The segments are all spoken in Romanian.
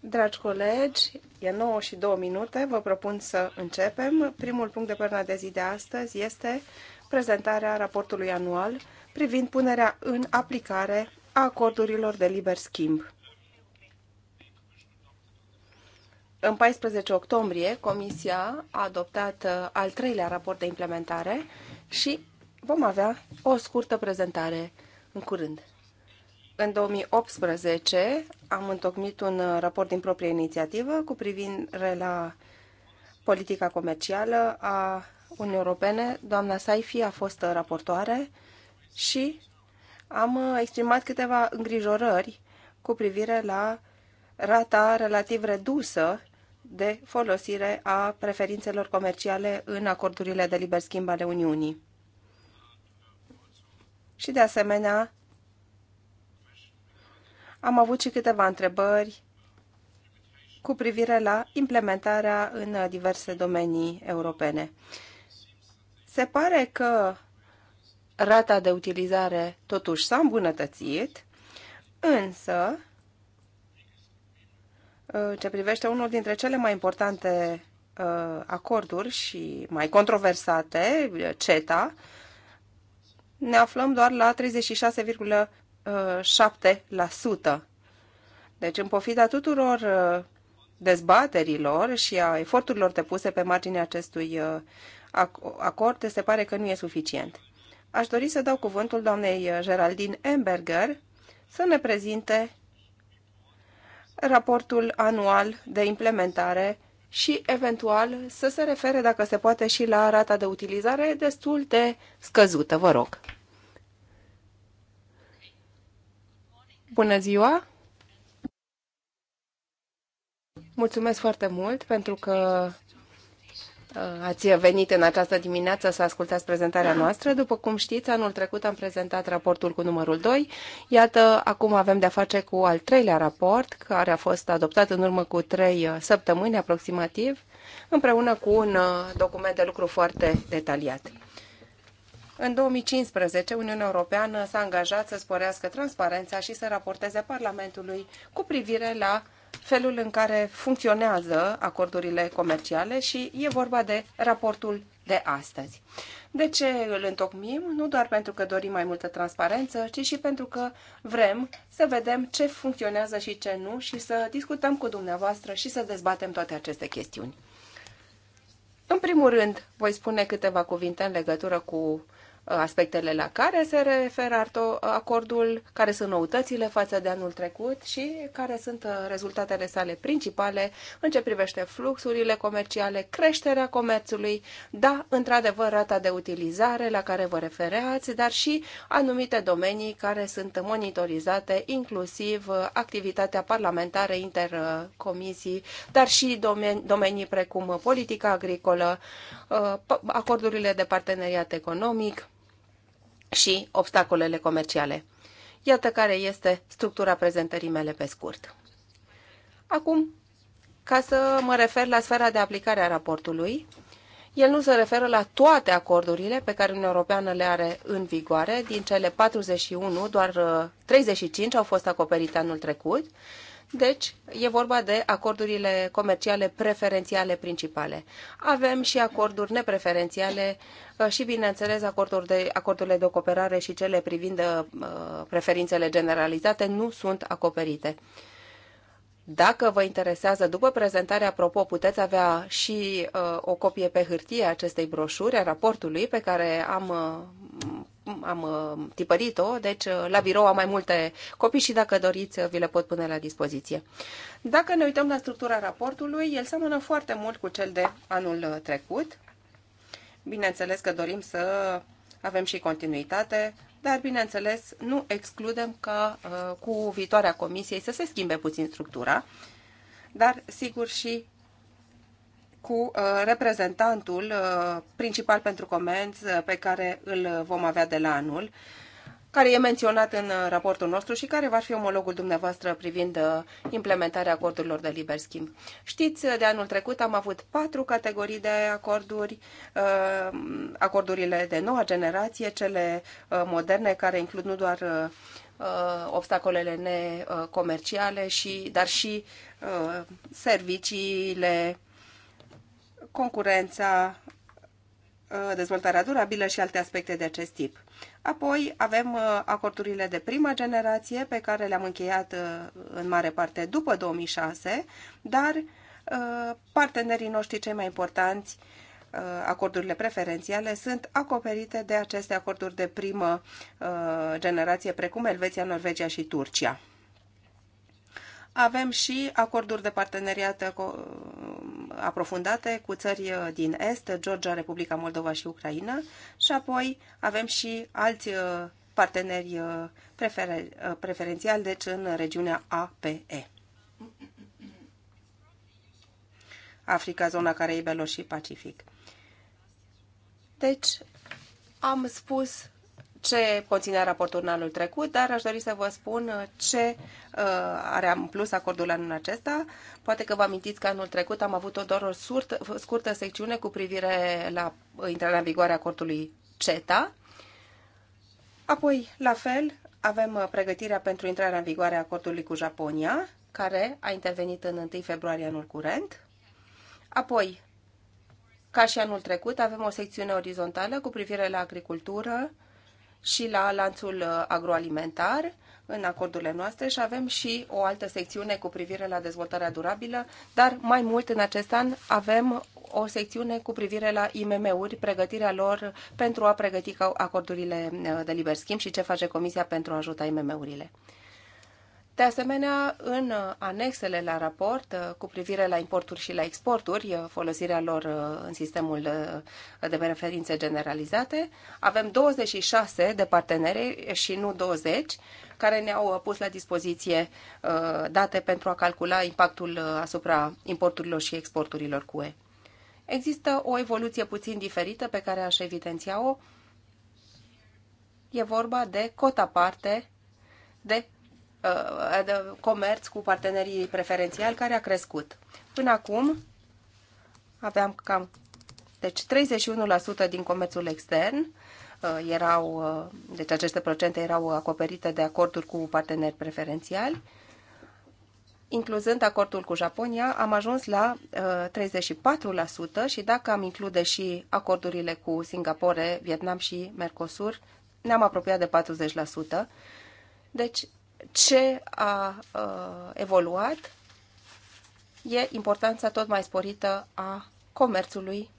Dragi colegi, e 9 și 2 minute, vă propun să începem. Primul punct de perna de zi de astăzi este prezentarea raportului anual privind punerea în aplicare a acordurilor de liber schimb. În 14 octombrie, Comisia a adoptat uh, al treilea raport de implementare și vom avea o scurtă prezentare în curând. În 2018 am întocmit un uh, raport din proprie inițiativă cu privire la politica comercială a Uniunii Europene. Doamna Saifi a fost uh, raportoare și am uh, exprimat câteva îngrijorări cu privire la rata relativ redusă de folosire a preferințelor comerciale în acordurile de liber schimb ale Uniunii. Și de asemenea, am avut și câteva întrebări cu privire la implementarea în diverse domenii europene. Se pare că rata de utilizare totuși s-a îmbunătățit, însă ce privește unul dintre cele mai importante ă, acorduri și mai controversate, CETA, ne aflăm doar la 7%. Deci, în pofida tuturor uh, dezbaterilor și a eforturilor depuse pe marginea acestui uh, acord, se pare că nu e suficient. Aș dori să dau cuvântul doamnei uh, Geraldine Emberger să ne prezinte raportul anual de implementare și, eventual, să se refere, dacă se poate, și la rata de utilizare destul de scăzută. Vă rog. Bună ziua! Mulțumesc foarte mult pentru că uh, ați venit în această dimineață să ascultați prezentarea noastră. După cum știți, anul trecut am prezentat raportul cu numărul 2. Iată, acum avem de-a face cu al treilea raport, care a fost adoptat în urmă cu trei uh, săptămâni aproximativ, împreună cu un uh, document de lucru foarte detaliat. În 2015, Uniunea Europeană s-a angajat să sporească transparența și să raporteze Parlamentului cu privire la felul în care funcționează acordurile comerciale și e vorba de raportul de astăzi. De ce îl întocmim? Nu doar pentru că dorim mai multă transparență, ci și pentru că vrem să vedem ce funcționează și ce nu și să discutăm cu dumneavoastră și să dezbatem toate aceste chestiuni. În primul rând, voi spune câteva cuvinte în legătură cu aspectele la care se referă acordul, care sunt noutățile față de anul trecut și care sunt uh, rezultatele sale principale în ce privește fluxurile comerciale, creșterea comerțului, da, într-adevăr, rata de utilizare la care vă refereați, dar și anumite domenii care sunt monitorizate, inclusiv uh, activitatea parlamentară intercomisii, dar și domenii, domenii precum politica agricolă, uh, acordurile de parteneriat economic, și obstacolele comerciale. Iată care este structura prezentării mele pe scurt. Acum, ca să mă refer la sfera de aplicare a raportului, el nu se referă la toate acordurile pe care Uniunea Europeană le are în vigoare. Din cele 41, doar 35 uh, au fost acoperite anul trecut deci, e vorba de acordurile comerciale preferențiale principale. Avem și acorduri nepreferențiale uh, și, bineînțeles, acorduri de, acordurile de cooperare și cele privind uh, preferințele generalizate nu sunt acoperite. Dacă vă interesează, după prezentare, apropo, puteți avea și uh, o copie pe hârtie a acestei broșuri, a raportului pe care am uh, am uh, tipărit-o, deci uh, la birou am mai multe copii și dacă doriți uh, vi le pot pune la dispoziție. Dacă ne uităm la structura raportului, el seamănă foarte mult cu cel de anul trecut. Bineînțeles că dorim să avem și continuitate, dar bineînțeles nu excludem ca cu viitoarea comisiei să se schimbe puțin structura, dar sigur și cu uh, reprezentantul uh, principal pentru comenzi uh, pe care îl vom avea de la anul, care e menționat în raportul nostru și care va fi omologul dumneavoastră privind implementarea acordurilor de liber schimb. Știți, de anul trecut am avut patru categorii de acorduri, acordurile de noua generație, cele moderne, care includ nu doar obstacolele necomerciale, și, dar și serviciile concurența, uh, dezvoltarea durabilă și alte aspecte de acest tip. Apoi avem uh, acordurile de prima generație pe care le-am încheiat uh, în mare parte după 2006, dar partenerii noștri cei mai importanți acordurile preferențiale sunt acoperite de aceste acorduri de primă generație, precum Elveția, Norvegia și Turcia. Avem și acorduri de parteneriat aprofundate cu țări din Est, Georgia, Republica Moldova și Ucraina și apoi avem și alți uh, parteneri uh, prefer uh, preferențiali, deci în regiunea APE. Africa, zona Caraibelor și Pacific. Deci, am spus ce conținea raportul în anul trecut, dar aș dori să vă spun uh, ce uh, are în plus acordul anul acesta. Poate că vă amintiți că anul trecut am avut o doar o surt, scurtă secțiune cu privire la uh, intrarea în vigoare a acordului CETA. Apoi, la fel, avem pregătirea pentru intrarea în vigoare a acordului cu Japonia, care a intervenit în 1 februarie anul curent. Apoi, ca și anul trecut, avem o secțiune orizontală cu privire la agricultură, și la lanțul uh, agroalimentar în acordurile noastre și avem și o altă secțiune cu privire la dezvoltarea durabilă, dar mai mult în acest an avem o secțiune cu privire la IMM-uri, pregătirea lor pentru a pregăti acordurile uh, de liber schimb și ce face Comisia pentru a ajuta IMM-urile. De asemenea, în uh, anexele la raport uh, cu privire la importuri și la exporturi, uh, folosirea lor în sistemul de referințe generalizate, avem 26 de parteneri și nu 20 care ne-au pus la dispoziție date pentru a calcula impactul asupra importurilor și exporturilor cu UE. Există o evoluție puțin diferită pe care aș evidenția-o. E vorba de cota parte de Uh, comerț cu partenerii preferențiali care a crescut. Până acum aveam cam deci 31% din comerțul extern uh, erau, uh, deci aceste procente erau acoperite de acorduri cu parteneri preferențiali. Incluzând acordul cu Japonia, am ajuns la 34% și dacă am include și acordurile cu Singapore, Vietnam și Mercosur, ne-am apropiat de 40%. Deci ce a uh, evoluat e importanța tot mai sporită a comerțului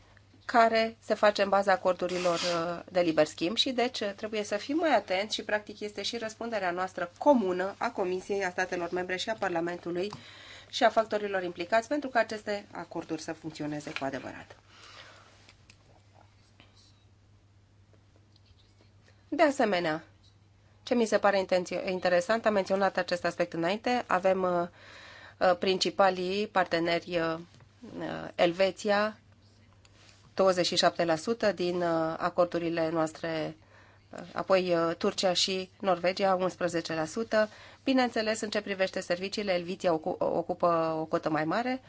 care se face în baza acordurilor uh, de liber schimb și deci trebuie să fim mai atenți și practic este și răspunderea noastră comună a Comisiei, a statelor membre și a Parlamentului și a factorilor implicați pentru ca aceste acorduri să funcționeze cu adevărat. De asemenea, ce mi se pare interesant, am menționat acest aspect înainte, avem uh, uh, principalii parteneri uh, Elveția, 27% din acordurile noastre, apoi Turcia și Norvegia, Bineînțeles, în ce privește serviciile, Elvitia ocupă o cotă mai mare,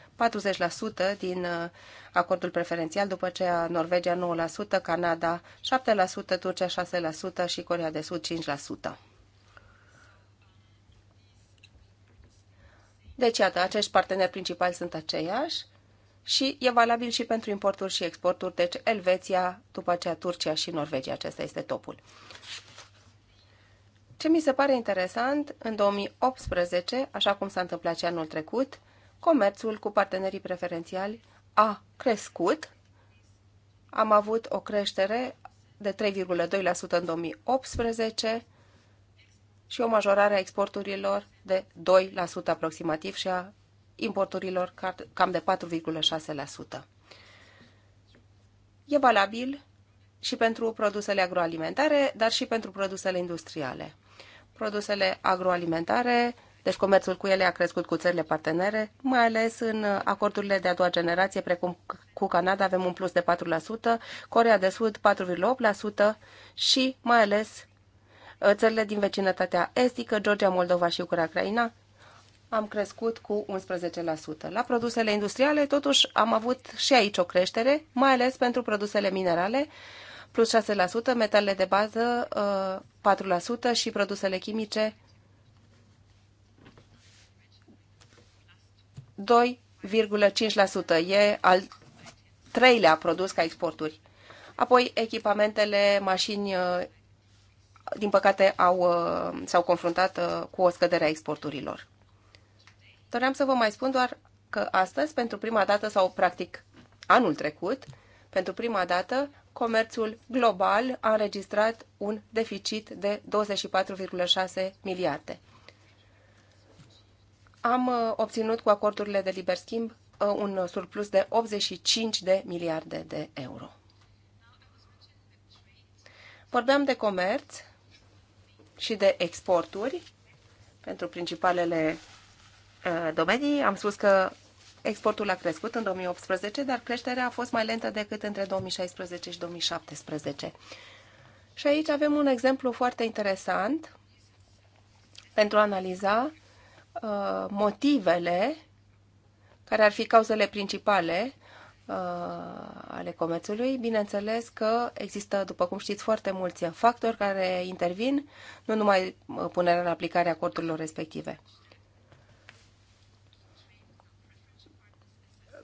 40% din uh, acordul preferențial, după aceea Norvegia 9%, Canada 7%, Turcia 6% și Corea de Sud 5%. Deci, iată, acești parteneri principali sunt aceiași și e valabil și pentru importuri și exporturi, deci Elveția, după aceea Turcia și Norvegia, acesta este topul. Ce mi se pare interesant, în 2018, așa cum s-a întâmplat și anul trecut, comerțul cu partenerii preferențiali a crescut. Am avut o creștere de 3,2% în 2018 și o majorare a exporturilor de 2% aproximativ și a importurilor cam de 4,6%. E valabil și pentru produsele agroalimentare, dar și pentru produsele industriale produsele agroalimentare, deci comerțul cu ele a crescut cu țările partenere, mai ales în acordurile de a doua generație, precum cu Canada avem un plus de 4%, Corea de Sud 4,8% și mai ales uh, țările din vecinătatea estică, Georgia, Moldova și Ucraina, am crescut cu 11%. La produsele industriale, totuși, am avut și aici o creștere, mai ales pentru produsele minerale, plus 6%, metalele de bază 4% uh, și produsele chimice 2,5%. E al treilea produs ca exporturi. Apoi echipamentele, mașini, uh, din păcate, au, uh, s-au confruntat cu o scădere a exporturilor. Doream să vă mai spun doar că astăzi, pentru prima dată, sau practic anul trecut, pentru prima dată, comerțul global a înregistrat un deficit de 24,6 miliarde. Am uh, obținut cu acordurile de liber schimb uh, un surplus de 85 de miliarde de euro. Vorbeam de comerț și de exporturi pentru principalele uh, domenii. Am spus că Exportul a crescut în 2018, dar creșterea a fost mai lentă decât între 2016 și 2017. Și aici avem un exemplu foarte interesant pentru a analiza uh, motivele care ar fi cauzele principale uh, ale comerțului. Bineînțeles că există, după cum știți, foarte mulți factori care intervin, nu numai uh, punerea în aplicare a acordurilor respective.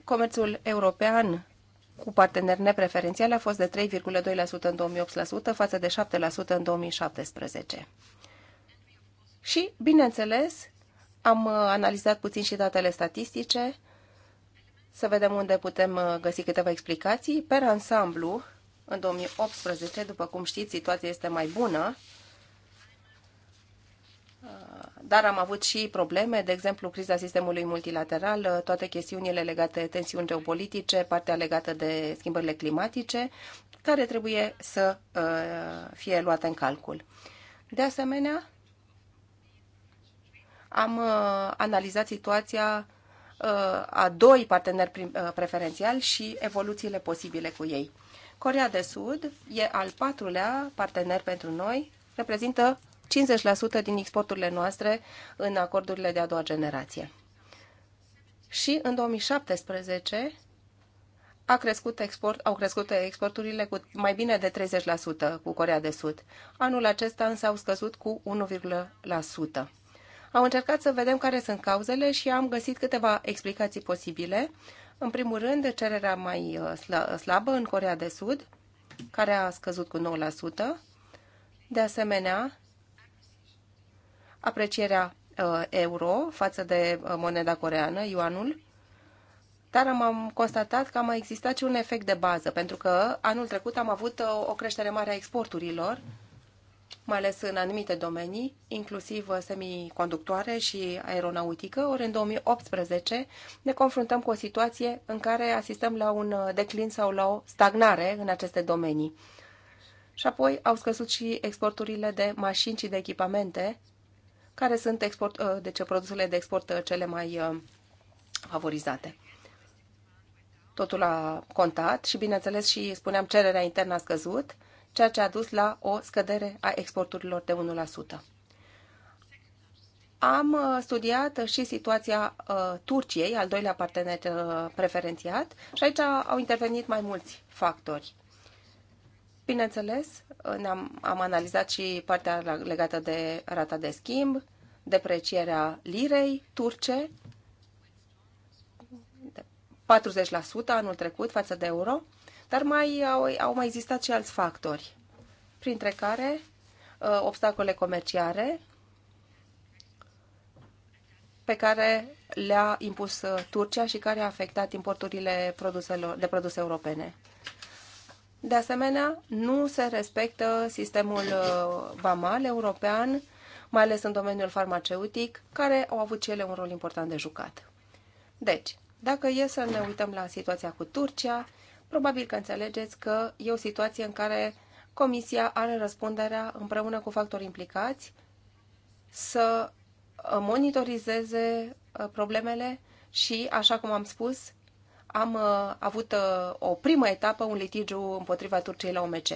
comerțul european cu parteneri nepreferențiali a fost de 3,2% în 2008 față de 7% în 2017. Și, bineînțeles, am uh, analizat puțin și datele statistice, să vedem unde putem uh, găsi câteva explicații. Per ansamblu, în 2018, după cum știți, situația este mai bună Uh, dar am avut și probleme, de exemplu, criza sistemului multilateral, uh, toate chestiunile legate de tensiuni geopolitice, partea legată de schimbările climatice, care trebuie să uh, fie luate în calcul. De asemenea, am analizat situația a doi parteneri preferențiali și evoluțiile posibile cu ei. Corea de Sud e al patrulea partener pentru noi, reprezintă 50% din exporturile noastre în acordurile de a doua generație. Și în 2017 a crescut export, au crescut exporturile cu mai bine de 30% cu Corea de Sud. Anul acesta însă au scăzut cu 1,1%. Am încercat să vedem care sunt cauzele și am găsit câteva explicații posibile. În primul rând, cererea mai uh, uh, slabă în Corea de Sud, care a scăzut cu 9%. De asemenea, aprecierea uh, euro față de uh, moneda coreană, yuanul, dar am constatat că a mai existat și un efect de bază, pentru că anul trecut am avut uh, o creștere mare a exporturilor, mai ales în anumite domenii, inclusiv semiconductoare și aeronautică, ori în 2018 ne confruntăm cu o situație în care asistăm la un declin sau la o stagnare în aceste domenii. Și apoi au scăzut și exporturile de mașini și de echipamente, care sunt export, deci produsele de export uh, cele mai uh, favorizate. Totul a contat și, bineînțeles, și spuneam, cererea internă a scăzut, ceea ce a dus la o scădere a exporturilor de 1%. Am studiat și situația Turciei, al doilea partener preferențiat, și aici au intervenit mai mulți factori. Bineînțeles, -am, am analizat și partea legată de rata de schimb, deprecierea lirei turce, 40% anul trecut față de euro, dar mai au, au mai existat și alți factori, printre care uh, obstacole comerciale pe care le-a impus uh, Turcia și care a afectat importurile produselor, de produse europene. De asemenea, nu se respectă sistemul uh, vamal european, mai ales în domeniul farmaceutic, care au avut și ele un rol important de jucat. Deci, dacă e să ne uităm la situația cu Turcia, probabil că înțelegeți că e o situație în care Comisia are răspunderea, împreună cu factorii implicați, să uh, monitorizeze uh, problemele și, așa cum am spus, am uh, avut uh, o primă etapă, un litigiu împotriva Turciei la OMC.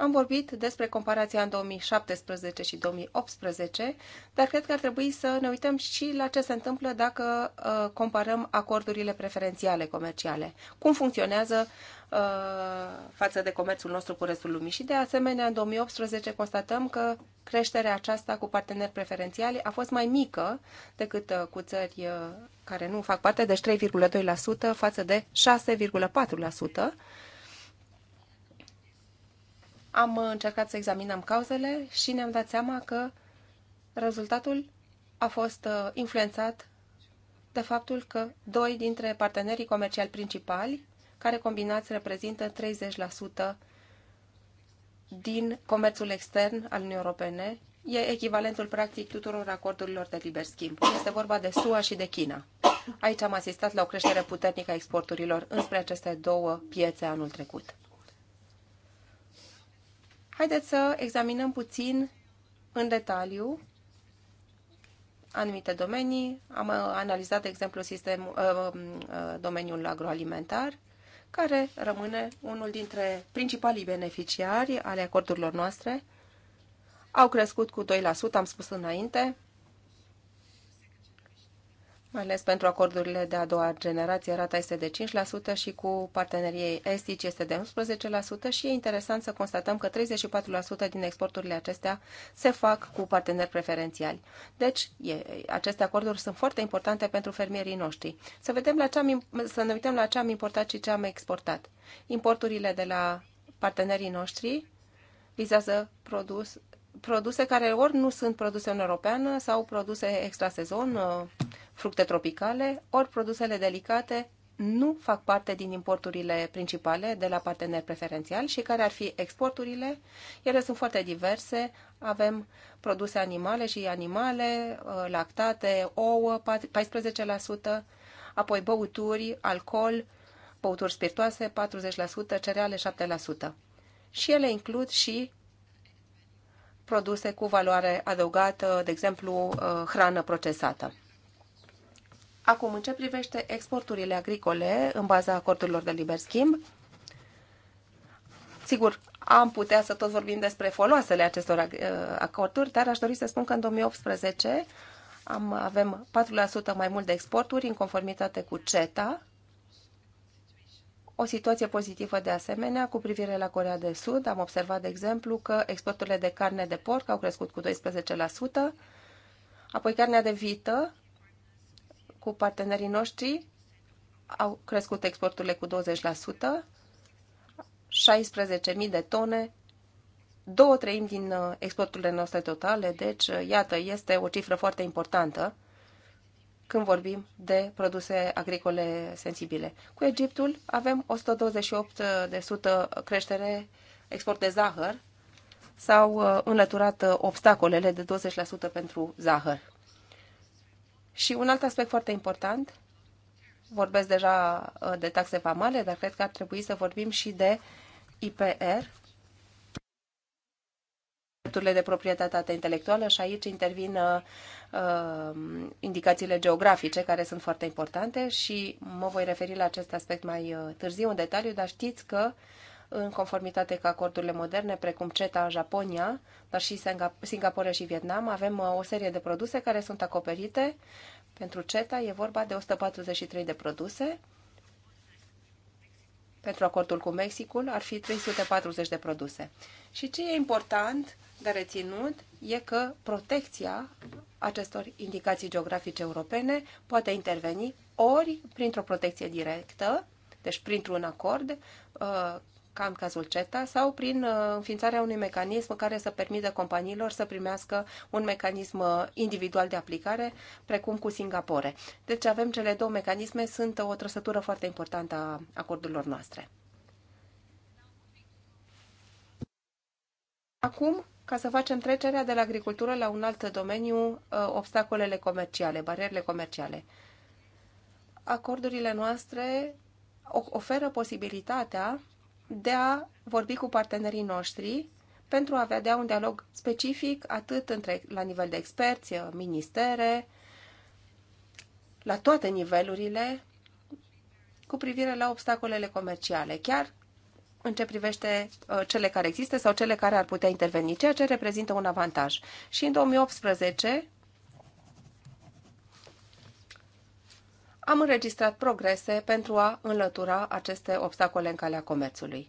Am vorbit despre comparația în 2017 și 2018, dar cred că ar trebui să ne uităm și la ce se întâmplă dacă uh, comparăm acordurile preferențiale comerciale. Cum funcționează uh, față de comerțul nostru cu restul lumii. Și de asemenea, în 2018 constatăm că creșterea aceasta cu parteneri preferențiali a fost mai mică decât uh, cu țări care nu fac parte, deci 3,2% față de 6,4% am încercat să examinăm cauzele și ne-am dat seama că rezultatul a fost uh, influențat de faptul că doi dintre partenerii comerciali principali, care combinați reprezintă 30% din comerțul extern al Uniunii Europene, e echivalentul practic tuturor acordurilor de liber schimb. Este vorba de SUA și de China. Aici am asistat la o creștere puternică a exporturilor înspre aceste două piețe anul trecut. Haideți să examinăm puțin în detaliu anumite domenii. Am uh, analizat, de exemplu, sistem, uh, um, uh, domeniul agroalimentar, care rămâne unul dintre principalii beneficiari ale acordurilor noastre. Au crescut cu 2%, am spus înainte, mai ales pentru acordurile de a doua generație, rata este de 5% și cu partenerii estici este de 11% și e interesant să constatăm că 34% din exporturile acestea se fac cu parteneri preferențiali. Deci, e, aceste acorduri sunt foarte importante pentru fermierii noștri. Să, vedem la ce am, să ne uităm la ce am importat și ce am exportat. Importurile de la partenerii noștri vizează produs, produse care ori nu sunt produse în europeană sau produse extrasezon, fructe tropicale, ori produsele delicate nu fac parte din importurile principale de la parteneri preferențial și care ar fi exporturile. Ele sunt foarte diverse. Avem produse animale și animale, uh, lactate, ouă, 14%, apoi băuturi, alcool, băuturi spiritoase, 40%, cereale, 7%. Și ele includ și produse cu valoare adăugată, de exemplu, uh, hrană procesată. Acum, în ce privește exporturile agricole în baza acordurilor de liber schimb, sigur, am putea să tot vorbim despre foloasele acestor uh, acorduri, dar aș dori să spun că în 2018 am, avem 4% mai mult de exporturi în conformitate cu CETA, o situație pozitivă de asemenea cu privire la Corea de Sud. Am observat, de exemplu, că exporturile de carne de porc au crescut cu 12%, apoi carnea de vită cu partenerii noștri au crescut exporturile cu 20%, 16.000 de tone, două treimi din uh, exporturile noastre totale, deci, uh, iată, este o cifră foarte importantă când vorbim de produse agricole sensibile. Cu Egiptul avem 128% creștere export de zahăr, s-au uh, înlăturat obstacolele de 20% pentru zahăr. Și un alt aspect foarte important, vorbesc deja uh, de taxe vamale, dar cred că ar trebui să vorbim și de IPR, drepturile de proprietate intelectuală și aici intervin uh, uh, indicațiile geografice care sunt foarte importante și mă voi referi la acest aspect mai uh, târziu în detaliu, dar știți că în conformitate cu acordurile moderne, precum CETA în Japonia, dar și Singapore și Vietnam. Avem uh, o serie de produse care sunt acoperite. Pentru CETA e vorba de 143 de produse. Pentru acordul cu Mexicul ar fi 340 de produse. Și ce e important de reținut e că protecția acestor indicații geografice europene poate interveni ori printr-o protecție directă, deci printr-un acord uh, ca în cazul CETA, sau prin uh, înființarea unui mecanism care să permită companiilor să primească un mecanism uh, individual de aplicare, precum cu Singapore. Deci avem cele două mecanisme, sunt o trăsătură foarte importantă a acordurilor noastre. Acum, ca să facem trecerea de la agricultură la un alt domeniu, uh, obstacolele comerciale, barierele comerciale. Acordurile noastre oferă posibilitatea de a vorbi cu partenerii noștri pentru a vedea un dialog specific atât între, la nivel de experți, ministere, la toate nivelurile, cu privire la obstacolele comerciale, chiar în ce privește uh, cele care există sau cele care ar putea interveni, ceea ce reprezintă un avantaj. Și în 2018, am înregistrat progrese pentru a înlătura aceste obstacole în calea comerțului.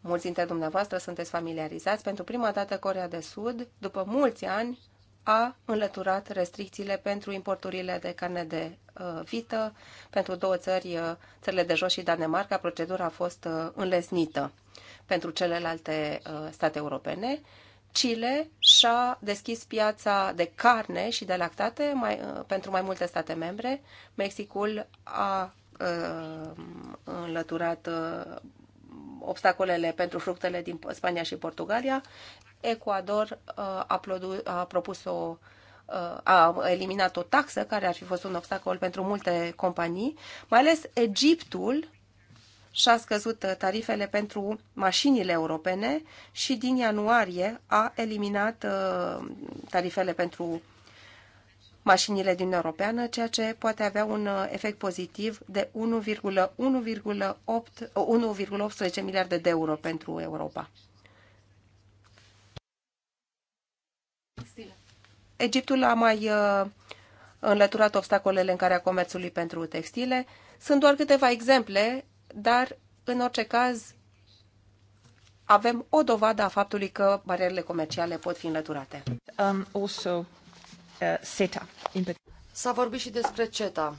Mulți dintre dumneavoastră sunteți familiarizați. Pentru prima dată, Corea de Sud, după mulți ani, a înlăturat restricțiile pentru importurile de carne de uh, vită. Pentru două țări, uh, țările de jos și Danemarca, procedura a fost uh, înlesnită. Pentru celelalte uh, state europene, Chile și-a deschis piața de carne și de lactate mai, uh, pentru mai multe state membre. Mexicul a uh, înlăturat uh, obstacolele pentru fructele din Spania și Portugalia. Ecuador uh, a, a propus o uh, a eliminat o taxă care ar fi fost un obstacol pentru multe companii, mai ales Egiptul și-a scăzut uh, tarifele pentru mașinile europene și din ianuarie a eliminat uh, tarifele pentru mașinile din Europeană, ceea ce poate avea un uh, efect pozitiv de 1,18 miliarde de euro pentru Europa. Egiptul a mai înlăturat obstacolele în care a comerțului pentru textile. Sunt doar câteva exemple dar în orice caz avem o dovadă a faptului că barierele comerciale pot fi înlăturate. Um, also, uh, CETA. S-a vorbit și despre CETA,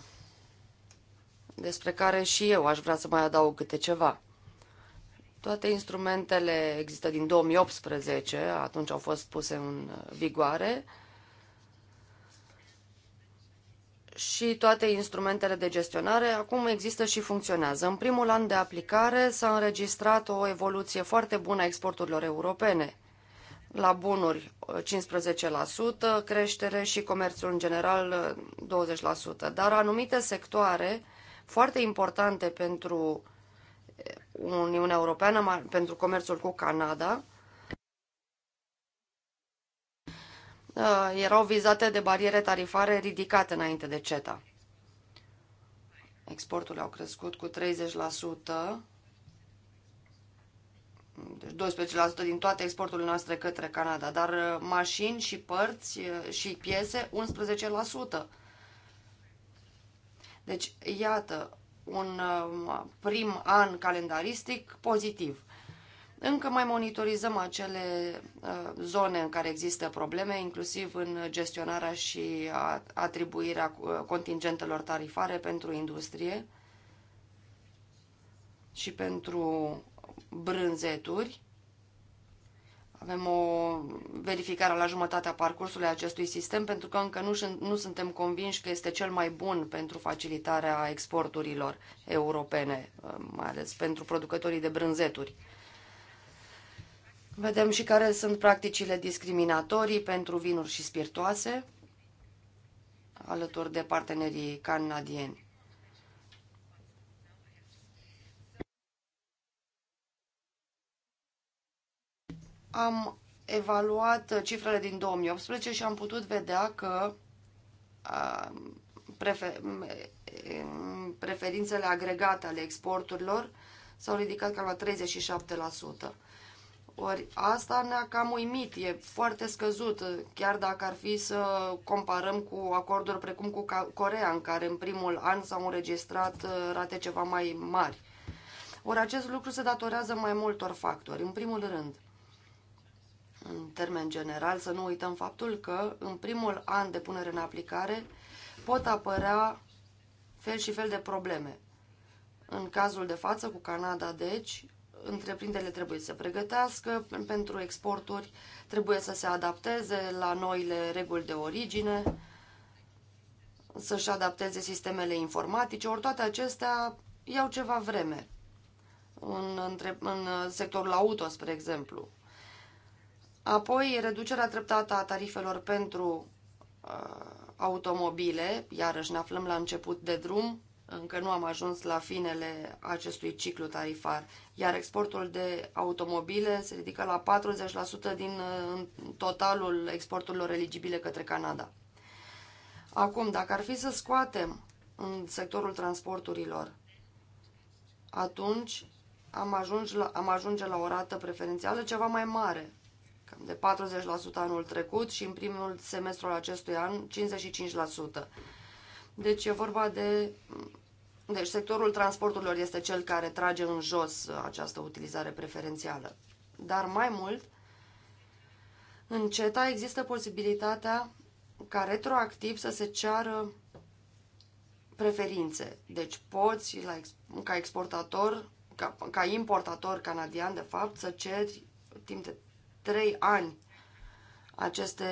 despre care și eu aș vrea să mai adaug câte ceva. Toate instrumentele există din 2018, atunci au fost puse în vigoare. Uh, și toate instrumentele de gestionare acum există și funcționează. În primul an de aplicare s-a înregistrat o evoluție foarte bună a exporturilor europene. La bunuri 15%, creștere și comerțul în general 20%, dar anumite sectoare foarte importante pentru Uniunea Europeană, pentru comerțul cu Canada, Uh, erau vizate de bariere tarifare ridicate înainte de CETA. Exporturile au crescut cu 30%, deci 12% din toate exporturile noastre către Canada, dar uh, mașini și părți uh, și piese 11%. Deci, iată, un prim an calendaristic pozitiv. Încă mai monitorizăm acele uh, zone în care există probleme, inclusiv în gestionarea și atribuirea uh, contingentelor tarifare pentru industrie și pentru brânzeturi. Avem o verificare la jumătatea parcursului acestui sistem pentru că încă nu, nu suntem convinși că este cel mai bun pentru facilitarea exporturilor europene, uh, mai ales pentru producătorii de brânzeturi. Vedem și care sunt practicile discriminatorii pentru vinuri și spiritoase alături de partenerii canadieni. Am evaluat cifrele din 2018 și am putut vedea că preferințele agregate ale exporturilor s-au ridicat cam la 37%. Ori asta ne-a cam uimit, e foarte scăzut, chiar dacă ar fi să comparăm cu acorduri precum cu Corea, în care în primul an s-au înregistrat uh, rate ceva mai mari. Ori acest lucru se datorează mai multor factori. În primul rând, în termen general, să nu uităm faptul că în primul an de punere în aplicare pot apărea fel și fel de probleme. În cazul de față cu Canada, deci, întreprinderile trebuie să se pregătească pentru exporturi, trebuie să se adapteze la noile reguli de origine, să-și adapteze sistemele informatice, ori toate acestea iau ceva vreme. În, între, în sectorul auto, spre exemplu. Apoi, reducerea treptată a tarifelor pentru uh, automobile, iarăși ne aflăm la început de drum, încă nu am ajuns la finele acestui ciclu tarifar, iar exportul de automobile se ridică la 40% din uh, totalul exporturilor eligibile către Canada. Acum, dacă ar fi să scoatem în sectorul transporturilor, atunci am, ajuns la, am ajunge la o rată preferențială ceva mai mare, cam de 40% anul trecut și în primul semestru al acestui an 55%. Deci e vorba de... Deci sectorul transporturilor este cel care trage în jos această utilizare preferențială. Dar mai mult, în CETA există posibilitatea ca retroactiv să se ceară preferințe. Deci poți, la, ca exportator, ca, ca importator canadian, de fapt, să ceri timp de 3 ani aceste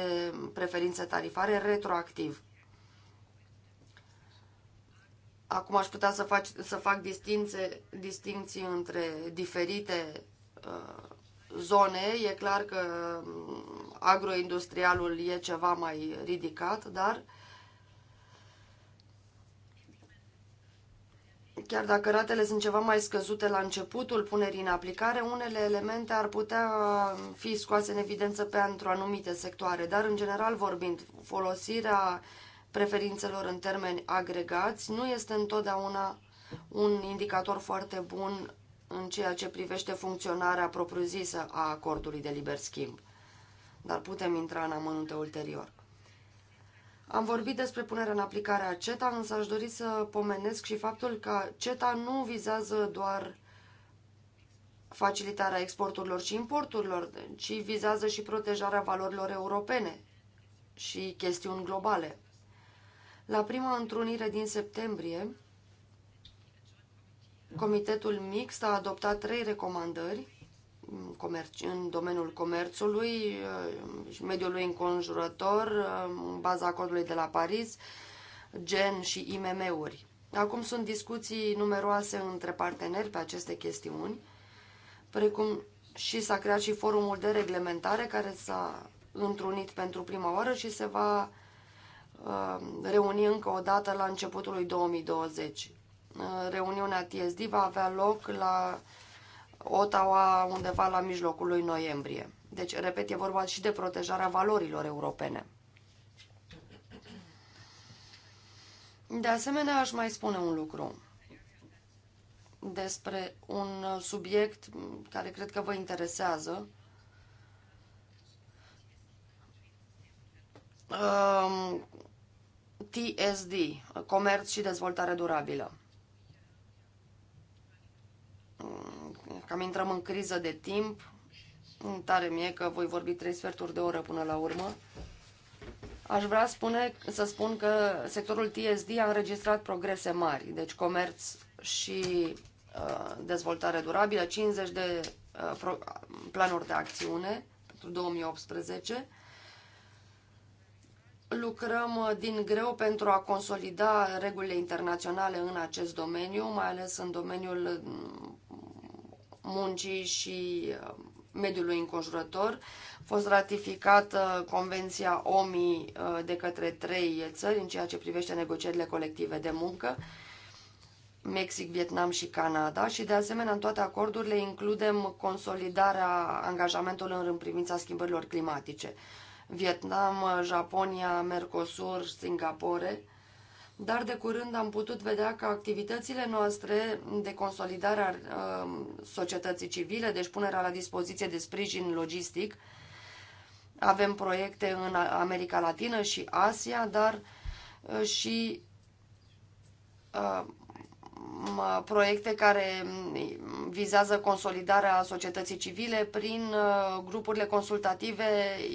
preferințe tarifare retroactiv. Acum aș putea să, fac să fac distințe, distinții între diferite uh, zone. E clar că mm, agroindustrialul e ceva mai ridicat, dar chiar dacă ratele sunt ceva mai scăzute la începutul punerii în aplicare, unele elemente ar putea fi scoase în evidență pentru anumite sectoare, dar în general vorbind, folosirea uh, preferințelor în termeni agregați nu este întotdeauna un indicator foarte bun în ceea ce privește funcționarea propriu-zisă a acordului de liber schimb. Dar putem intra în amănunte ulterior. Am vorbit despre punerea în aplicare a CETA, însă aș dori să pomenesc și faptul că CETA nu vizează doar facilitarea exporturilor și importurilor, ci vizează și protejarea valorilor europene și chestiuni globale. La prima întrunire din septembrie, Comitetul Mixt a adoptat trei recomandări în domeniul comerțului, uh, mediului înconjurător, uh, în baza acordului de la Paris, gen și IMM-uri. Acum sunt discuții numeroase între parteneri pe aceste chestiuni, precum și s-a creat și forumul de reglementare care s-a întrunit pentru prima oară și se va Um, reuni încă o dată la începutul lui 2020. Uh, reuniunea TSD va avea loc la Ottawa undeva la mijlocul lui noiembrie. Deci, repet, e vorba și de protejarea valorilor europene. De asemenea, aș mai spune un lucru despre un subiect care cred că vă interesează. Um, TSD, Comerț și Dezvoltare Durabilă. Cam intrăm în criză de timp. Îmi tare mie că voi vorbi trei sferturi de oră până la urmă. Aș vrea spune, să spun că sectorul TSD a înregistrat progrese mari, deci comerț și uh, dezvoltare durabilă, 50 de uh, planuri de acțiune pentru 2018, lucrăm uh, din greu pentru a consolida regulile internaționale în acest domeniu, mai ales în domeniul uh, muncii și uh, mediului înconjurător. A fost ratificată Convenția OMI de către trei țări în ceea ce privește negocierile colective de muncă, Mexic, Vietnam și Canada și de asemenea în toate acordurile includem consolidarea angajamentului în privința schimbărilor climatice. Vietnam, Japonia, Mercosur, Singapore, dar de curând am putut vedea că activitățile noastre de consolidare a um, societății civile, deci punerea la dispoziție de sprijin logistic, avem proiecte în America Latină și Asia, dar uh, și uh, Um, proiecte care um, vizează consolidarea societății civile prin uh, grupurile consultative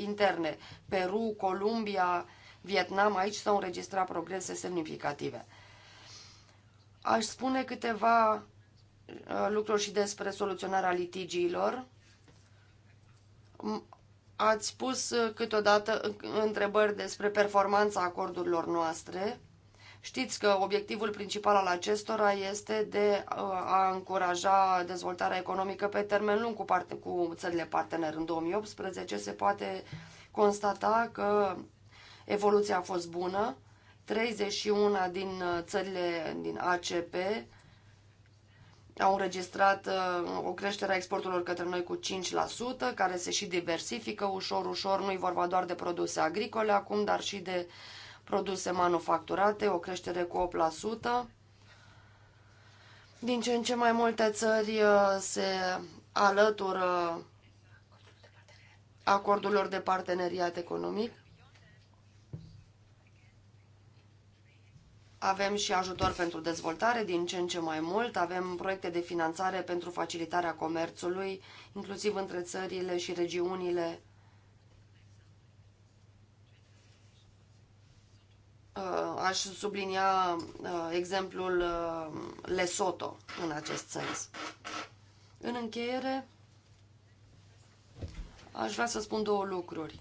interne. Peru, Columbia, Vietnam, aici s-au înregistrat progrese semnificative. Aș spune câteva uh, lucruri și despre soluționarea litigiilor. Ați pus uh, câteodată întrebări despre performanța acordurilor noastre. Știți că obiectivul principal al acestora este de uh, a încuraja dezvoltarea economică pe termen lung cu, parte, cu țările partener. În 2018 se poate constata că evoluția a fost bună. 31 din uh, țările din ACP au înregistrat uh, o creștere a exporturilor către noi cu 5%, care se și diversifică ușor, ușor. Nu i vorba doar de produse agricole acum, dar și de uh, produse manufacturate, o creștere cu 8%. Din ce în ce mai multe țări uh, se alătură acordurilor de parteneriat economic. Avem și ajutor pentru dezvoltare din ce în ce mai mult, avem proiecte de finanțare pentru facilitarea comerțului, inclusiv între țările și regiunile Uh, aș sublinia uh, exemplul uh, Lesoto în acest sens. În încheiere, aș vrea să spun două lucruri.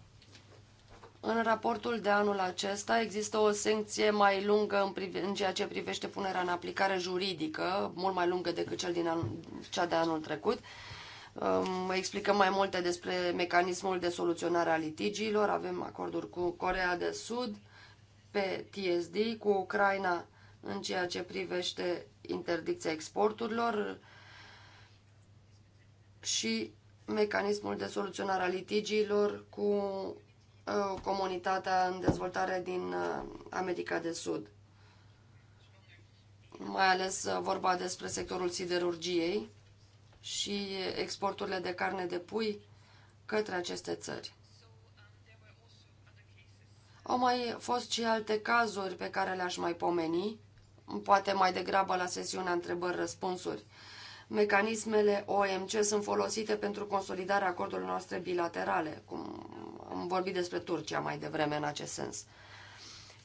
În raportul de anul acesta există o secție mai lungă în, în ceea ce privește punerea în aplicare juridică, mult mai lungă decât cel din anul, cea de anul trecut. Um, explicăm mai multe despre mecanismul de soluționare a litigiilor, avem acorduri cu Corea de Sud, pe TSD cu Ucraina în ceea ce privește interdicția exporturilor și mecanismul de soluționare a litigiilor cu uh, comunitatea în dezvoltare din uh, America de Sud. Mai ales uh, vorba despre sectorul siderurgiei și exporturile de carne de pui către aceste țări. Au mai fost și alte cazuri pe care le-aș mai pomeni, poate mai degrabă la sesiunea întrebări-răspunsuri. Mecanismele OMC sunt folosite pentru consolidarea acordurilor noastre bilaterale, cum am vorbit despre Turcia mai devreme în acest sens.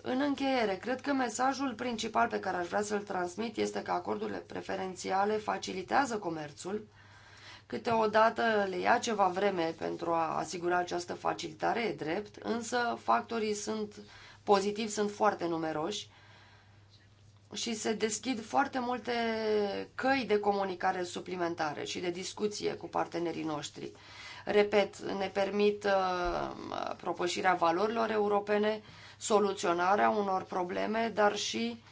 În încheiere, cred că mesajul principal pe care aș vrea să-l transmit este că acordurile preferențiale facilitează comerțul, Câteodată le ia ceva vreme pentru a asigura această facilitare, e drept, însă factorii sunt pozitivi, sunt foarte numeroși și se deschid foarte multe căi de comunicare suplimentare și de discuție cu partenerii noștri. Repet, ne permit uh, propășirea valorilor europene, soluționarea unor probleme, dar și uh,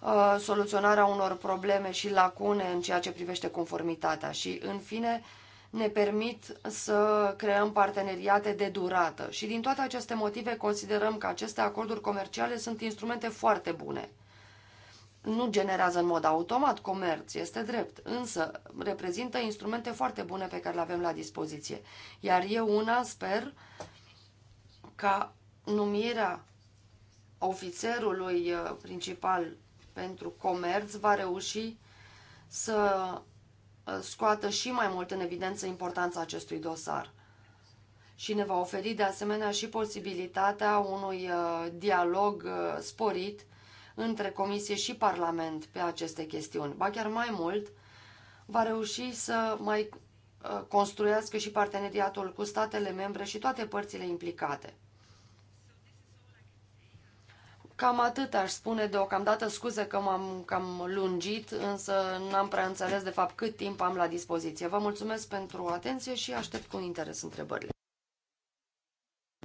Uh, soluționarea unor probleme și lacune în ceea ce privește conformitatea și, în fine, ne permit să creăm parteneriate de durată. Și din toate aceste motive considerăm că aceste acorduri comerciale sunt instrumente foarte bune. Nu generează în mod automat comerț, este drept, însă reprezintă instrumente foarte bune pe care le avem la dispoziție. Iar eu una sper ca numirea ofițerului uh, principal pentru comerț va reuși să uh, scoată și mai mult în evidență importanța acestui dosar și ne va oferi de asemenea și posibilitatea unui uh, dialog uh, sporit între Comisie și Parlament pe aceste chestiuni. Ba chiar mai mult, va reuși să mai construiască și parteneriatul cu statele membre și toate părțile implicate. Cam atât aș spune deocamdată, scuze că m-am cam lungit, însă n-am prea înțeles de fapt cât timp am la dispoziție. Vă mulțumesc pentru atenție și aștept cu interes întrebările.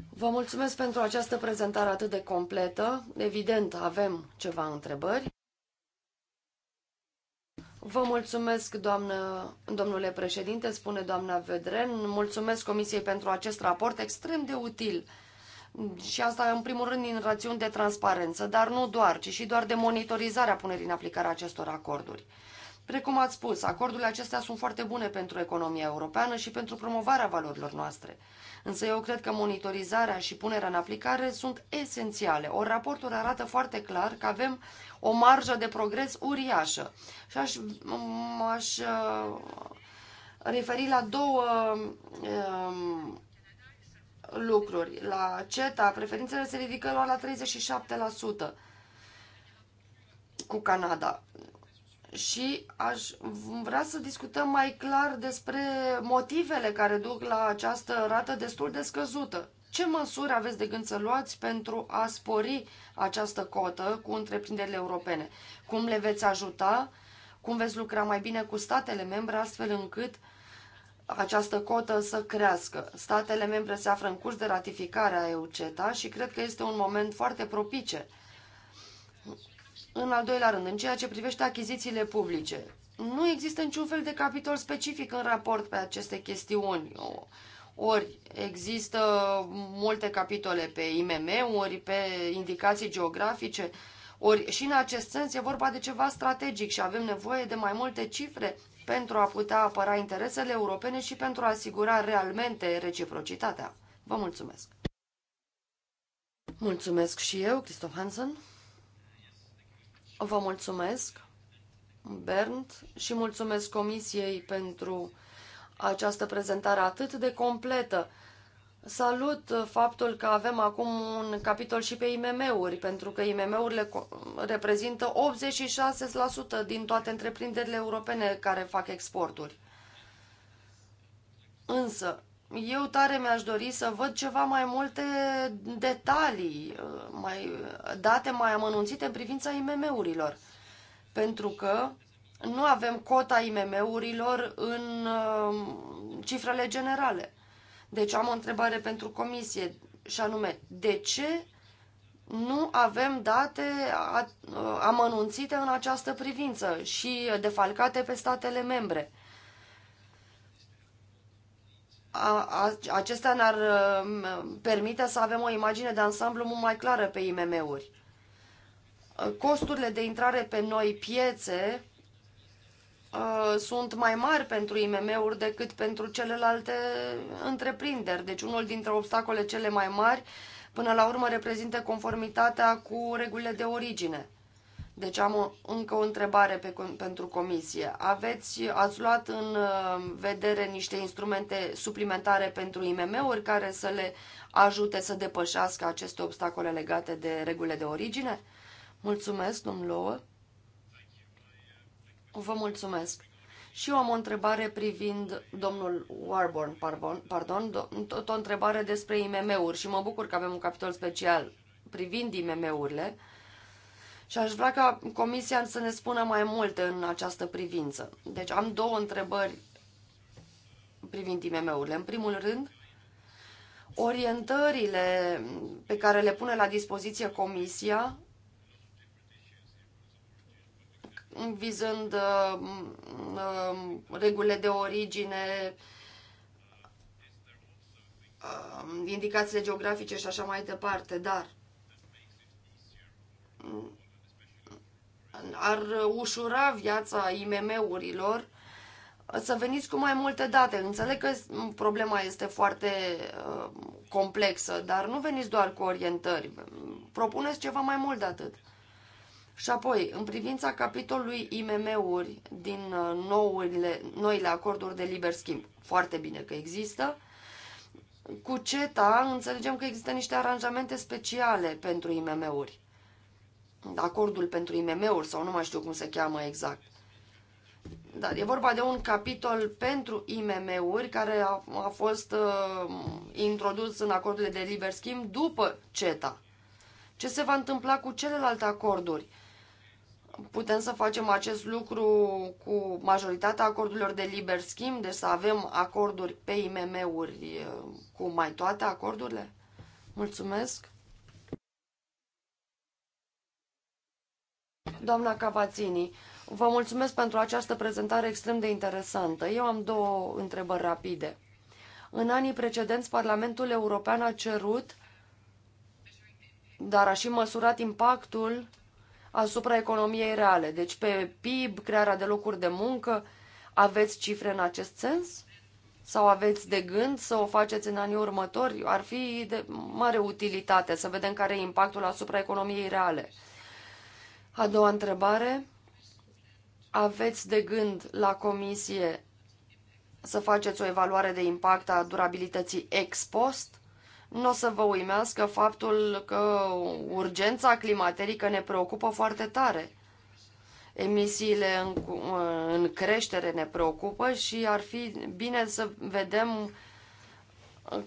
Vă mulțumesc pentru această prezentare atât de completă. Evident, avem ceva întrebări. Vă mulțumesc, doamnă, domnule președinte, spune doamna Vedren. Mulțumesc Comisiei pentru acest raport extrem de util și asta în primul rând din rațiuni de transparență, dar nu doar, ci și doar de monitorizarea punerii în aplicare a acestor acorduri. Precum ați spus, acordurile acestea sunt foarte bune pentru economia europeană și pentru promovarea valorilor noastre. Însă eu cred că monitorizarea și punerea în aplicare sunt esențiale. O raportul arată foarte clar că avem o marjă de progres uriașă. Și aș, aș uh, referi la două um, lucruri. La CETA, preferințele se ridică la 37% cu Canada. Și aș vrea să discutăm mai clar despre motivele care duc la această rată destul de scăzută. Ce măsuri aveți de gând să luați pentru a spori această cotă cu întreprinderile europene? Cum le veți ajuta? Cum veți lucra mai bine cu statele membre astfel încât uh, această cotă să crească. Statele membre se află în curs de ratificare a EUCETA și cred că este un moment foarte propice. În al doilea rând, în ceea ce privește achizițiile publice, nu există niciun fel de capitol specific în raport pe aceste chestiuni. Ori există multe capitole pe IMM, ori pe indicații geografice, ori și în acest sens e vorba de ceva strategic și avem nevoie de mai multe cifre pentru a putea apăra interesele europene și pentru a asigura realmente reciprocitatea. Vă mulțumesc! Mulțumesc și eu, Christoph Hansen. Vă mulțumesc, Bernd, și mulțumesc Comisiei pentru această prezentare atât de completă Salut faptul că avem acum un capitol și pe IMM-uri, pentru că IMM-urile reprezintă 86% din toate întreprinderile europene care fac exporturi. Însă, eu tare mi-aș dori să văd ceva mai multe detalii, mai, date mai amănunțite în privința IMM-urilor. Pentru că nu avem cota IMM-urilor în uh, cifrele generale. Deci am o întrebare pentru comisie și anume, de ce nu avem date amănunțite în această privință și defalcate pe statele membre? A, a, acestea ne-ar uh, permite să avem o imagine de ansamblu mult mai clară pe IMM-uri. Costurile de intrare pe noi piețe Uh, sunt mai mari pentru IMM-uri decât pentru celelalte întreprinderi. Deci unul dintre obstacole cele mai mari până la urmă reprezintă conformitatea cu regulile de origine. Deci am o, încă o întrebare pe, pentru comisie. Aveți, ați luat în uh, vedere niște instrumente suplimentare pentru IMM-uri care să le ajute să depășească aceste obstacole legate de regulile de origine? Mulțumesc, domnul Lowell. Vă mulțumesc. Și eu am o întrebare privind domnul Warborn, pardon, pardon tot o întrebare despre IMM-uri și mă bucur că avem un capitol special privind IMM-urile și aș vrea ca comisia să ne spună mai multe în această privință. Deci am două întrebări privind IMM-urile. În primul rând, orientările pe care le pune la dispoziție comisia vizând uh, uh, regulile de origine, uh, indicațiile geografice și așa mai departe, dar ar ușura viața IMM-urilor să veniți cu mai multe date. Înțeleg că problema este foarte uh, complexă, dar nu veniți doar cu orientări. Propuneți ceva mai mult de atât. Și apoi, în privința capitolului IMM-uri din uh, nourile, noile acorduri de liber schimb, foarte bine că există, cu CETA înțelegem că există niște aranjamente speciale pentru IMM-uri. Acordul pentru IMM-uri sau nu mai știu cum se cheamă exact. Dar e vorba de un capitol pentru IMM-uri care a, a fost uh, introdus în acordurile de liber schimb după CETA. Ce se va întâmpla cu celelalte acorduri? putem să facem acest lucru cu majoritatea acordurilor de liber schimb, deci să avem acorduri pe IMM-uri cu mai toate acordurile? Mulțumesc! Doamna Cavazzini, vă mulțumesc pentru această prezentare extrem de interesantă. Eu am două întrebări rapide. În anii precedenți, Parlamentul European a cerut, dar a și măsurat impactul asupra economiei reale, deci pe PIB, crearea de locuri de muncă. Aveți cifre în acest sens? Sau aveți de gând să o faceți în anii următori? Ar fi de mare utilitate să vedem care e impactul asupra economiei reale. A doua întrebare. Aveți de gând la comisie să faceți o evaluare de impact a durabilității ex post? Nu o să vă uimească faptul că urgența climaterică ne preocupă foarte tare. Emisiile în, în creștere ne preocupă și ar fi bine să vedem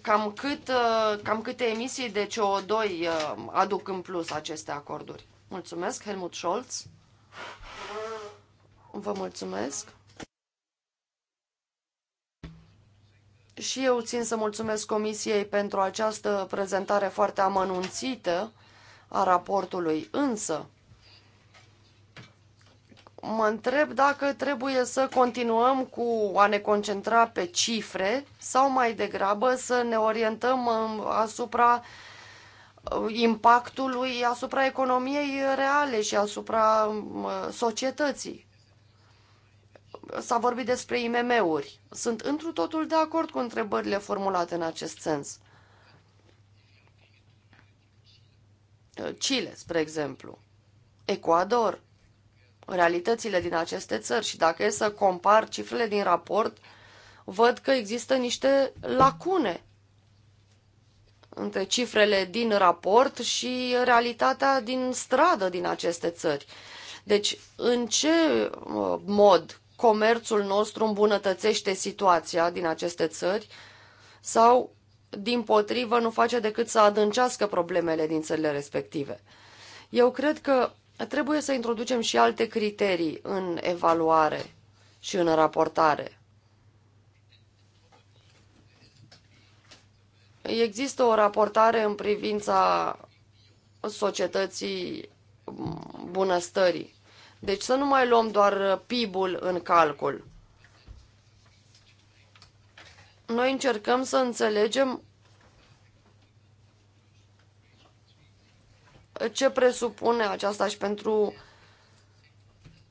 cam, cât, cam câte emisii de CO2 uh, aduc în plus aceste acorduri. Mulțumesc, Helmut Scholz. Vă mulțumesc. Și eu țin să mulțumesc Comisiei pentru această prezentare foarte amănunțită a raportului, însă mă întreb dacă trebuie să continuăm cu a ne concentra pe cifre sau mai degrabă să ne orientăm asupra uh, impactului asupra economiei reale și asupra uh, societății s-a vorbit despre IMM-uri. Sunt întru totul de acord cu întrebările formulate în acest sens. Chile, spre exemplu, Ecuador, realitățile din aceste țări și dacă e să compar cifrele din raport, văd că există niște lacune între cifrele din raport și realitatea din stradă din aceste țări. Deci, în ce uh, mod comerțul nostru îmbunătățește situația din aceste țări sau, din potrivă, nu face decât să adâncească problemele din țările respective. Eu cred că trebuie să introducem și alte criterii în evaluare și în raportare. Există o raportare în privința societății bunăstării. Deci să nu mai luăm doar uh, PIB-ul în calcul. Noi încercăm să înțelegem ce presupune aceasta și pentru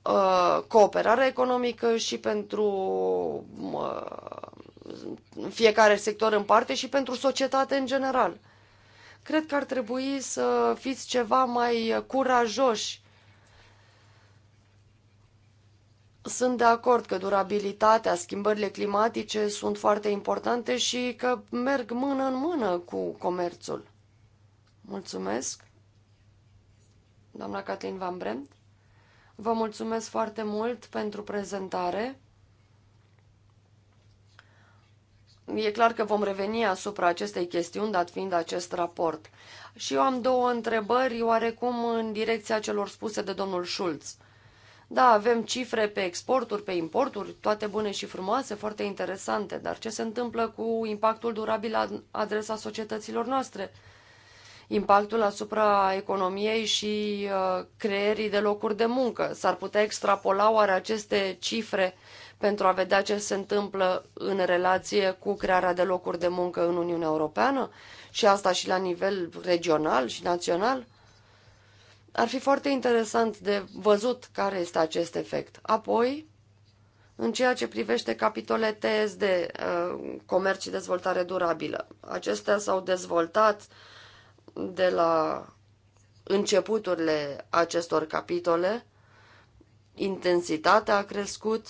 uh, cooperare economică și pentru uh, fiecare sector în parte și pentru societate în general. Cred că ar trebui să fiți ceva mai uh, curajoși Sunt de acord că durabilitatea, schimbările climatice sunt foarte importante și că merg mână în mână cu comerțul. Mulțumesc, doamna Catlin Van Brent. Vă mulțumesc foarte mult pentru prezentare. E clar că vom reveni asupra acestei chestiuni, dat fiind acest raport. Și eu am două întrebări, oarecum în direcția celor spuse de domnul Schulz. Da, avem cifre pe exporturi, pe importuri, toate bune și frumoase, foarte interesante, dar ce se întâmplă cu impactul durabil la adresa societăților noastre? Impactul asupra economiei și uh, creierii de locuri de muncă. S-ar putea extrapola oare aceste cifre pentru a vedea ce se întâmplă în relație cu crearea de locuri de muncă în Uniunea Europeană și asta și la nivel regional și național? Ar fi foarte interesant de văzut care este acest efect. Apoi, în ceea ce privește capitole TS de uh, comerț și dezvoltare durabilă. Acestea s-au dezvoltat de la începuturile acestor capitole, intensitatea a crescut,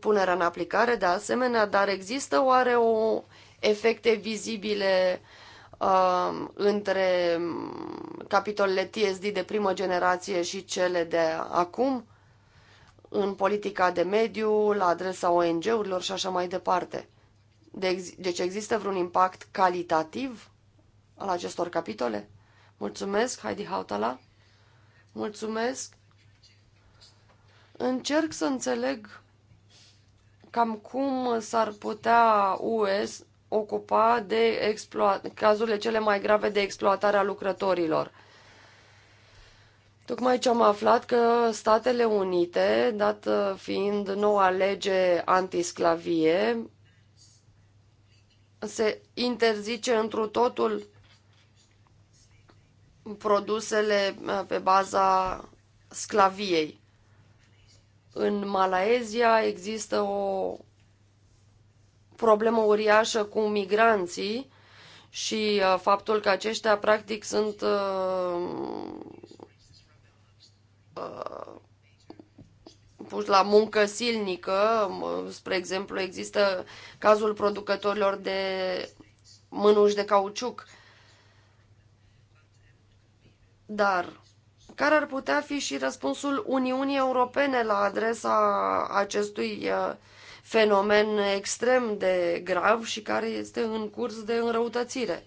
punerea în aplicare de asemenea, dar există oare o efecte vizibile uh, Um, între capitolele TSD de primă generație și cele de acum, în politica de mediu, la adresa ONG-urilor și așa mai departe. De deci există vreun impact calitativ al acestor capitole? Mulțumesc, Heidi Hautala. Mulțumesc. Încerc să înțeleg cam cum s-ar putea US ocupa de cazurile cele mai grave de exploatare a lucrătorilor. Tocmai ce am aflat că Statele Unite, dat uh, fiind noua lege antisclavie, se interzice întru totul produsele uh, pe baza sclaviei. În Malaezia există o problemă uriașă cu migranții și uh, faptul că aceștia practic sunt uh, uh, puși la muncă silnică. Spre exemplu, există cazul producătorilor de mânuși de cauciuc. Dar care ar putea fi și răspunsul Uniunii Europene la adresa acestui fenomen extrem de grav și care este în curs de înrăutățire.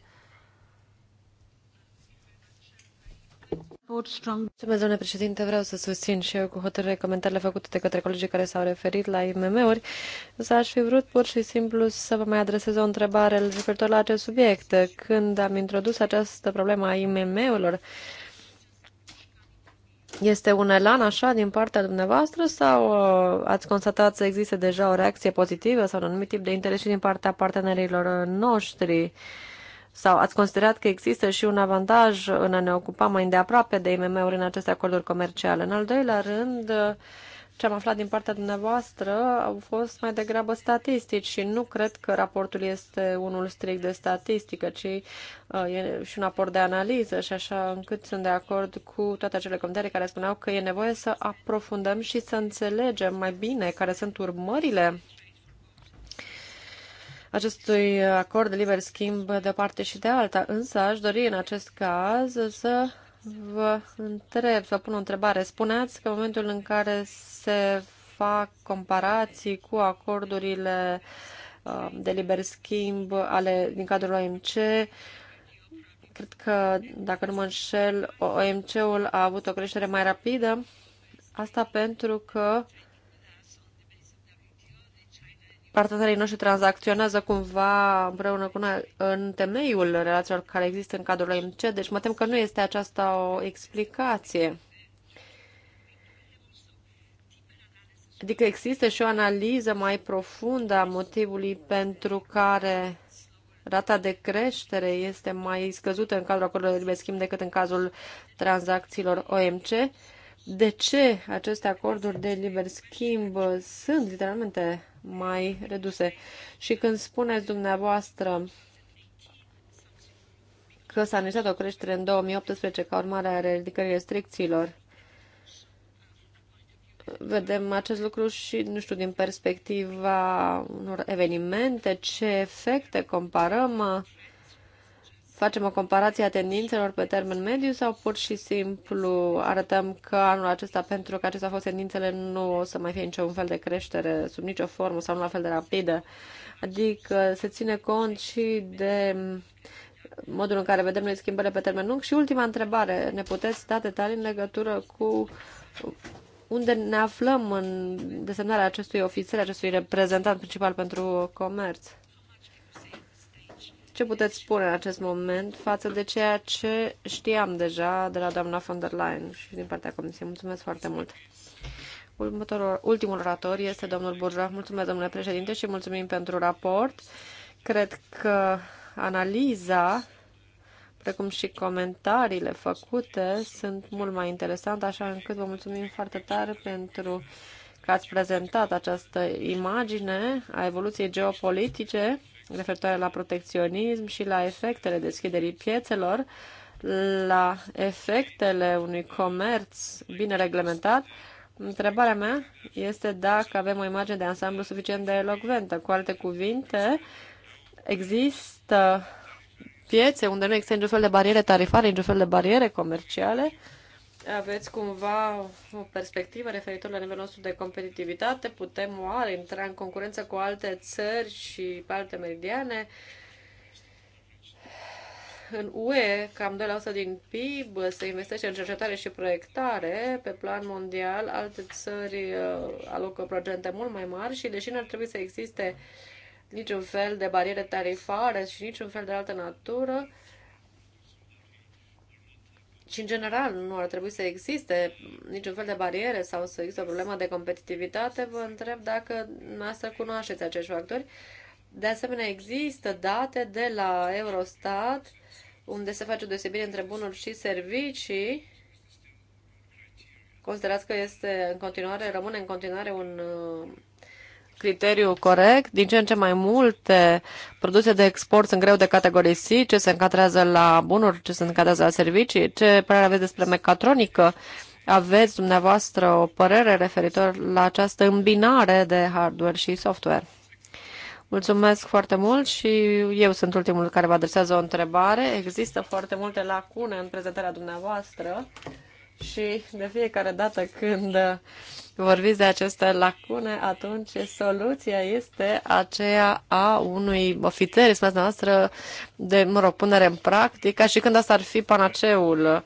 Mulțumesc, domnule președinte. Vreau să susțin și eu cu hotărâre comentariile făcute de către colegii care s-au referit la IMM-uri, însă aș fi vrut pur și simplu să vă mai adresez o întrebare referitor la acest subiect. Când am introdus această problemă a IMM-urilor, este un elan așa din partea dumneavoastră sau uh, ați constatat să existe deja o reacție pozitivă sau un anumit tip de interes și din partea partenerilor uh, noștri? Sau ați considerat că există și un avantaj în a ne ocupa mai îndeaproape de IMM-uri în aceste acorduri comerciale? În al doilea rând, uh, ce am aflat din partea dumneavoastră au fost mai degrabă statistici și nu cred că raportul este unul strict de statistică, ci uh, e și un aport de analiză și așa încât sunt de acord cu toate acele comentarii care spuneau că e nevoie să aprofundăm și să înțelegem mai bine care sunt urmările acestui acord de liber schimb de parte și de alta. Însă aș dori în acest caz să vă întreb, vă pun o întrebare. Spuneați că în momentul în care se fac comparații cu acordurile uh, de liber schimb ale, din cadrul OMC, cred că, dacă nu mă înșel, OMC-ul a avut o creștere mai rapidă. Asta pentru că uh, partenerii noștri tranzacționează cumva împreună cu noi în temeiul relațiilor care există în cadrul OMC, deci mă tem că nu este aceasta o explicație. Adică există și o analiză mai profundă a motivului pentru care rata de creștere este mai scăzută în cadrul acordurilor de liber schimb decât în cazul tranzacțiilor OMC. De ce aceste acorduri de liber schimb sunt literalmente mai reduse. Și când spuneți dumneavoastră că s-a anunțat o creștere în 2018 ca urmare a ridicării restricțiilor, vedem acest lucru și, nu știu, din perspectiva unor evenimente, ce efecte comparăm facem o comparație a tendințelor pe termen mediu sau pur și simplu arătăm că anul acesta, pentru că acestea au fost tendințele, nu o să mai fie niciun fel de creștere sub nicio formă sau nu la fel de rapidă. Adică se ține cont și de modul în care vedem noi schimbările pe termen lung. Și ultima întrebare, ne puteți da detalii în legătură cu unde ne aflăm în desemnarea acestui ofițer, acestui reprezentant principal pentru comerț? Ce puteți spune în acest moment față de ceea ce știam deja de la doamna von der Leyen și din partea Comisiei? Mulțumesc foarte mult! Următorul, ultimul orator este domnul Burja. Mulțumesc, domnule președinte, și mulțumim pentru raport. Cred că analiza, precum și comentariile făcute, sunt mult mai interesante, așa încât vă mulțumim foarte tare pentru că ați prezentat această imagine a evoluției geopolitice referitoare la protecționism și la efectele deschiderii piețelor, la efectele unui comerț bine reglementat, întrebarea mea este dacă avem o imagine de ansamblu suficient de elocventă. Cu alte cuvinte, există piețe unde nu există niciun fel de bariere tarifare, niciun fel de bariere comerciale, aveți cumva o perspectivă referitor la nivelul nostru de competitivitate? Putem oare intra în concurență cu alte țări și pe alte meridiane? În UE, cam 2% din PIB se investește în cercetare și proiectare. Pe plan mondial, alte țări uh, alocă procente mult mai mari și, deși nu ar trebui să existe niciun fel de bariere tarifare și niciun fel de altă natură, și, în general, nu ar trebui să existe niciun fel de bariere sau să existe o problemă de competitivitate, vă întreb dacă noastră cunoașteți acești factori. De asemenea, există date de la Eurostat unde se face o deosebire între bunuri și servicii. Considerați că este în continuare, rămâne în continuare un uh, criteriu corect, din ce în ce mai multe produse de export sunt greu de categorisit, ce se încadrează la bunuri, ce se încadrează la servicii, ce părere aveți despre mecatronică, aveți dumneavoastră o părere referitor la această îmbinare de hardware și software? Mulțumesc foarte mult și eu sunt ultimul care vă adresează o întrebare. Există foarte multe lacune în prezentarea dumneavoastră și de fiecare dată când vorbiți de aceste lacune, atunci soluția este aceea a unui ofițer, spuneați noastră, de, mă rog, punere în practică și când asta ar fi panaceul.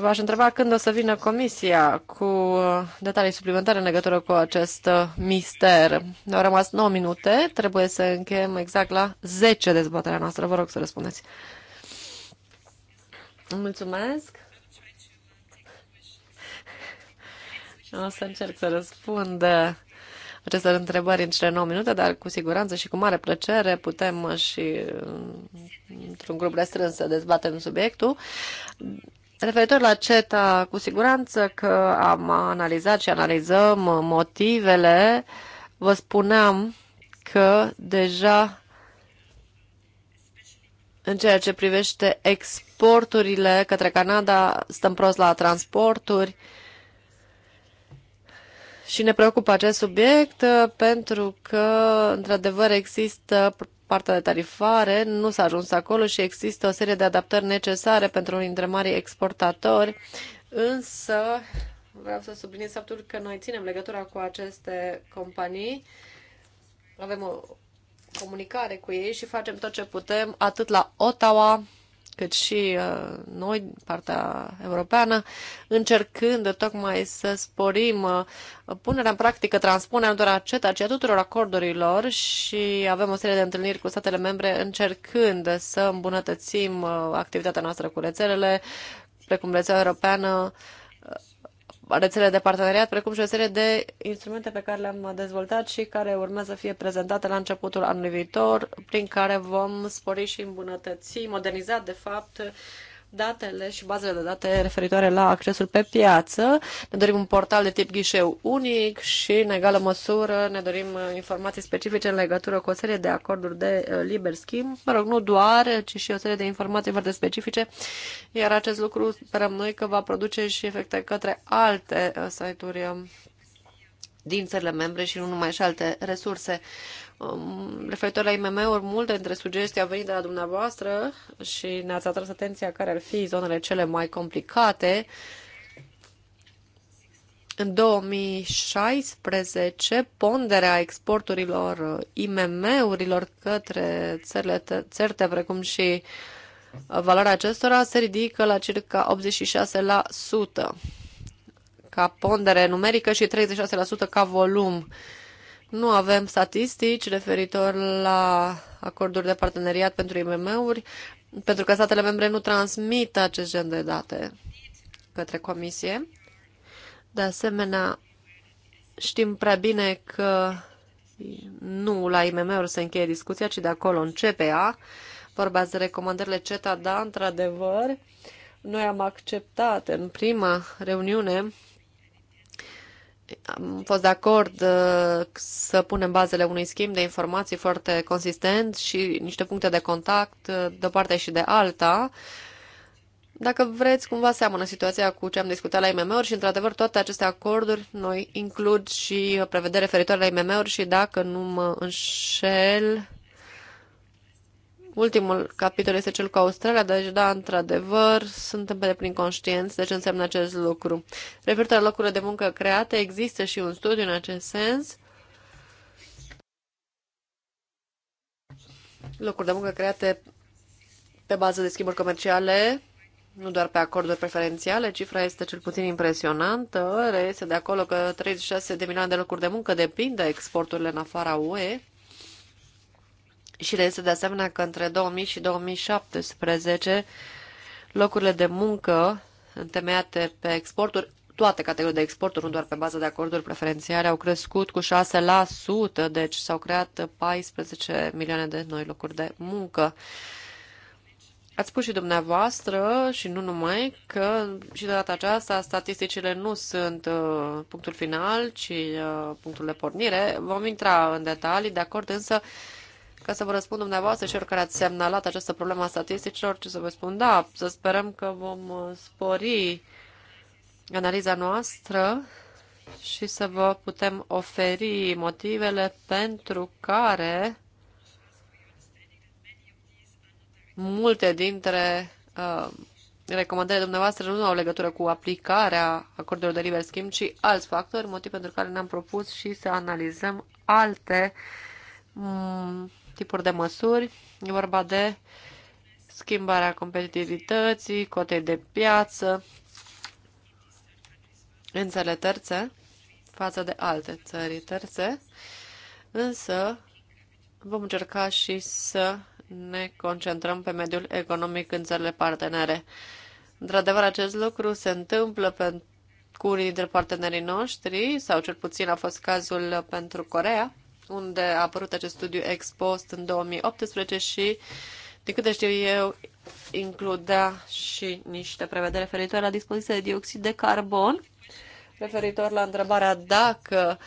V-aș întreba când o să vină comisia cu detalii suplimentare în legătură cu acest mister. Au rămas 9 minute, trebuie să încheiem exact la 10 dezbaterea noastră. Vă rog să răspundeți. Mulțumesc. O să încerc să răspund acestor întrebări în cele 9 minute, dar cu siguranță și cu mare plăcere putem și într-un grup restrâns să dezbatem subiectul. Referitor la CETA, cu siguranță că am analizat și analizăm motivele. Vă spuneam că deja în ceea ce privește exporturile către Canada, stăm prost la transporturi. Uh, și ne preocupă acest subiect uh, pentru că, într-adevăr, există partea de tarifare, nu s-a ajuns acolo și există o serie de adaptări necesare pentru unii dintre marii exportatori, însă vreau să subliniez faptul că noi ținem legătura cu aceste companii, avem o comunicare cu ei și facem tot ce putem, atât la Ottawa, cât și uh, noi, partea europeană, încercând tocmai să sporim uh, punerea în practică, transpunerea doar a CETA, ci a tuturor acordurilor și avem o serie de întâlniri cu statele membre încercând să îmbunătățim uh, activitatea noastră cu rețelele, precum rețeaua europeană, rețele de parteneriat, precum și o serie de instrumente pe care le-am dezvoltat și care urmează să fie prezentate la începutul anului viitor, prin care vom spori și îmbunătăți, moderniza, de fapt, datele și bazele de date referitoare la accesul pe piață. Ne dorim un portal de tip ghișeu unic și, în egală măsură, ne dorim uh, informații specifice în legătură cu o serie de acorduri de uh, liber schimb. Mă rog, nu doar, ci și o serie de informații foarte specifice, iar acest lucru sperăm noi că va produce și efecte către alte uh, site-uri um, din țările membre și nu numai și alte resurse. Um, referitor la IMM-uri, multe dintre sugestii au venit de la dumneavoastră și ne-ați atras atenția care ar fi zonele cele mai complicate. În 2016, ponderea exporturilor uh, IMM-urilor către țările certe, precum și uh, valoarea acestora, se ridică la circa 86% ca pondere numerică și 36% ca volum. Uh, nu avem statistici referitor la acorduri de parteneriat pentru IMM-uri, pentru că statele membre nu transmit acest gen de date către comisie. De asemenea, știm prea bine că nu la IMM-uri se încheie discuția, ci de acolo în CPA. Vorba de recomandările CETA, da, într-adevăr. Noi am acceptat în prima reuniune am fost de acord uh, să punem bazele unui schimb de informații foarte consistent și niște puncte de contact uh, de o parte și de alta. Dacă vreți, cumva seamănă situația cu ce am discutat la IMM-uri și, într-adevăr, toate aceste acorduri noi includ și uh, prevedere referitoare la IMM-uri și, dacă nu mă înșel, Ultimul capitol este cel cu Australia, deci da, într-adevăr, suntem pe deplin conștienți de ce înseamnă acest lucru. Referitor la locurile de muncă create, există și un studiu în acest sens. Locuri de muncă create pe bază de schimburi comerciale, nu doar pe acorduri preferențiale, cifra este cel puțin impresionantă. Reiese de acolo că 36 de milioane de locuri de muncă depind de exporturile în afara UE și le este de asemenea că între 2000 și 2017 locurile de muncă întemeiate pe exporturi, toate categoriile de exporturi, nu doar pe bază de acorduri preferențiale, au crescut cu 6%, deci s-au creat 14 milioane de noi locuri de muncă. Ați spus și dumneavoastră și nu numai că și de data aceasta statisticile nu sunt uh, punctul final, ci uh, punctul de pornire. Vom intra în detalii, de acord, însă uh, ca să vă răspund dumneavoastră și care ați semnalat această problemă a statisticilor, ce să vă spun? Da, să sperăm că vom uh, spori analiza noastră și să vă putem oferi motivele pentru care multe dintre uh, recomandările dumneavoastră nu au legătură cu aplicarea acordurilor de liber schimb, ci alți factori, motiv pentru care ne-am propus și să analizăm alte um, tipuri de măsuri. E vorba de schimbarea competitivității, cotei de piață în țările terțe față de alte țări terțe, însă vom încerca și să ne concentrăm pe mediul economic în țările partenere. Într-adevăr, acest lucru se întâmplă pentru cu unii dintre partenerii noștri, sau cel puțin a fost cazul pentru Corea, unde a apărut acest studiu ex post în 2018 și, din câte știu eu, includea și niște prevedere referitoare la dispoziția de dioxid de carbon, referitor la întrebarea dacă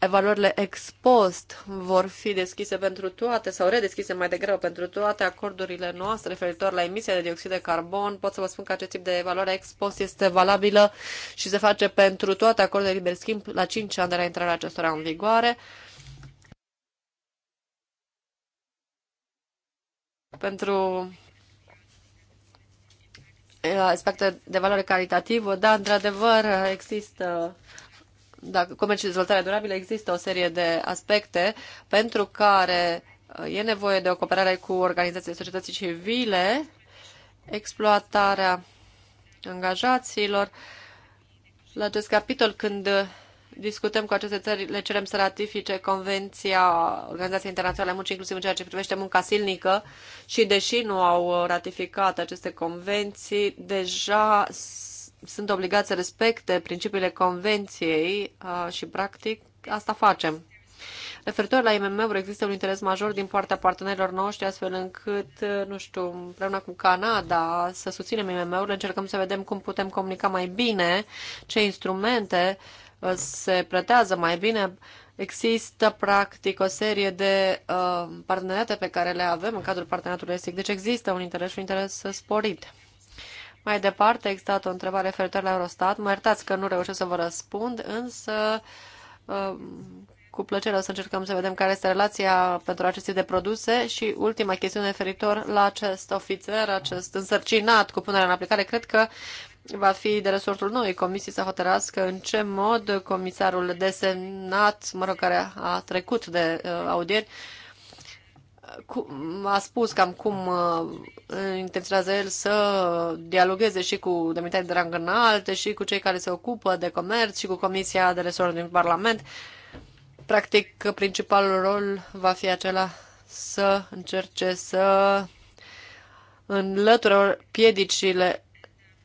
evaluările ex post vor fi deschise pentru toate sau redeschise mai degrabă pentru toate acordurile noastre referitor la emisia de dioxid de carbon. Pot să vă spun că acest tip de evaluare ex post este valabilă și se face pentru toate acordurile de liber schimb la 5 ani de la intrarea acestora în vigoare. pentru aspecte de valoare caritativă, dar într-adevăr, există dacă comerț și dezvoltarea durabilă există o serie de aspecte pentru care e nevoie de o cooperare cu organizațiile societății civile, exploatarea angajaților. La acest capitol, când discutăm cu aceste țări, le cerem să ratifice Convenția Organizației Internaționale a Muncii, inclusiv în ceea ce privește munca silnică și deși nu au ratificat aceste convenții, deja sunt obligați să respecte principiile convenției și, practic, asta facem. Referitor la IMM-uri, există un interes major din partea partenerilor noștri, astfel încât, nu știu, împreună cu Canada, să susținem IMM-urile, încercăm să vedem cum putem comunica mai bine, ce instrumente uh, se pretează mai bine. Există, practic, o serie de uh, parteneriate pe care le avem în cadrul parteneriatului estic, deci există un interes și un interes sporit. Mai departe, există o întrebare referitoare la Eurostat. Mă iertați că nu reușesc să vă răspund, însă uh, cu plăcere o să încercăm să vedem care este relația pentru aceste de produse și ultima chestiune referitor la acest ofițer, acest însărcinat cu punerea în aplicare. Cred că va fi de resortul noi comisii să hotărască în ce mod comisarul desemnat, mă rog, care a trecut de uh, audieri, a spus cam cum uh, intenționează el să dialogueze și cu demnitate de rang înalt și cu cei care se ocupă de comerț și cu comisia de resort din Parlament. Practic, principalul rol va fi acela să încerce să înlătură piedicile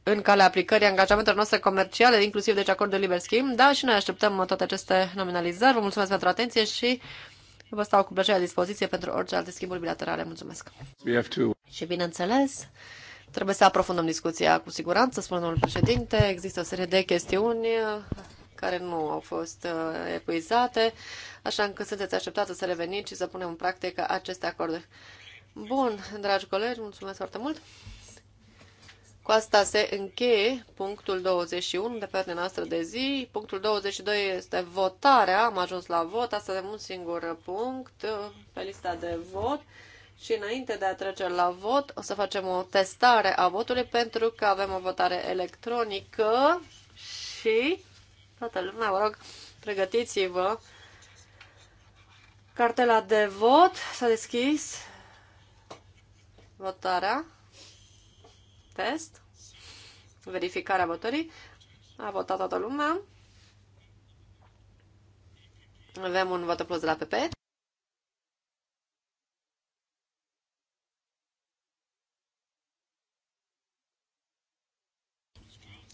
în calea aplicării angajamentelor noastre comerciale, inclusiv deci acord de liber schimb. Da, și noi așteptăm toate aceste nominalizări. Vă mulțumesc pentru atenție și vă stau cu plăcere la dispoziție pentru orice alte schimburi bilaterale. Mulțumesc! Și bineînțeles, trebuie să aprofundăm discuția cu siguranță, spune domnul președinte. Există o serie de chestiuni uh, care nu au fost uh, epuizate, așa încât sunteți așteptați să reveniți și să punem în practică aceste acorduri. Bun, dragi colegi, mulțumesc foarte mult! Cu asta se încheie punctul 21 de pe ordinea noastră de zi. Punctul 22 este votarea. Am ajuns la vot. Asta avem un singur punct pe lista de vot. Și înainte de a trece la vot, o să facem o testare a votului pentru că avem o votare electronică și toată lumea, vă rog, pregătiți-vă. Cartela de vot s-a deschis. Votarea. Test. Verificarea votării. A votat toată lumea. Avem un vot plus de la PP.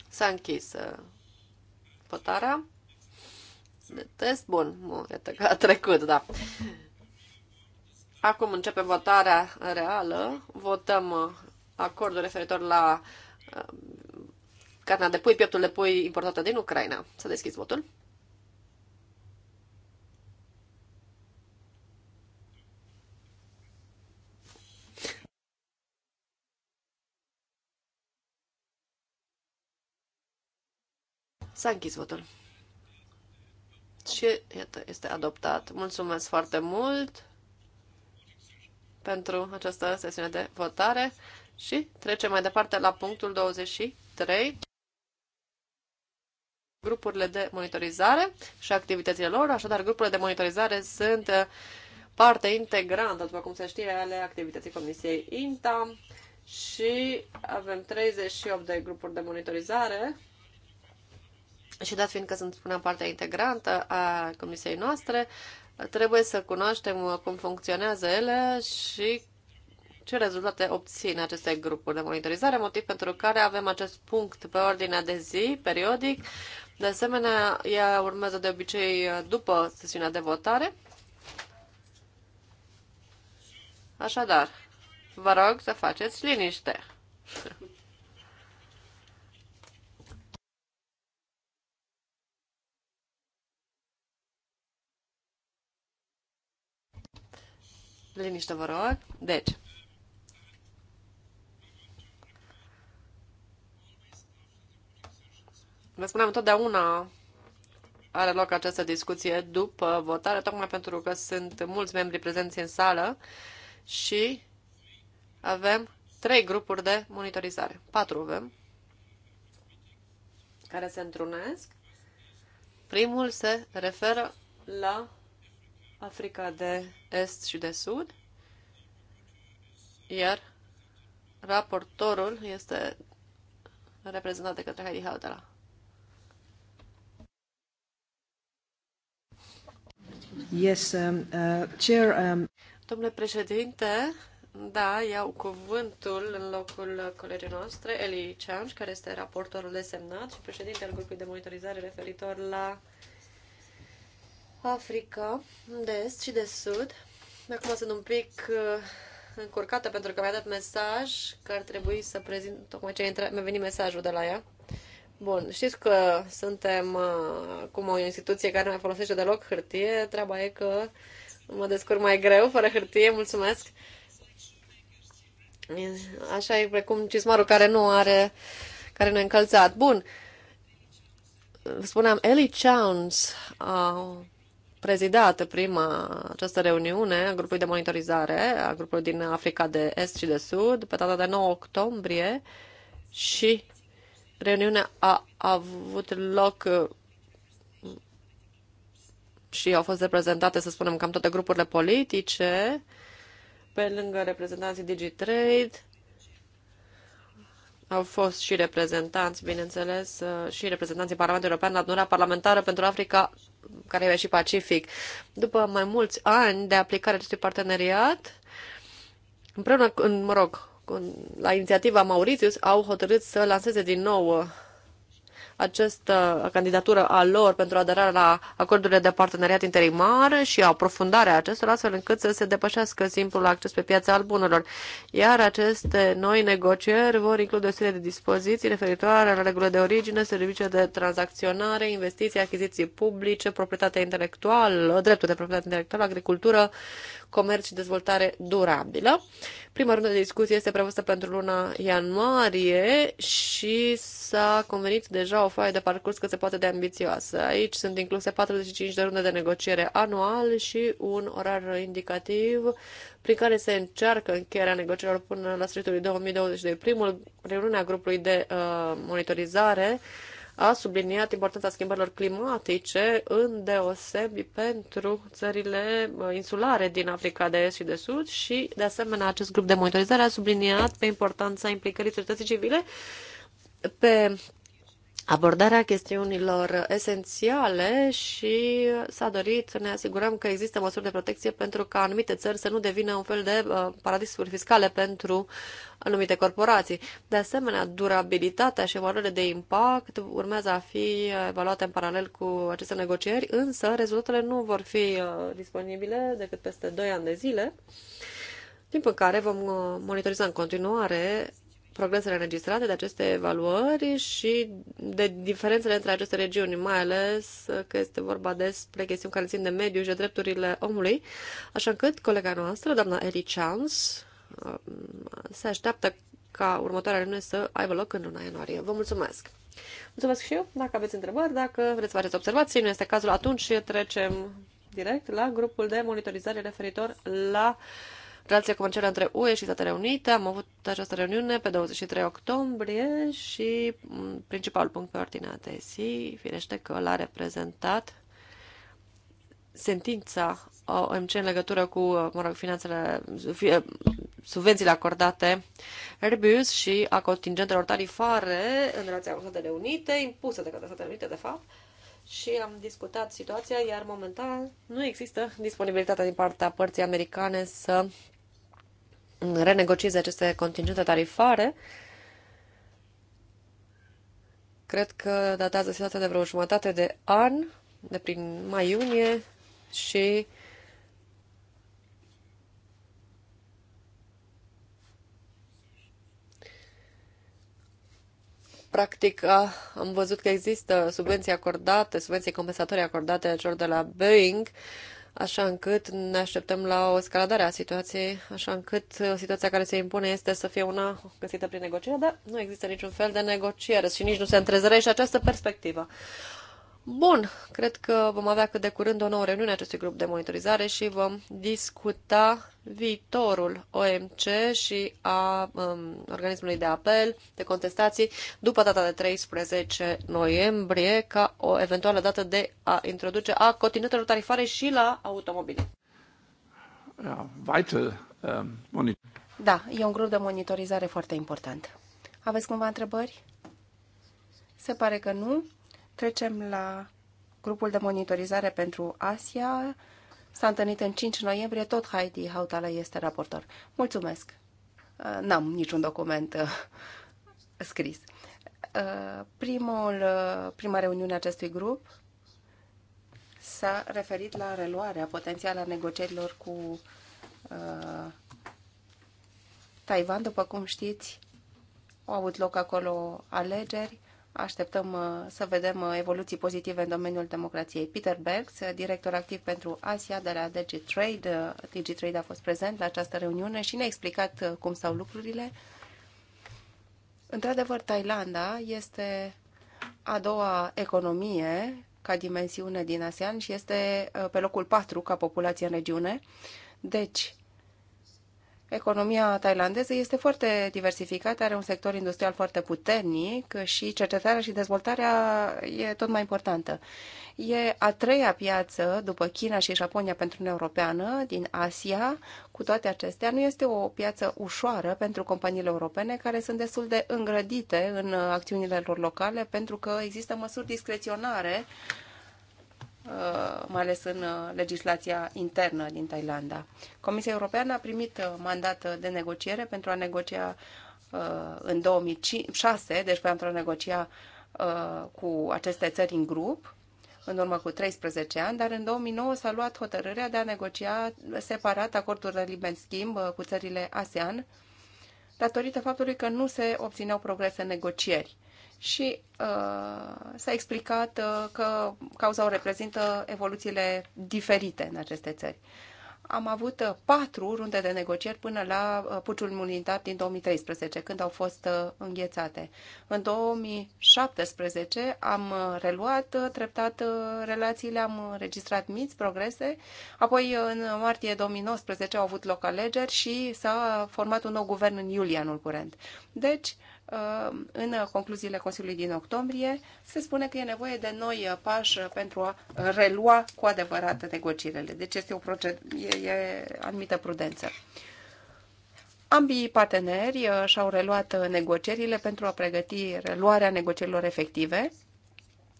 S-a închis uh, votarea. De test, bun, iată că a trecut, da. Acum începe votarea reală. Votăm uh, acordul referitor la uh, carnea de pui, pieptul de pui importată din Ucraina. Să deschizi votul. S-a închis votul. Și iată, este adoptat. Mulțumesc foarte mult pentru această sesiune de votare. Și trecem mai departe la punctul 23. Grupurile de monitorizare și activitățile lor. Așadar, grupurile de monitorizare sunt uh, parte integrantă, după cum se știe, ale activității Comisiei INTA și avem 38 de grupuri de monitorizare și dat fiindcă sunt, spuneam, partea integrantă a comisiei noastre, trebuie să cunoaștem cum funcționează ele și ce rezultate obțin aceste grupuri de monitorizare, motiv pentru care avem acest punct pe ordinea de zi, periodic. De asemenea, ea urmează de obicei uh, după sesiunea de votare. Așadar, vă rog să faceți liniște. Liniște, vă rog. Deci, Vă spuneam, întotdeauna are loc această discuție după votare, tocmai pentru că sunt mulți membri prezenți în sală și avem trei grupuri de monitorizare. Patru avem care se întrunesc. Primul se referă la Africa de Est și de Sud, iar raportorul este reprezentat de către Heidi Hautala. Yes, um, uh, chair, um... Domnule președinte, da, iau cuvântul în locul colegii noastre, Eli Cianș, care este raportorul desemnat și președinte al grupului de monitorizare referitor la Africa de Est și de Sud. Acum sunt un pic uh, încurcată pentru că mi-a dat mesaj că ar trebui să prezint tocmai ce mi-a venit mesajul de la ea. Bun, știți că suntem uh, cum o instituție care nu mai folosește deloc hârtie, treaba e că mă descurc mai greu fără hârtie, mulțumesc. Așa e precum cismarul care nu are, care nu e încălțat. Bun, spuneam, Ellie Chowns a prezidat prima această reuniune a grupului de monitorizare, a grupului din Africa de Est și de Sud, pe data de 9 octombrie și Reuniunea a avut loc uh, și au fost reprezentate, să spunem, cam toate grupurile politice, pe lângă reprezentanții DigiTrade, au fost și reprezentanți, bineînțeles, uh, și reprezentanții Parlamentului European la adunarea parlamentară pentru Africa, care e și Pacific. După mai mulți ani de aplicare acestui parteneriat, împreună, în, mă rog, la inițiativa Mauritius, au hotărât să lanseze din nou uh, această candidatură a lor pentru aderarea la acordurile de parteneriat interimar și aprofundarea acestor, astfel încât să se depășească simplul acces pe piața al bunurilor. Iar aceste noi negocieri vor include o serie de dispoziții referitoare la regulile de origine, servicii de tranzacționare, investiții, achiziții publice, proprietatea intelectuală, dreptul de proprietate intelectuală, agricultură, comerț și dezvoltare durabilă. Prima rundă de discuție este prevăzută pentru luna ianuarie și s-a convenit deja o foaie de parcurs cât se poate de ambițioasă. Aici sunt incluse 45 de runde de negociere anual și un orar indicativ prin care se încearcă încheierea negocierilor până la sfârșitul 2022. Primul reuniunea grupului de uh, monitorizare uh, a subliniat importanța schimbărilor climatice, în deosebi pentru țările insulare din Africa de Est și de Sud și, de asemenea, acest grup de monitorizare a subliniat pe importanța implicării societății civile pe abordarea chestiunilor esențiale și s-a dorit să ne asigurăm că există măsuri de protecție pentru ca anumite țări să nu devină un fel de uh, paradisuri fiscale pentru anumite corporații. De asemenea, durabilitatea și valoarea de impact urmează a fi evaluate în paralel cu aceste negocieri, însă rezultatele nu vor fi uh, disponibile decât peste 2 ani de zile, timp în care vom uh, monitoriza în continuare progresele înregistrate de aceste evaluări și de diferențele între aceste regiuni, mai ales că este vorba despre chestiuni care țin de mediu și de drepturile omului, așa încât colega noastră, doamna Eri Chance, um, se așteaptă ca următoarea lună să aibă loc în luna ianuarie. Vă mulțumesc! Mulțumesc și eu. Dacă aveți întrebări, dacă vreți să faceți observații, nu este cazul, atunci trecem direct la grupul de monitorizare referitor la uh, relația comercială între UE și Statele Unite. Am avut această reuniune pe 23 octombrie și mm, principalul punct pe ordinea de zi, firește că l-a reprezentat sentința OMC în legătură cu, mă rog, finanțele, eh, subvențiile acordate Airbus și a contingentelor tarifare în relația cu Statele Unite, impuse de către Statele Unite, de fapt, și am discutat situația, iar momentan nu există disponibilitatea din partea părții americane să renegocieze aceste contingente tarifare, cred că datează situația de vreo jumătate de an, de prin mai-iunie și practic am văzut că există subvenții acordate, subvenții compensatorii acordate celor de la Boeing așa încât ne așteptăm la o escaladare a situației, așa încât uh, situația care se impune este să fie una găsită prin negociere, dar nu există niciun fel de negociere și nici nu se întrezărește această perspectivă. Bun, cred că vom avea cât de curând o nouă reuniune acestui grup de monitorizare și vom discuta viitorul OMC și a um, organismului de apel, de contestații, după data de 13 noiembrie, ca o eventuală dată de a introduce a cotinetelor tarifare și la automobile. Ähm, da, e un grup de monitorizare foarte important. Aveți cumva întrebări? Se pare că nu. Trecem la grupul de monitorizare pentru Asia. S-a întâlnit în 5 noiembrie, tot Heidi Hautala este raportor. Mulțumesc! Uh, n-am niciun document uh, scris. Uh, primul, prima reuniune a acestui grup s-a referit la reluarea potențială a negocierilor cu Taiwan. După cum știți, au avut loc acolo alegeri Așteptăm uh, să vedem uh, evoluții pozitive în domeniul democrației. Peter Bergs, uh, director activ pentru Asia de la DigiTrade, DigiTrade a fost prezent la această reuniune și ne-a explicat cum stau lucrurile. Într-adevăr, Thailanda este a doua economie ca dimensiune din ASEAN și este pe locul 4 ca populație în regiune. Deci, Economia tailandeză este foarte diversificată, are un sector industrial foarte puternic și cercetarea și dezvoltarea e tot mai importantă. E a treia piață după China și Japonia pentru Uniunea Europeană din Asia. Cu toate acestea, nu este o piață ușoară pentru companiile europene care sunt destul de îngrădite în acțiunile lor locale pentru că există măsuri discreționare uh, Uh, mai ales în uh, legislația internă din Thailanda. Comisia Europeană a primit uh, mandat de negociere pentru a negocia în 2006, deci pentru a negocia cu aceste țări în grup, în urmă cu 13 ani, dar în 2009 s-a luat hotărârea de a negocia separat acordul de liber schimb cu țările ASEAN, datorită faptului că nu se obțineau progrese în negocieri și uh, s-a explicat uh, că cauza o reprezintă evoluțiile diferite în aceste țări. Am avut uh, patru runde de negocieri până la uh, puciul imunitar din 2013, când au fost uh, înghețate. În 2017 am uh, reluat uh, treptat uh, relațiile, am înregistrat mici progrese, apoi uh, în martie 2019 au avut loc alegeri și s-a format un nou guvern în iulie anul curent. Deci, uh, Uh, în concluziile Consiliului din octombrie, se spune că e nevoie de noi uh, pași uh, pentru a relua cu adevărat negocierile. Deci este o proced- e, e anumită prudență. Ambii parteneri și-au reluat negocierile pentru a pregăti reluarea negocierilor efective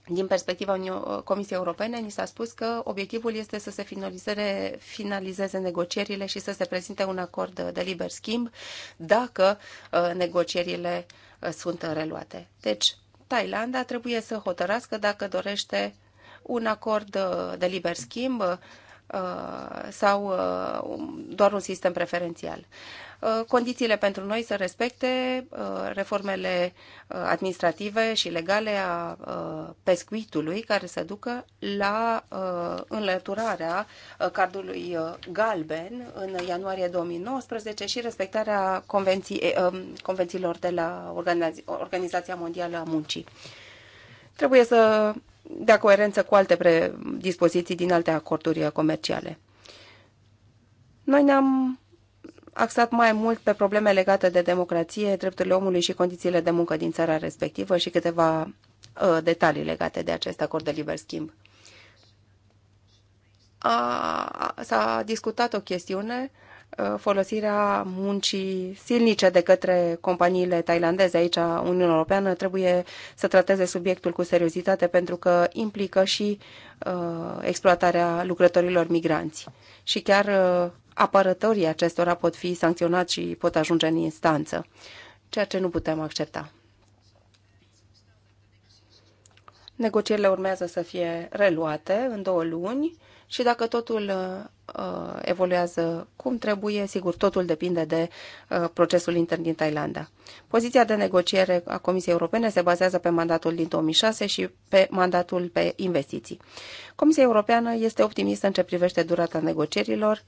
din perspectiva Comisiei Europene, ni s-a spus că obiectivul este să se finalizeze, finalizeze negocierile și să se prezinte un acord de liber schimb dacă uh, negocierile uh, sunt reluate. Deci, Thailanda trebuie să hotărască dacă dorește un acord uh, de liber schimb Uh, sau uh, doar un sistem preferențial. Uh, condițiile pentru noi să respecte reformele administrative și legale a pescuitului care să ducă la înlăturarea cardului galben în ianuarie 2019 și respectarea convenții, um, convențiilor de la Organizația Mondială a Muncii. Trebuie să de coerență cu alte dispoziții din alte acorduri comerciale. Noi ne-am axat mai mult pe probleme legate de democrație, drepturile omului și condițiile de muncă din țara respectivă și câteva uh, detalii legate de acest acord de liber schimb. S-a discutat o chestiune uh, Uh, folosirea muncii silnice de către companiile tailandeze. Aici Uniunea Europeană trebuie să trateze subiectul cu seriozitate pentru că implică și uh, exploatarea lucrătorilor migranți. Și chiar uh, apărătorii acestora pot fi sancționați și pot ajunge în instanță, ceea ce nu putem accepta. Negocierile urmează să fie reluate în două luni și dacă totul uh, uh, evoluează cum trebuie, sigur, totul depinde de uh, procesul intern din Thailanda. Poziția de negociere a Comisiei Europene se bazează pe mandatul din 2006 și pe mandatul pe investiții. Comisia Europeană este optimistă în ce privește durata negocierilor,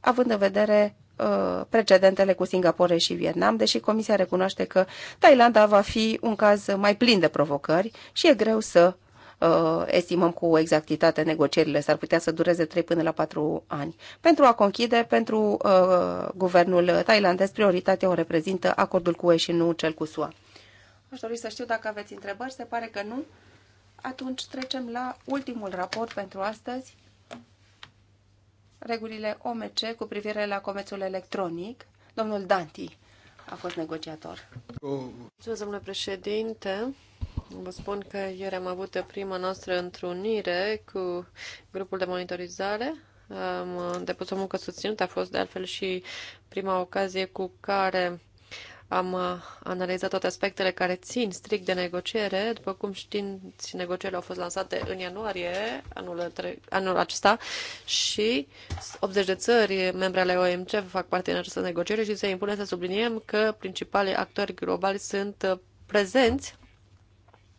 având în vedere precedentele cu Singapore și Vietnam, deși Comisia recunoaște că Thailanda va fi un caz mai plin de provocări și e greu să uh, estimăm cu exactitate negocierile. S-ar putea să dureze 3 până la 4 ani. Pentru a conchide, pentru uh, guvernul thailandez, prioritatea o reprezintă acordul cu UE și nu cel cu SUA. Aș dori să știu dacă aveți întrebări. Se pare că nu. Atunci trecem la ultimul raport pentru astăzi. Regulile OMC cu privire la comerțul electronic. Domnul Danti a fost negociator. Mulțumesc, domnule președinte. Vă spun că ieri am avut prima noastră întrunire cu grupul de monitorizare. Am depus o muncă susținută, a fost de altfel și prima ocazie cu care am analizat toate aspectele care țin strict de negociere. După cum știți, negocierile au fost lansate în ianuarie anul, anul acesta și 80 de țări membre ale OMC fac parte în această negociere și se impune să subliniem că principalii actori globali sunt prezenți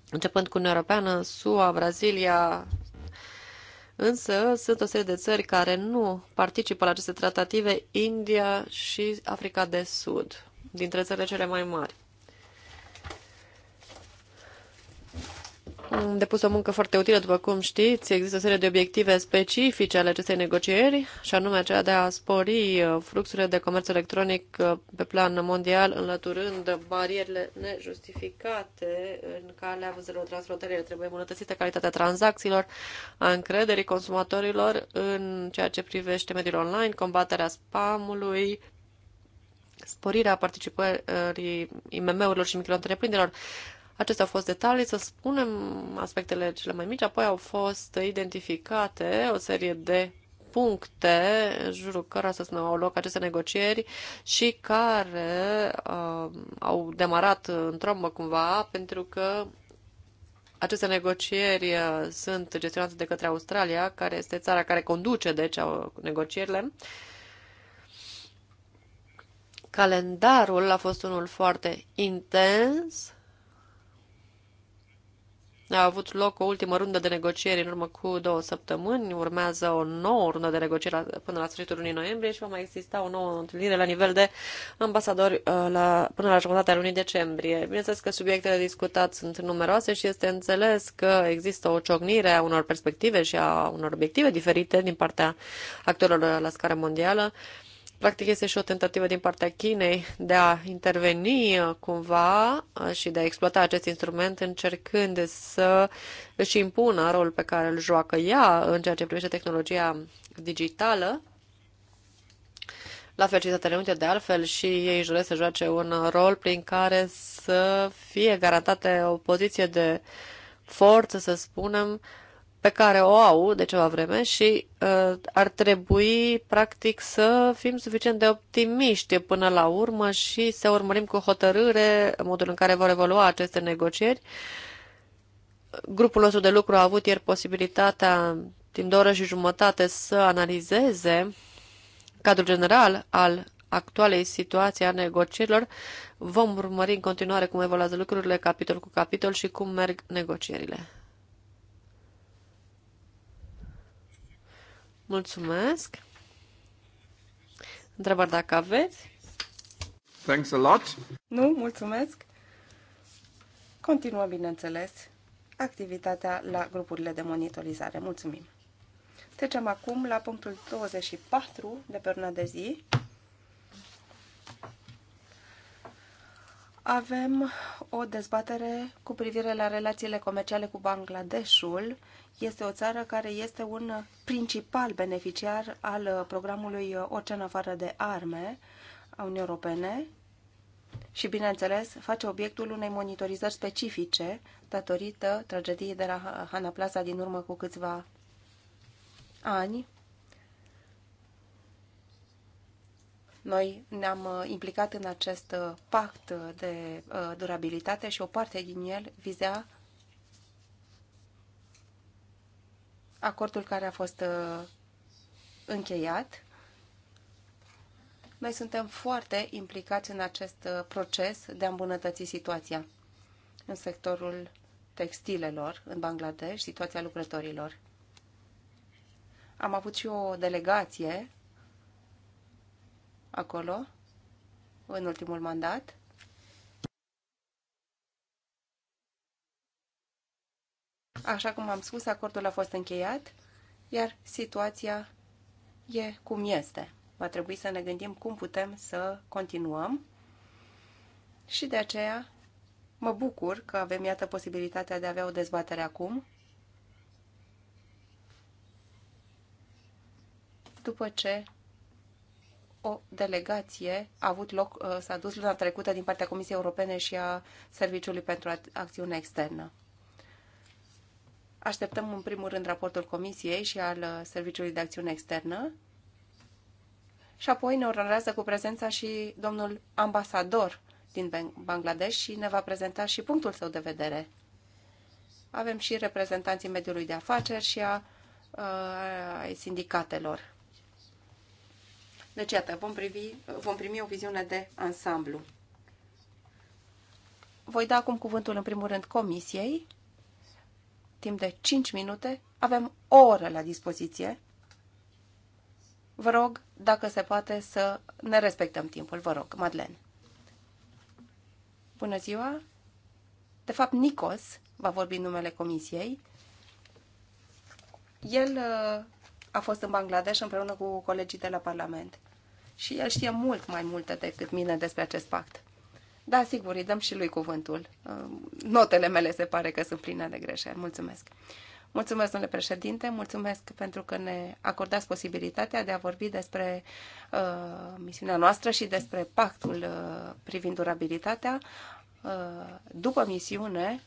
începând cu Uniunea Europeană, SUA, Brazilia, însă sunt o serie de țări care nu participă la aceste tratative, India și Africa de Sud, dintre țările cele mai mari. Mm, depus o muncă foarte utilă, după cum știți. Există o serie de obiective specifice ale acestei negocieri, și anume aceea de a spori uh, fluxurile de comerț electronic uh, pe plan mondial, înlăturând barierele nejustificate în calea vânzărilor transfrontaliere. Trebuie îmbunătățită calitatea tranzacțiilor, a încrederii consumatorilor în ceea ce privește mediul online, combaterea spamului, sporirea participării IMM-urilor și micro Acestea au fost detalii, să spunem, aspectele cele mai mici, apoi au fost identificate o serie de puncte în jurul cărora să spunem, au loc aceste negocieri și care uh, au demarat în trombă cumva pentru că aceste negocieri uh, sunt gestionate de către Australia, care este țara care conduce, deci, negocierile. Calendarul a fost unul foarte intens a avut loc o ultimă rundă de negocieri în urmă cu două săptămâni, urmează o nouă rundă de negocieri până la sfârșitul lunii noiembrie și va mai exista o nouă întâlnire la nivel de ambasadori uh, la, până la jumătatea lunii decembrie. Bineînțeles că subiectele discutate sunt numeroase și este înțeles că există o ciocnire a unor perspective și a unor obiective diferite din partea actorilor la scară mondială Practic este și o tentativă din partea Chinei de a interveni uh, cumva uh, și de a exploata acest instrument încercând să își impună rolul pe care îl joacă ea în ceea ce privește tehnologia digitală. La fel și Statele Unite, de altfel, și ei își doresc să joace un rol prin care să fie garantate o poziție de forță, să spunem, pe care o au de ceva vreme și uh, ar trebui, practic, să fim suficient de optimiști până la urmă și să urmărim cu hotărâre modul în care vor evolua aceste negocieri. Grupul nostru de lucru a avut ieri posibilitatea, timp de oră și jumătate, să analizeze cadrul general al actualei situații a negocierilor. Vom urmări în continuare cum evoluează lucrurile capitol cu capitol și cum merg negocierile. Mulțumesc. Întrebări dacă aveți? Thanks a lot. Nu, mulțumesc. Continuă, bineînțeles, activitatea la grupurile de monitorizare. Mulțumim. Trecem acum la punctul 24 de pe urna de zi avem o dezbatere cu privire la relațiile comerciale cu Bangladeshul. Este o țară care este un principal beneficiar al programului Ocean afară de arme a Uniunii Europene și, bineînțeles, face obiectul unei monitorizări specifice datorită tragediei de la Hana Plaza din urmă cu câțiva ani Noi ne-am uh, implicat în acest uh, pact de uh, durabilitate și o parte din el vizea acordul care a fost încheiat. Noi suntem foarte implicați în acest proces de a îmbunătăți situația în sectorul textilelor în Bangladesh, situația lucrătorilor. Am avut și o delegație acolo în ultimul mandat. Așa cum am spus, acordul a fost încheiat, iar situația e cum este. Va trebui să ne gândim cum putem să continuăm și de aceea mă bucur că avem, iată, posibilitatea de a avea o dezbatere acum, după ce o delegație a avut loc, uh, s-a dus luna trecută din partea Comisiei Europene și a Serviciului pentru Acțiune Externă. Așteptăm în primul rând raportul Comisiei și al uh, Serviciului de Acțiune Externă și apoi ne urmărează cu prezența și domnul ambasador din Bangladesh și ne va prezenta și punctul său de vedere. Avem și reprezentanții mediului de afaceri și a, a, uh, a sindicatelor. Deci, iată, vom, privi, vom primi o viziune de ansamblu. Voi da acum cuvântul, în primul rând, comisiei. Timp de 5 minute. Avem o oră la dispoziție. Vă rog, dacă se poate, să ne respectăm timpul. Vă rog, Madeleine. Bună ziua! De fapt, Nicos va vorbi numele comisiei. El uh, a fost în Bangladesh împreună cu colegii de la Parlament. Și el știe mult mai multe decât mine despre acest pact. Da, sigur, îi dăm și lui cuvântul. Notele mele se pare că sunt pline de greșeli. Mulțumesc. Mulțumesc, domnule președinte, mulțumesc pentru că ne acordați posibilitatea de a vorbi despre uh, misiunea noastră și despre pactul uh, privind durabilitatea. Uh, după misiune,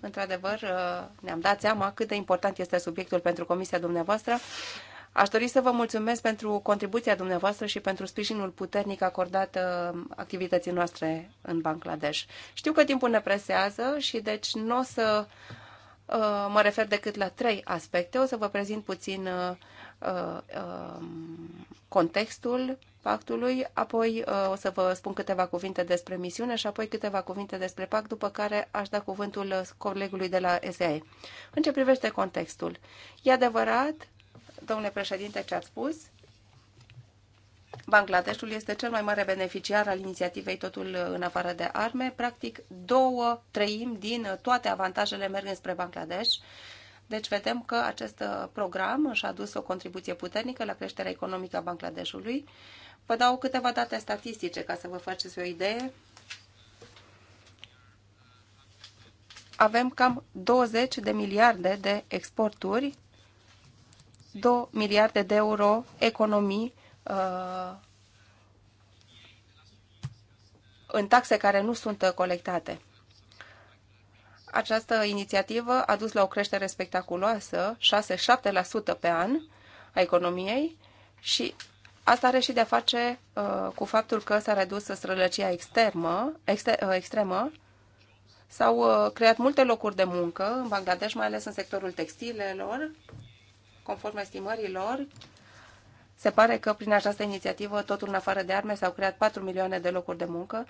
într-adevăr, uh, ne-am dat seama cât de important este subiectul pentru comisia dumneavoastră. Aș dori să vă mulțumesc pentru contribuția dumneavoastră și pentru sprijinul puternic acordat uh, activității noastre în Bangladesh. Știu că timpul ne presează și deci nu o să uh, mă refer decât la trei aspecte. O să vă prezint puțin um, contextul pactului, apoi uh, o să vă spun câteva cuvinte despre misiune și apoi câteva cuvinte despre pact, după care aș da cuvântul colegului de la SAE. În ce privește contextul, e adevărat, domnule președinte, ce ați spus, Bangladeshul este cel mai mare beneficiar al inițiativei Totul în afară de arme. Practic, două treimi din toate avantajele merg spre Bangladesh deci vedem că acest uh, program și-a adus o contribuție puternică la creșterea economică a Bangladeshului. Vă dau câteva date statistice ca să vă faceți o idee. Avem cam 20 de miliarde de exporturi, 2 miliarde de euro economii uh, în taxe care nu sunt colectate această inițiativă a dus la o creștere spectaculoasă, 6-7% pe an, a economiei și asta are și de-a face uh, cu faptul că s-a redus strălăcia externă, exter, uh, extremă, s-au uh, creat multe locuri de muncă în Bangladesh, mai ales în sectorul textilelor, conform estimărilor. Se pare că prin această inițiativă, totul în afară de arme, s-au creat 4 milioane de locuri de muncă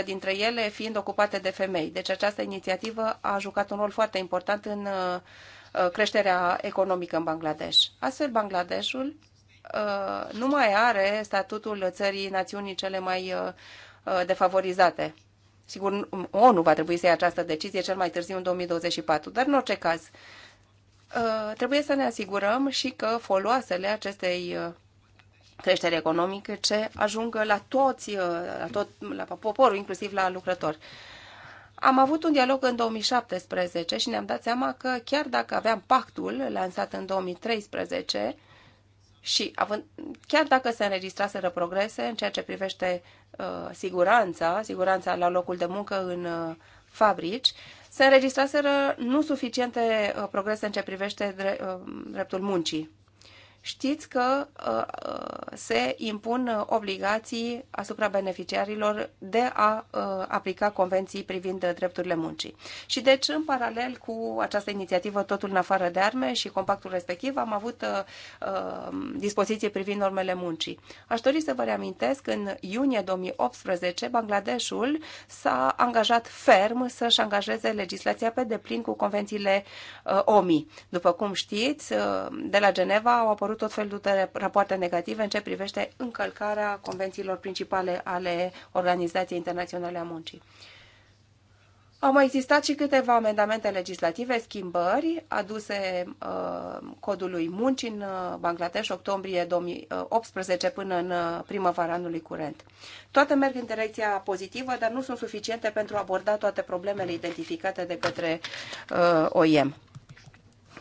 60% dintre ele fiind ocupate de femei. Deci această inițiativă a jucat un rol foarte important în uh, uh, creșterea economică în Bangladesh. Astfel, Bangladeshul uh, nu mai are statutul țării națiunii cele mai defavorizate. Sigur, ONU va trebui să ia această decizie cel mai târziu în 2024, dar în orice caz, trebuie să ne asigurăm și că foloasele acestei creștere economică ce ajungă la toți, uh, la, tot, la poporul, inclusiv la lucrători. Am avut un dialog în 2017 și ne-am dat seama că chiar dacă aveam pactul lansat în 2013 și având, chiar dacă se înregistraseră progrese în ceea ce privește uh, siguranța, siguranța la locul de muncă în uh, fabrici, se înregistraseră nu suficiente uh, progrese în ce privește uh, dreptul muncii știți că uh, uh, se impun uh, obligații asupra beneficiarilor de a aplica convenții privind drepturile muncii. Și deci, în paralel cu această inițiativă Totul în afară de arme și compactul respectiv, am avut dispoziții privind normele muncii. Aș dori să vă reamintesc, că în iunie 2018, Bangladeshul s-a angajat ferm să-și angajeze legislația pe deplin cu convențiile OMI. După cum știți, de la Geneva au apărut apărut tot felul de rapoarte negative în ce privește încălcarea convențiilor principale ale Organizației Internaționale a Muncii. Au mai existat și câteva amendamente legislative, schimbări aduse uh, codului muncii în uh, Bangladesh octombrie 2018 uh, până în uh, primăvara anului curent. Toate merg în direcția pozitivă, dar nu sunt suficiente pentru a aborda toate problemele identificate de către uh, OIM.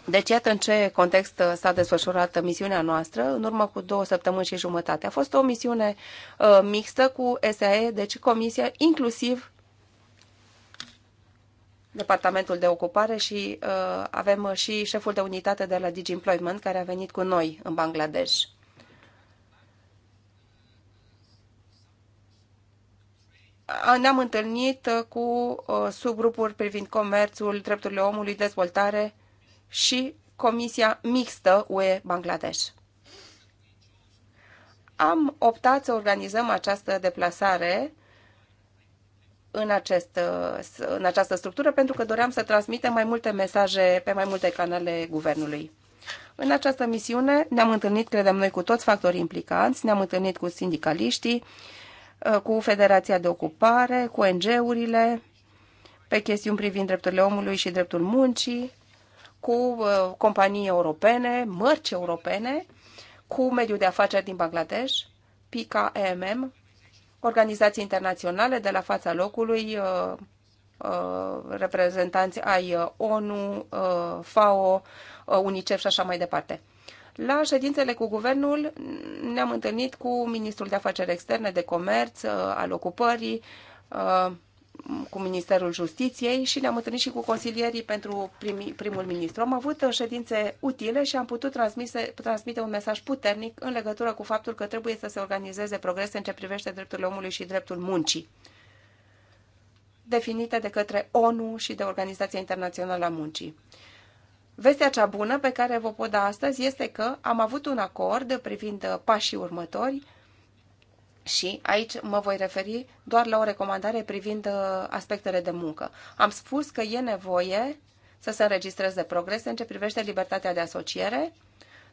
Deci iată în ce context uh, s-a desfășurat misiunea noastră în urmă cu două săptămâni și jumătate. A fost o misiune uh, mixtă cu SAE, deci Comisia, inclusiv Departamentul de Ocupare și uh, avem și șeful de unitate de la Digi Employment care a venit cu noi în Bangladesh. Ne-am întâlnit uh, cu uh, subgrupuri privind comerțul, drepturile omului, dezvoltare și Comisia Mixtă UE-Bangladesh. Am optat să organizăm această deplasare în, acest, în această structură pentru că doream să transmitem mai multe mesaje pe mai multe canale guvernului. În această misiune ne-am întâlnit, credem noi, cu toți factorii implicanți, ne-am întâlnit cu sindicaliștii, cu Federația de Ocupare, cu ONG-urile, pe chestiuni privind drepturile omului și dreptul muncii, cu uh, companii europene, mărci europene, cu mediul de afaceri din Bangladesh, PICA EMM, organizații internaționale de la fața locului, uh, uh, reprezentanți ai ONU, FAO, UNICEF și așa mai departe. La ședințele cu guvernul ne-am întâlnit cu ministrul de afaceri externe, de comerț, al ocupării, cu Ministerul Justiției și ne-am întâlnit și cu consilierii pentru primi, primul ministru. Am avut uh, ședințe utile și am putut transmise, transmite un mesaj puternic în legătură cu faptul că trebuie să se organizeze progrese în ce privește drepturile omului și dreptul muncii, definite de către ONU și de Organizația Internațională a Muncii. Vestea cea bună pe care vă pot da astăzi este că am avut un acord privind uh, pașii următori și aici mă voi referi doar la o recomandare privind uh, aspectele de muncă. Am spus că e nevoie să se înregistreze progrese în ce privește libertatea de asociere,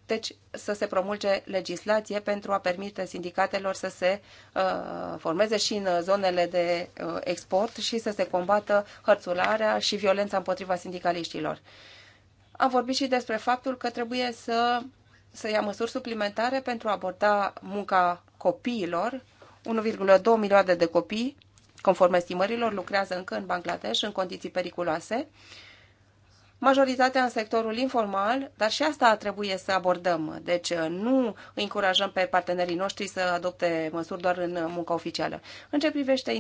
deci să se promulge legislație pentru a permite sindicatelor să se uh, formeze și în zonele de uh, export și să se combată hărțularea și violența împotriva sindicaliștilor. Am vorbit și despre faptul că trebuie să să ia măsuri suplimentare pentru a aborda munca copiilor. 1,2 milioane de copii, conform estimărilor, lucrează încă în Bangladesh în condiții periculoase. Majoritatea în sectorul informal, dar și asta trebuie să abordăm. Deci uh, nu încurajăm pe partenerii noștri să adopte măsuri doar în munca oficială. În ce privește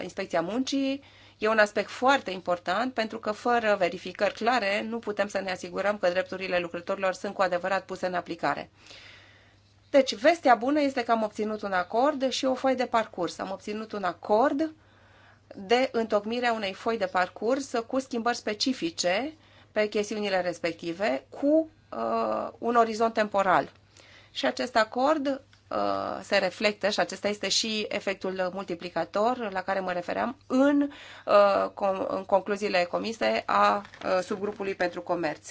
inspecția muncii, E un aspect foarte important pentru că fără verificări clare nu putem să ne asigurăm că drepturile lucrătorilor sunt cu adevărat puse în aplicare. Deci, vestea bună este că am obținut un acord și o foaie de parcurs. Am obținut un acord de a unei foi de parcurs cu schimbări specifice pe chestiunile respective, cu uh, un orizont temporal. Și acest acord Uh, se reflectă și acesta este și efectul multiplicator la care mă refeream în, uh, în concluziile comise a uh, subgrupului pentru comerț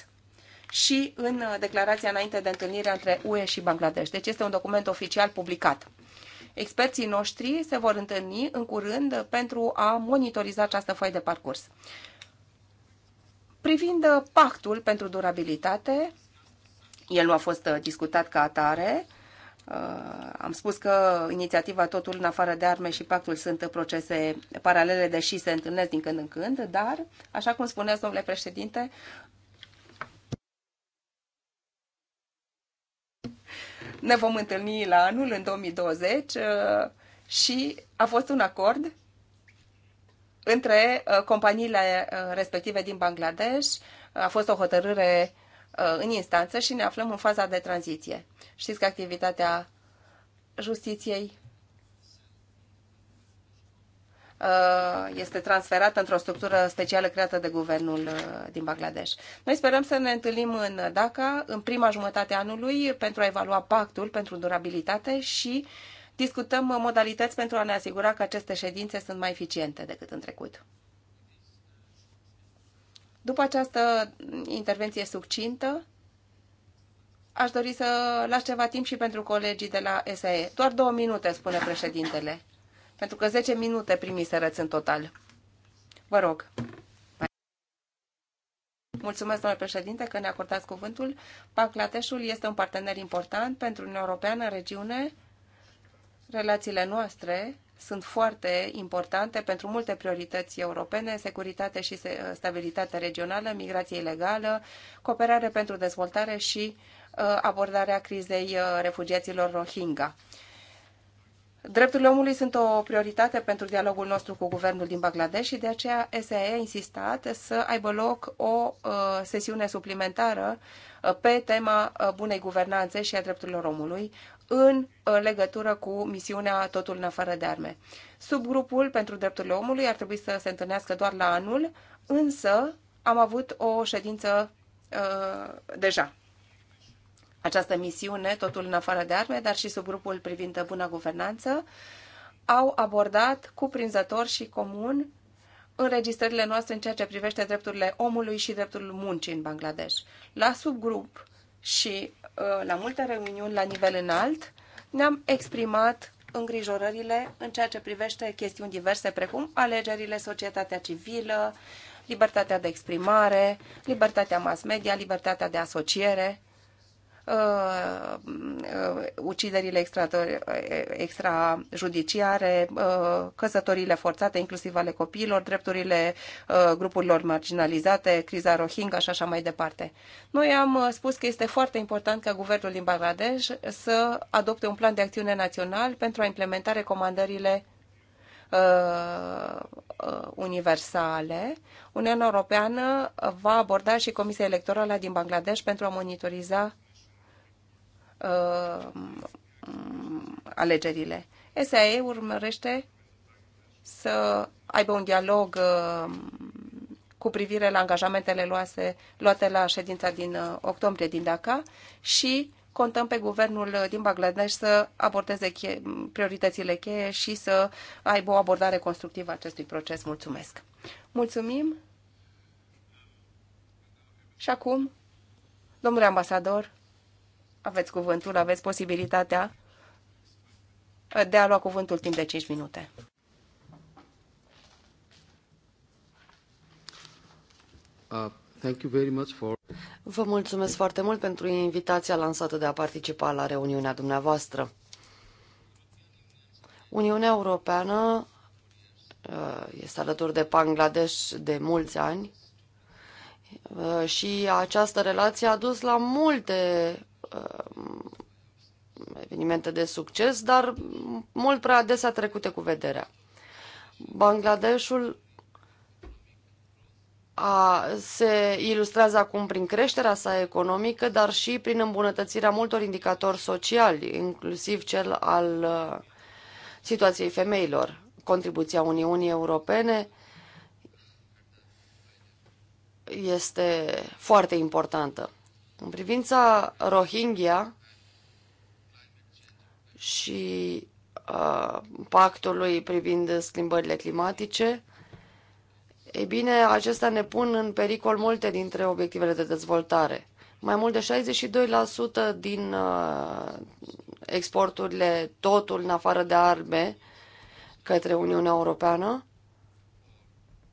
și în declarația înainte de întâlnire între UE și Bangladesh. Deci este un document oficial publicat. Experții noștri se vor întâlni în curând pentru a monitoriza această foaie de parcurs. Privind pactul pentru durabilitate, el nu a fost discutat ca atare, Uh, am spus că inițiativa Totul în afară de arme și pactul sunt procese paralele, deși se întâlnesc din când în când, dar, așa cum spuneați, domnule președinte, ne vom întâlni la anul, în 2020, uh, și a fost un acord între uh, companiile respective din Bangladesh. A fost o hotărâre Uh, în instanță și ne aflăm în faza de tranziție. Știți că activitatea justiției uh, este transferată într-o structură specială creată de guvernul uh, din Bangladesh. Noi sperăm să ne întâlnim în DACA în prima jumătate a anului pentru a evalua pactul pentru durabilitate și discutăm modalități pentru a ne asigura că aceste ședințe sunt mai eficiente decât în trecut. După această intervenție succintă, aș dori să las ceva timp și pentru colegii de la SAE. Doar două minute, spune președintele, pentru că 10 minute primiserăți în total. Vă rog. Mulțumesc, domnule președinte, că ne acordați cuvântul. Bangladeshul este un partener important pentru Uniunea Europeană în regiune. Relațiile noastre sunt foarte importante pentru multe priorități europene, securitate și stabilitate regională, migrație ilegală, cooperare pentru dezvoltare și uh, abordarea crizei uh, refugiaților Rohingya. Drepturile omului sunt o prioritate pentru dialogul nostru cu guvernul din Bangladesh și de aceea SAE a insistat să aibă loc o uh, sesiune suplimentară pe tema bunei guvernanțe și a drepturilor omului în legătură cu misiunea Totul în afară de arme. Subgrupul pentru drepturile omului ar trebui să se întâlnească doar la anul, însă am avut o ședință uh, deja. Această misiune, Totul în afară de arme, dar și subgrupul privind buna guvernanță, au abordat cuprinzător și comun înregistrările noastre în ceea ce privește drepturile omului și dreptul muncii în Bangladesh. La subgrup și uh, la multe reuniuni la nivel înalt ne-am exprimat îngrijorările în ceea ce privește chestiuni diverse, precum alegerile, societatea civilă, libertatea de exprimare, libertatea mass media, libertatea de asociere uh, uh, uciderile uh, extrajudiciare, uh, căsătorile forțate, inclusiv ale copiilor, drepturile uh, grupurilor marginalizate, criza Rohingya și așa mai departe. Noi am uh, spus că este foarte important ca guvernul din Bangladesh să adopte un plan de acțiune național pentru a implementa recomandările uh, universale, Uniunea Europeană va aborda și Comisia Electorală din Bangladesh pentru a monitoriza Uh, alegerile. SAE urmărește să aibă un dialog uh, cu privire la angajamentele luase, luate la ședința din uh, octombrie din Dhaka și contăm pe guvernul din Bangladesh să abordeze che- prioritățile cheie și să aibă o abordare constructivă a acestui proces. Mulțumesc! Mulțumim! Și acum, domnule ambasador, aveți cuvântul, aveți posibilitatea de a lua cuvântul timp de 5 minute. Uh, thank you very much for... Vă mulțumesc foarte mult pentru invitația lansată de a participa la reuniunea dumneavoastră. Uniunea Europeană uh, este alături de Bangladesh de mulți ani uh, și această relație a dus la multe Um, evenimente de succes, dar mult prea adesea trecute cu vederea. Bangladeshul a, se ilustrează acum prin creșterea sa economică, dar și prin îmbunătățirea multor indicatori sociali, inclusiv cel al uh, situației femeilor. Contribuția Uniunii Europene este foarte importantă. În privința Rohingya și uh, pactului privind schimbările climatice, ei bine, acestea ne pun în pericol multe dintre obiectivele de dezvoltare. Mai mult de 62% din uh, exporturile, totul în afară de arme, către Uniunea Europeană,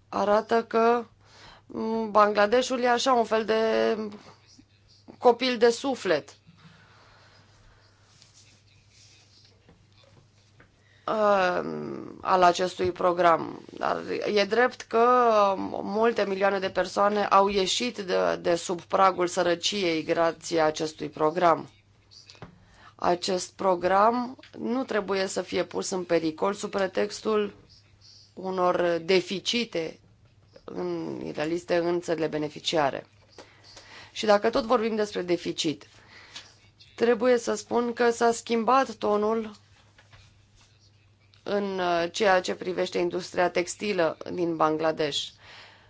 arată că mm, Bangladeshul e așa un fel de copil de suflet. Uh, al acestui program. Dar e drept că multe milioane de persoane au ieșit de, de sub pragul sărăciei grație acestui program. Acest program nu trebuie să fie pus în pericol sub pretextul unor deficite în, realiste în țările beneficiare. Și dacă tot vorbim despre deficit, trebuie să spun că s-a schimbat tonul în uh, ceea ce privește industria textilă din Bangladesh,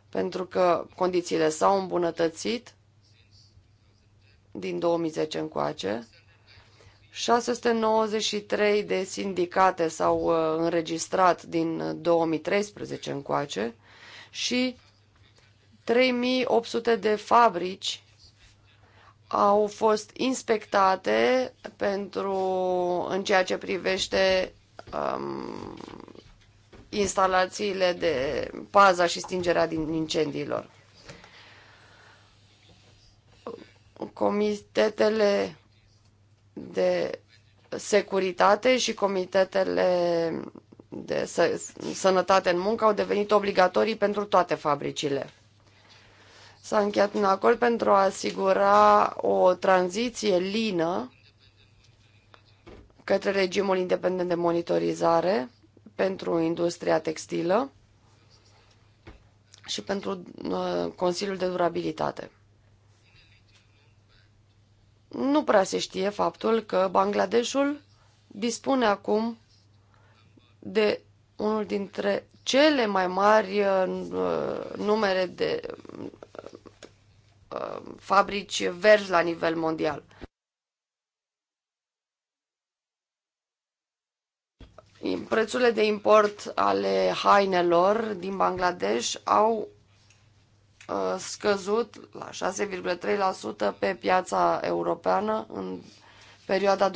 pentru că condițiile s-au îmbunătățit din 2010 încoace. 693 de sindicate s-au uh, înregistrat din 2013 uh, încoace și 3800 de fabrici au fost inspectate pentru în ceea ce privește um, instalațiile de paza și stingerea din incendiilor. Comitetele de securitate și comitetele de sănătate în muncă au devenit obligatorii pentru toate fabricile. S-a încheiat un acord pentru a asigura o tranziție lină către regimul independent de monitorizare pentru industria textilă și pentru uh, Consiliul de Durabilitate. Nu prea se știe faptul că Bangladeshul dispune acum de unul dintre cele mai mari uh, numere de Uh, fabrici verzi la nivel mondial. Prețurile de import ale hainelor din Bangladesh au uh, scăzut la 6,3% pe piața europeană în perioada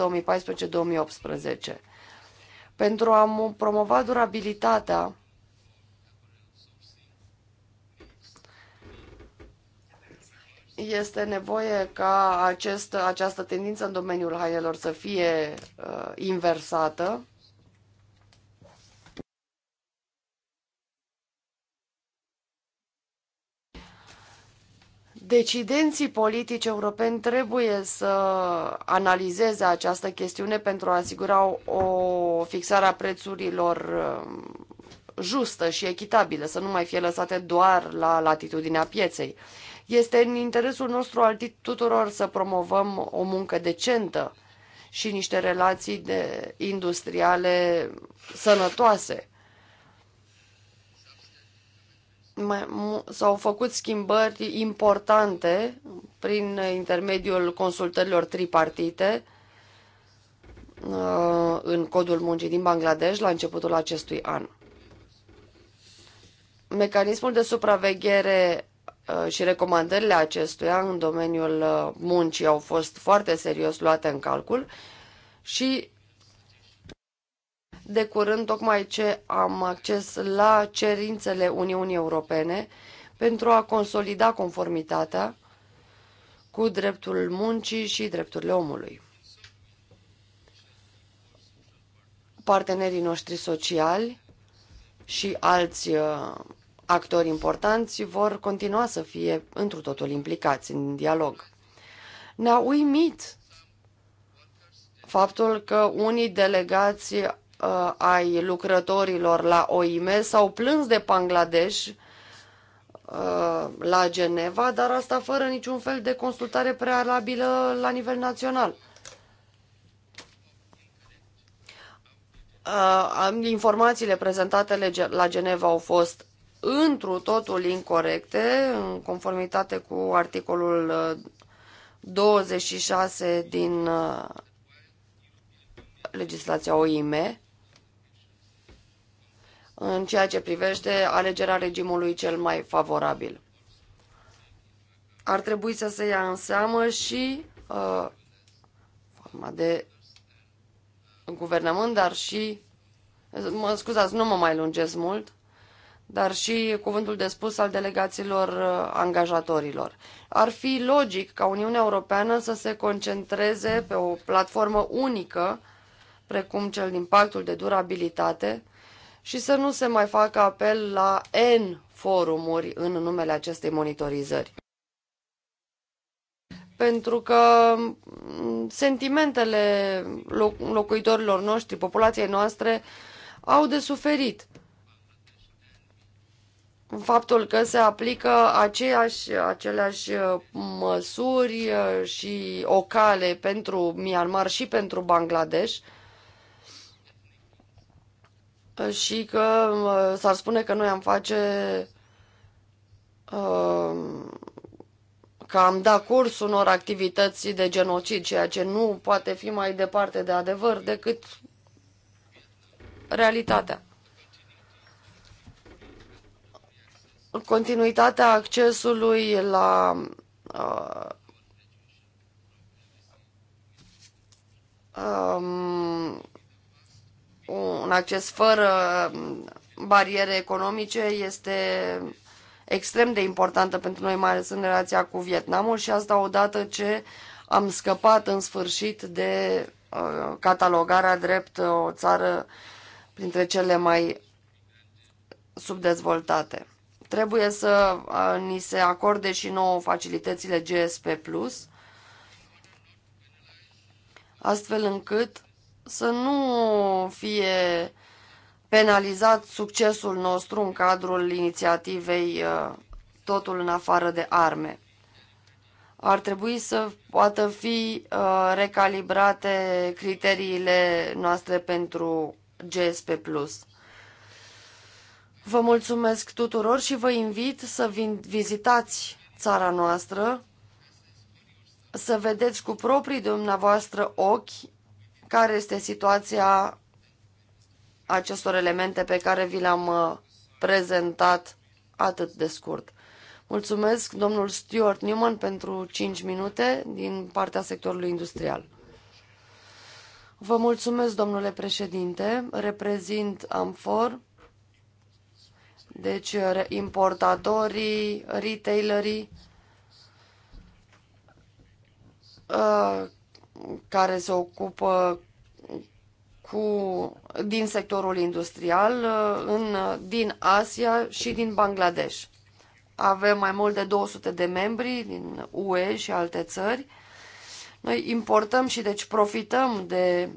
2014-2018. Pentru a promova durabilitatea este nevoie ca acest, această tendință în domeniul hainelor să fie uh, inversată. Decidenții politici europeni trebuie să analizeze această chestiune pentru a asigura o fixare a prețurilor um, justă și echitabilă, să nu mai fie lăsate doar la latitudinea pieței. Este în interesul nostru al tuturor să promovăm o muncă decentă și niște relații de industriale sănătoase. S-au făcut schimbări importante prin intermediul consultărilor tripartite uh, în codul muncii din Bangladesh la începutul acestui an. Mecanismul de supraveghere Uh, și recomandările acestuia în domeniul uh, muncii au fost foarte serios luate în calcul și de curând tocmai ce am acces la cerințele Uniunii Europene pentru a consolida conformitatea cu dreptul muncii și drepturile omului. Partenerii noștri sociali și alți uh, actori importanți vor continua să fie întru totul implicați în dialog. Ne-a uimit faptul că unii delegați uh, ai lucrătorilor la OIM s-au plâns de Bangladesh uh, la Geneva, dar asta fără niciun fel de consultare prealabilă la nivel național. Uh, informațiile prezentate la Geneva au fost întru totul incorrecte, în conformitate cu articolul 26 uh, din uh, legislația OIM, în ceea ce privește alegerea regimului cel mai favorabil. Ar trebui să se ia în seamă și uh, forma de guvernământ, dar și... Mă scuzați, nu mă mai lungesc mult dar și cuvântul de spus al delegațiilor uh, angajatorilor. Ar fi logic ca Uniunea Europeană să se concentreze pe o platformă unică, precum cel din pactul de durabilitate, și să nu se mai facă apel la N forumuri în numele acestei monitorizări. Pentru că sentimentele locuitorilor noștri, populației noastre, au de suferit faptul că se aplică aceeași, aceleași uh, măsuri uh, și ocale pentru Myanmar și pentru Bangladesh și că uh, s-ar spune că noi am face că am dat curs unor activități de genocid, ceea ce nu poate fi mai departe de adevăr decât realitatea. continuitatea accesului la uh, um, un acces fără bariere economice este extrem de importantă pentru noi, mai ales în relația cu Vietnamul și asta odată ce am scăpat în sfârșit de uh, catalogarea drept o țară printre cele mai subdezvoltate. Trebuie să ni se acorde și nouă facilitățile GSP+, astfel încât să nu fie penalizat succesul nostru în cadrul inițiativei Totul în afară de arme. Ar trebui să poată fi recalibrate criteriile noastre pentru GSP+. Plus. Vă mulțumesc tuturor și vă invit să vin, vizitați țara noastră, să vedeți cu proprii dumneavoastră ochi care este situația acestor elemente pe care vi le-am uh, prezentat atât de scurt. Mulțumesc domnul Stuart Newman pentru 5 minute din partea sectorului industrial. Vă mulțumesc, domnule președinte. Reprezint AMFOR deci uh, importatorii, retailerii uh, care se ocupă cu, din sectorul industrial uh, în, din Asia și din Bangladesh. Avem mai mult de 200 de membri din UE și alte țări. Noi importăm și deci profităm de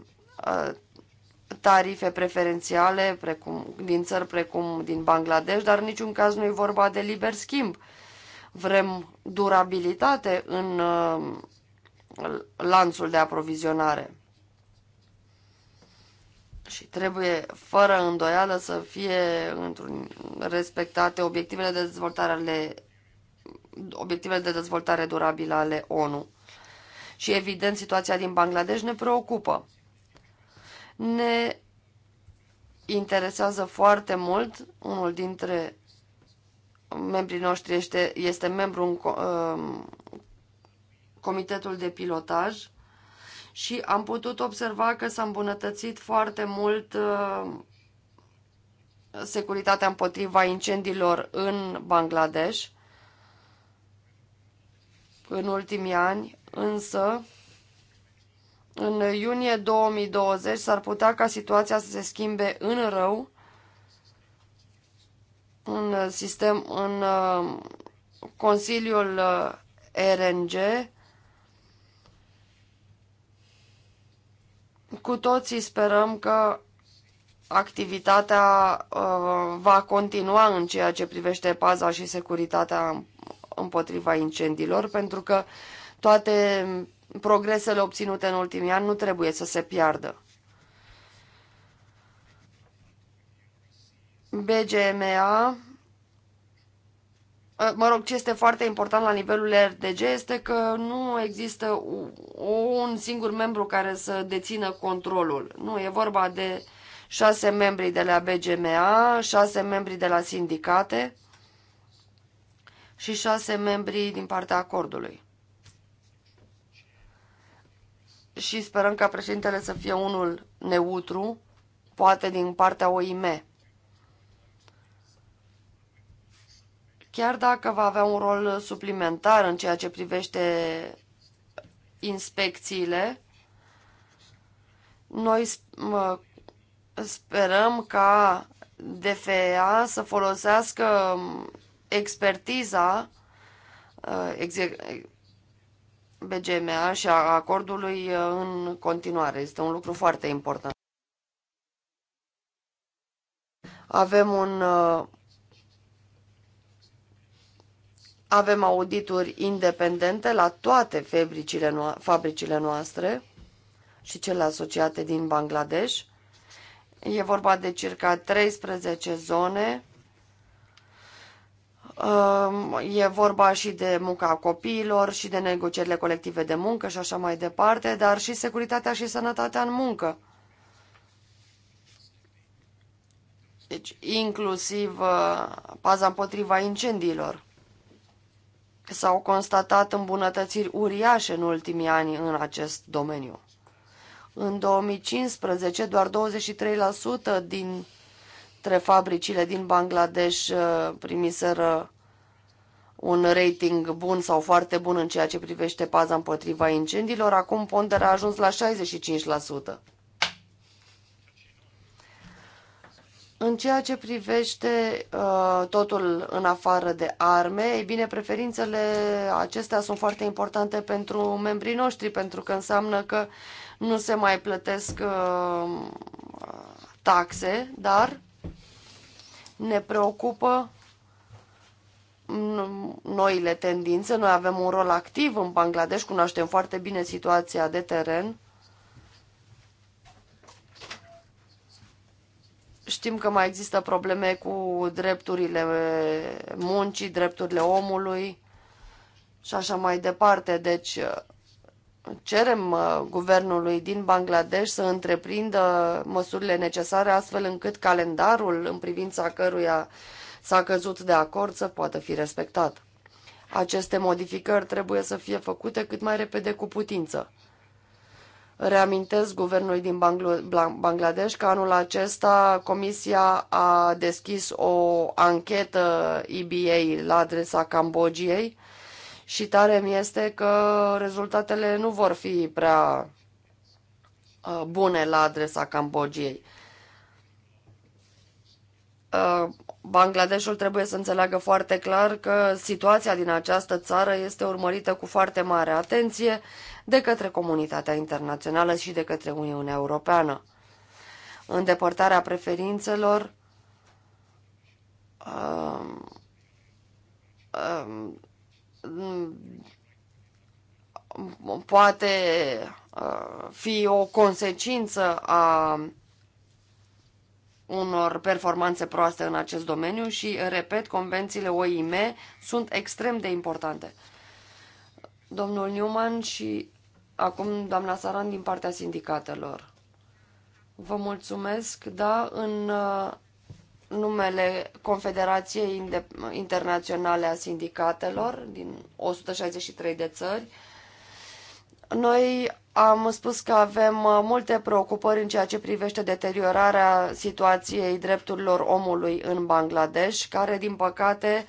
tarife preferențiale precum, din țări precum din Bangladesh, dar în niciun caz nu e vorba de liber schimb. Vrem durabilitate în uh, lanțul de aprovizionare. Și trebuie, fără îndoială, să fie respectate obiectivele de dezvoltare ale obiectivele de dezvoltare durabilă ale ONU. Și evident, situația din Bangladesh ne preocupă. Ne interesează foarte mult. Unul dintre membrii noștri este, este membru în uh, comitetul de pilotaj și am putut observa că s-a îmbunătățit foarte mult uh, securitatea împotriva incendiilor în Bangladesh în ultimii ani, însă în iunie 2020 s-ar putea ca situația să se schimbe în rău în sistem în uh, Consiliul uh, RNG cu toții sperăm că activitatea uh, va continua în ceea ce privește paza și securitatea împotriva incendiilor, pentru că toate progresele obținute în ultimii ani nu trebuie să se piardă. BGMA, ă, mă rog, ce este foarte important la nivelul RDG este că nu există un singur membru care să dețină controlul. Nu, e vorba de șase membri de la BGMA, șase membri de la sindicate și șase membri din partea acordului. și sperăm ca președintele să fie unul neutru, poate din partea OIM. Chiar dacă va avea un rol suplimentar în ceea ce privește inspecțiile, noi sperăm ca DFA să folosească expertiza uh, BGMA și a acordului uh, în continuare. Este un lucru foarte important. Avem un uh, avem audituri independente la toate fabricile, no fabricile noastre și cele asociate din Bangladesh. E vorba de circa 13 zone Um, e vorba și de munca copiilor și de negocierile colective de muncă și așa mai departe, dar și securitatea și sănătatea în muncă. Deci, inclusiv uh, paza împotriva incendiilor. S-au constatat îmbunătățiri uriașe în ultimii ani în acest domeniu. În 2015, doar 23% din dintre fabricile din Bangladesh uh, primiseră un rating bun sau foarte bun în ceea ce privește paza împotriva incendiilor. Acum ponderea a ajuns la 65%. În ceea ce privește uh, totul în afară de arme, ei bine, preferințele acestea sunt foarte importante pentru membrii noștri, pentru că înseamnă că nu se mai plătesc uh, taxe, dar ne preocupă noile tendințe. Noi avem un rol activ în Bangladesh, cunoaștem foarte bine situația de teren. Știm că mai există probleme cu drepturile muncii, drepturile omului și așa mai departe. Deci cerem uh, guvernului din Bangladesh să întreprindă măsurile necesare astfel încât calendarul în privința căruia s-a căzut de acord să poată fi respectat. Aceste modificări trebuie să fie făcute cât mai repede cu putință. Reamintesc guvernului din Bangladesh că anul acesta Comisia a deschis o anchetă EBA la adresa Cambodgiei și tare mi este că rezultatele nu vor fi prea uh, bune la adresa Cambogiei. Uh, Bangladeshul trebuie să înțeleagă foarte clar că situația din această țară este urmărită cu foarte mare atenție de către comunitatea internațională și de către Uniunea Europeană. Îndepărtarea preferințelor um, um, Mm, poate uh, fi o consecință a unor performanțe proaste în acest domeniu și, repet, convențiile OIM sunt extrem de importante. Domnul Newman și acum doamna Saran din partea sindicatelor. Vă mulțumesc, da, în uh, numele Confederației Internaționale a Sindicatelor din 163 de țări. Noi am spus că avem uh, multe preocupări în ceea ce privește deteriorarea situației drepturilor omului în Bangladesh, care, din păcate,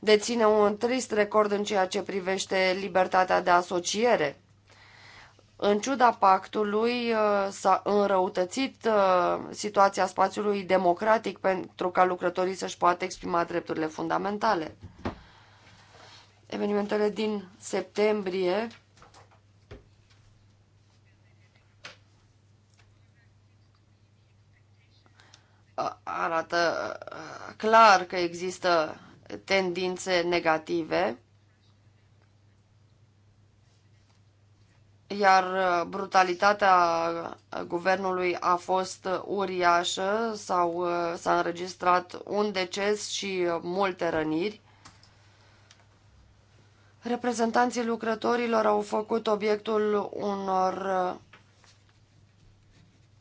deține un trist record în ceea ce privește libertatea de asociere în ciuda pactului, uh, s-a înrăutățit uh, situația spațiului democratic pentru ca lucrătorii să-și poată exprima drepturile fundamentale. Evenimentele din septembrie arată uh, clar că există tendințe negative iar uh, brutalitatea uh, guvernului a fost uriașă, sau uh, s-a înregistrat un deces și multe răniri. Reprezentanții lucrătorilor au făcut obiectul unor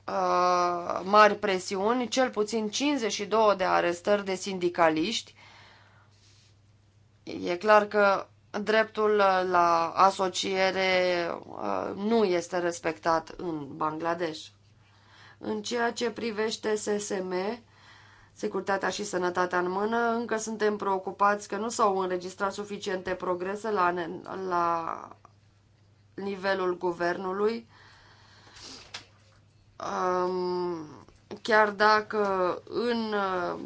uh, mari presiuni, cel puțin 52 de arestări de sindicaliști. E clar că dreptul la asociere uh, nu este respectat în Bangladesh. În ceea ce privește SSM, securitatea și sănătatea în mână, încă suntem preocupați că nu s-au înregistrat suficiente progrese la, la nivelul guvernului, um, chiar dacă în uh,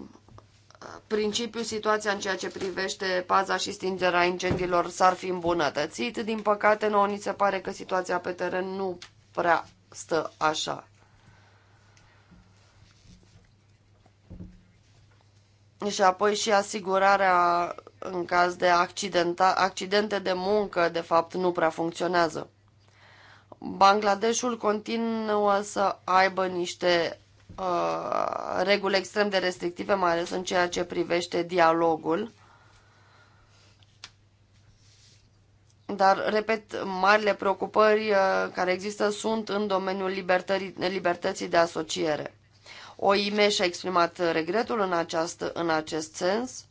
principiu, situația în ceea ce privește paza și stingerea incendiilor s-ar fi îmbunătățit. Din păcate, nouă ni se pare că situația pe teren nu prea stă așa. Și apoi și asigurarea în caz de accidenta, accidente de muncă, de fapt, nu prea funcționează. Bangladeshul continuă să aibă niște Uh, reguli extrem de restrictive, mai ales în ceea ce privește dialogul. Dar, repet, marile preocupări uh, care există sunt în domeniul libertății de asociere. OIM și-a exprimat regretul în, această, în acest sens.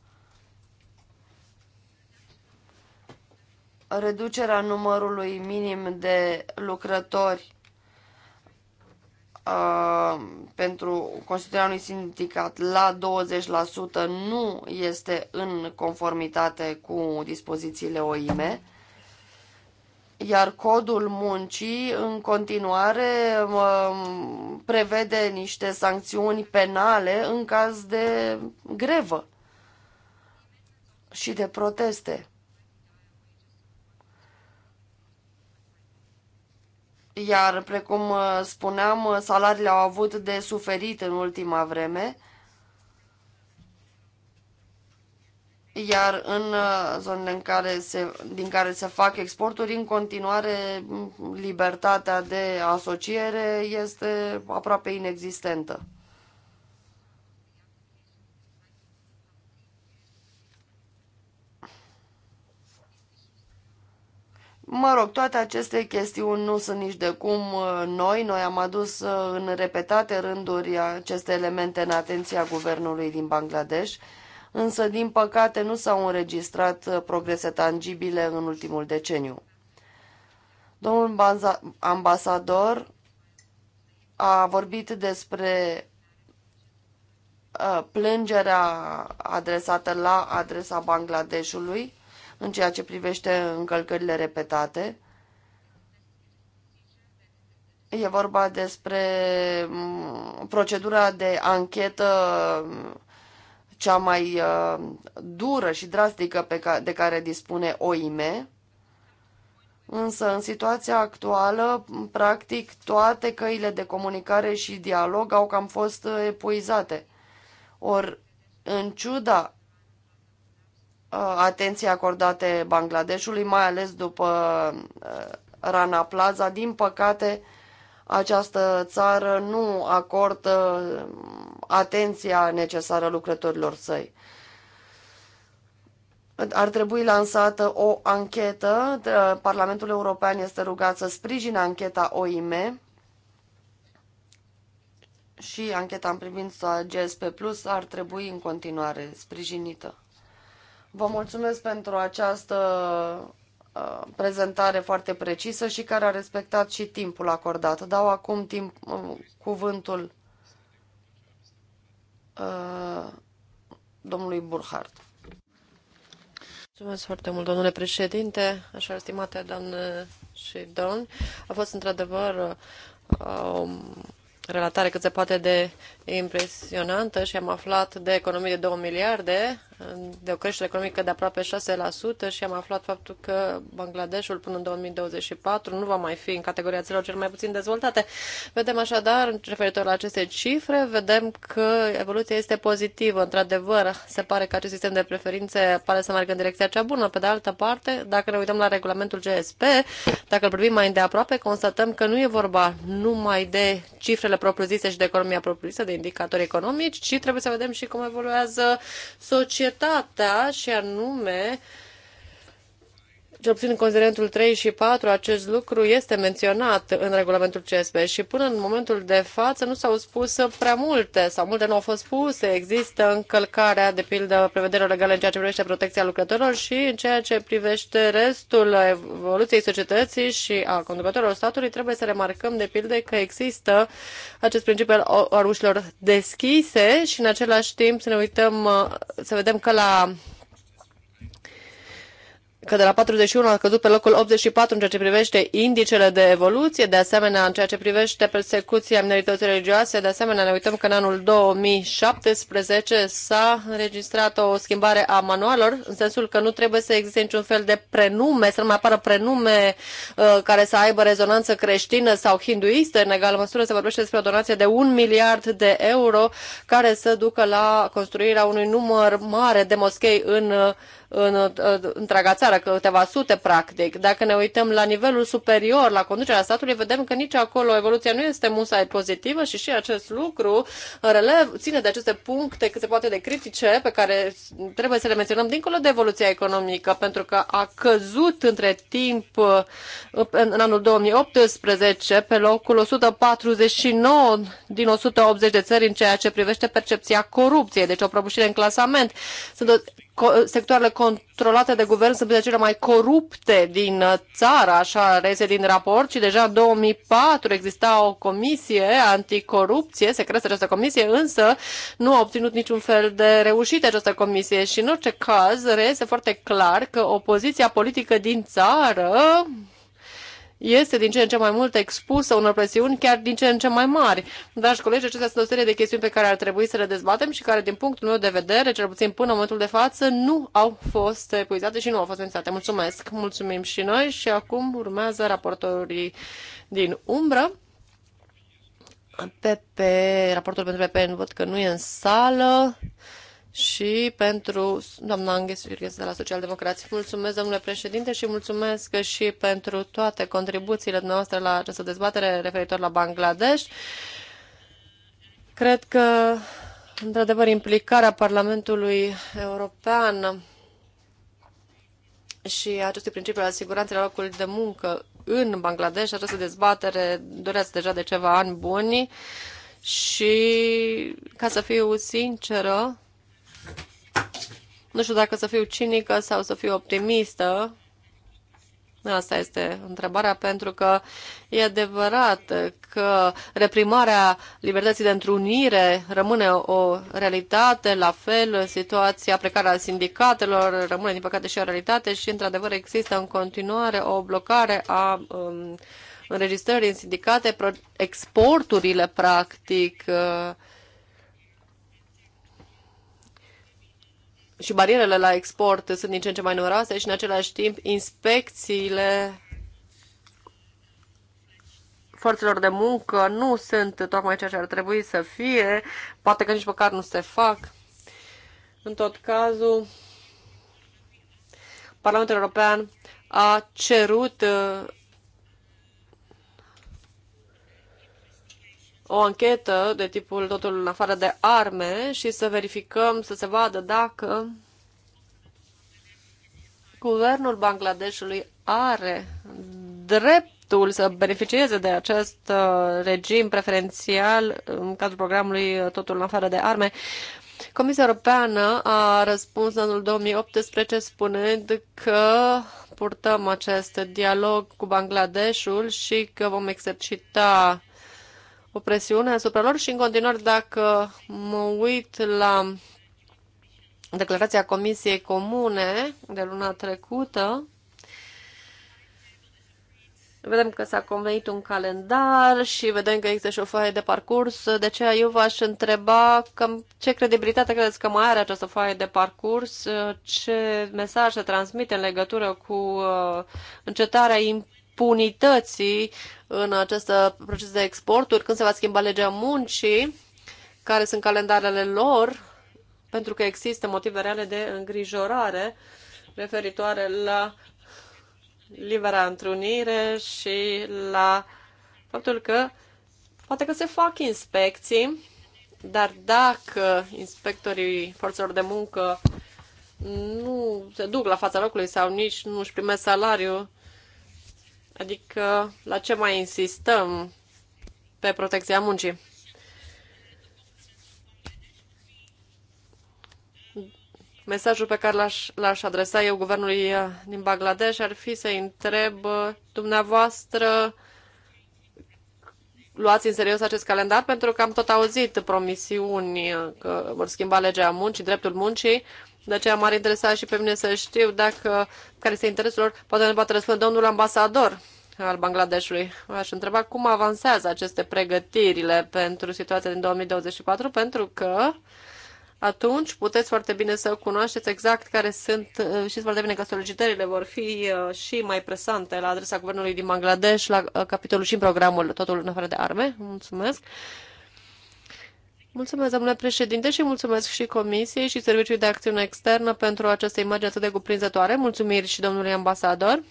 Reducerea numărului minim de lucrători uh, pentru constituirea unui sindicat la 20% nu este în conformitate cu dispozițiile OIM, iar codul muncii în continuare um, prevede niște sancțiuni penale în caz de grevă și de proteste. Iar, precum uh, spuneam, uh, salariile au avut de suferit în ultima vreme. Iar în uh, zonele în care se, din care se fac exporturi, în continuare, libertatea de asociere este aproape inexistentă. Mă rog, toate aceste chestiuni nu sunt nici de cum uh, noi. Noi am adus uh, în repetate rânduri aceste elemente în atenția guvernului din Bangladesh, însă, din păcate, nu s-au înregistrat uh, progrese tangibile în ultimul deceniu. Domnul ambasador a vorbit despre plângerea adresată la adresa Bangladeshului în ceea ce privește încălcările repetate. E vorba despre mm, procedura de anchetă mm, cea mai uh, dură și drastică pe de care dispune OIM. Însă, în situația actuală, mm, practic, toate căile de comunicare și dialog au cam fost epuizate. Or, în ciuda Uh, atenție acordate Bangladeshului, mai ales după uh, Rana Plaza. Din păcate, această țară nu acordă uh, atenția necesară lucrătorilor săi. Ar trebui lansată o anchetă. Parlamentul European este rugat să sprijine ancheta OIM și ancheta în privința GSP Plus ar trebui în continuare sprijinită. Vă mulțumesc pentru această uh, prezentare foarte precisă și care a respectat și timpul acordat. Dau acum timp, uh, cuvântul uh, domnului Burhard. Mulțumesc foarte mult, domnule președinte, așa stimate doamne și domn. A fost într-adevăr uh, o relatare cât se poate de impresionantă și am aflat de economii de 2 miliarde, de o creștere economică de aproape 6% și am aflat faptul că Bangladeshul până în 2024 nu va mai fi în categoria țărilor cel mai puțin dezvoltate. Vedem așadar, referitor la aceste cifre, vedem că evoluția este pozitivă. Într-adevăr, se pare că acest sistem de preferințe pare să meargă în direcția cea bună. Pe de altă parte, dacă ne uităm la regulamentul GSP, dacă îl privim mai îndeaproape, constatăm că nu e vorba numai de cifrele propriu-zise și de economia propriu-zisă, de indicatori economici, ci trebuie să vedem și cum evoluează societatea și anume cel puțin în considerentul 3 și 4, acest lucru este menționat în regulamentul CSP și până în momentul de față nu s-au spus prea multe sau multe nu au fost spuse. Există încălcarea, de pildă, prevederilor legale în ceea ce privește protecția lucrătorilor și în ceea ce privește restul evoluției societății și a conducătorilor statului. Trebuie să remarcăm, de pildă, că există acest principiu al ușilor deschise și în același timp să ne uităm, să vedem că la că de la 41 a căzut pe locul 84 în ceea ce privește indicele de evoluție, de asemenea în ceea ce privește persecuția minorității religioase, de asemenea ne uităm că în anul 2017 s-a înregistrat o schimbare a manualelor, în sensul că nu trebuie să existe niciun fel de prenume, să nu mai apară prenume uh, care să aibă rezonanță creștină sau hinduistă, în egală măsură se vorbește despre o donație de un miliard de euro care să ducă la construirea unui număr mare de moschei în uh, în uh, întreaga țară, câteva sute practic. Dacă ne uităm la nivelul superior, la conducerea statului, vedem că nici acolo evoluția nu este musai pozitivă și și acest lucru uh, relev, ține de aceste puncte câte se poate de critice pe care trebuie să le menționăm dincolo de evoluția economică, pentru că a căzut între timp uh, în anul 2018 pe locul 149 din 180 de țări în ceea ce privește percepția corupției, deci o prăbușire în clasament. Sunt o sectoarele controlate de guvern sunt cele mai corupte din uh, țară, așa reze din raport și deja în 2004 exista o comisie anticorupție, se crește această comisie, însă nu a obținut niciun fel de reușită această comisie și în orice caz reiese foarte clar că opoziția politică din țară este din ce în ce mai mult expusă unor presiuni chiar din ce în ce mai mari. Dragi colegi, acestea sunt o serie de chestiuni pe care ar trebui să le dezbatem și care, din punctul meu de vedere, cel puțin până în momentul de față, nu au fost epuizate și nu au fost menționate. Mulțumesc! Mulțumim și noi și acum urmează raportorii din umbră. PP, raportul pentru PP, văd că nu e în sală și pentru doamna Anghes Virghes de la Socialdemocrații. Mulțumesc, domnule președinte, și mulțumesc și pentru toate contribuțiile noastre la această dezbatere referitor la Bangladesh. Cred că, într-adevăr, implicarea Parlamentului European și acestui principiu al siguranței la locul de muncă în Bangladesh, această dezbatere durează deja de ceva ani buni și, ca să fiu sinceră, nu știu dacă să fiu cinică sau să fiu optimistă. Asta este întrebarea, pentru că e adevărat că reprimarea libertății de întrunire rămâne o realitate, la fel situația precară a sindicatelor rămâne, din păcate, și o realitate și, într-adevăr, există în continuare o blocare a um, înregistrării în sindicate, exporturile, practic, uh, și barierele la export sunt din ce în ce mai numeroase și în același timp inspecțiile forțelor de muncă nu sunt tocmai ceea ce ar trebui să fie, poate că nici măcar nu se fac. În tot cazul, Parlamentul European a cerut uh, o anchetă de tipul totul în afară de arme și să verificăm, să se vadă dacă guvernul Bangladeshului are dreptul să beneficieze de acest uh, regim preferențial în cadrul programului uh, Totul în afară de arme. Comisia Europeană a răspuns în anul 2018 spunând că purtăm acest dialog cu Bangladeshul și că vom exercita o presiune asupra lor și în continuare dacă mă uit la declarația Comisiei Comune de luna trecută, Vedem că s-a convenit un calendar și vedem că există și o foaie de parcurs. De aceea eu v-aș întreba cam ce credibilitate credeți că mai are această foaie de parcurs, ce mesaj se transmite în legătură cu uh, încetarea imp- impunității în acest proces de exporturi, când se va schimba legea muncii, care sunt calendarele lor, pentru că există motive reale de îngrijorare referitoare la libera întrunire și la faptul că poate că se fac inspecții, dar dacă inspectorii forțelor de muncă nu se duc la fața locului sau nici nu își primesc salariul, Adică, la ce mai insistăm pe protecția muncii? Mesajul pe care l-aș, adresa eu guvernului uh, din Bangladesh ar fi să întreb uh, dumneavoastră luați în serios acest calendar pentru că am tot auzit promisiuni uh, că vor schimba legea muncii, dreptul muncii, de aceea m-ar interesa și pe mine să știu dacă, care este interesul lor, poate ne poate răspunde domnul ambasador al Bangladeshului. Aș întreba cum avansează aceste pregătirile pentru situația din 2024, pentru că atunci puteți foarte bine să cunoașteți exact care sunt, uh, și foarte bine că solicitările vor fi uh, și mai presante la adresa Guvernului din Bangladesh, la uh, capitolul și în programul Totul în afară de arme. Mulțumesc. Mulțumesc, domnule președinte, și mulțumesc și Comisiei și Serviciului de Acțiune Externă pentru această imagine atât de cuprinzătoare. Mulțumiri și domnului ambasador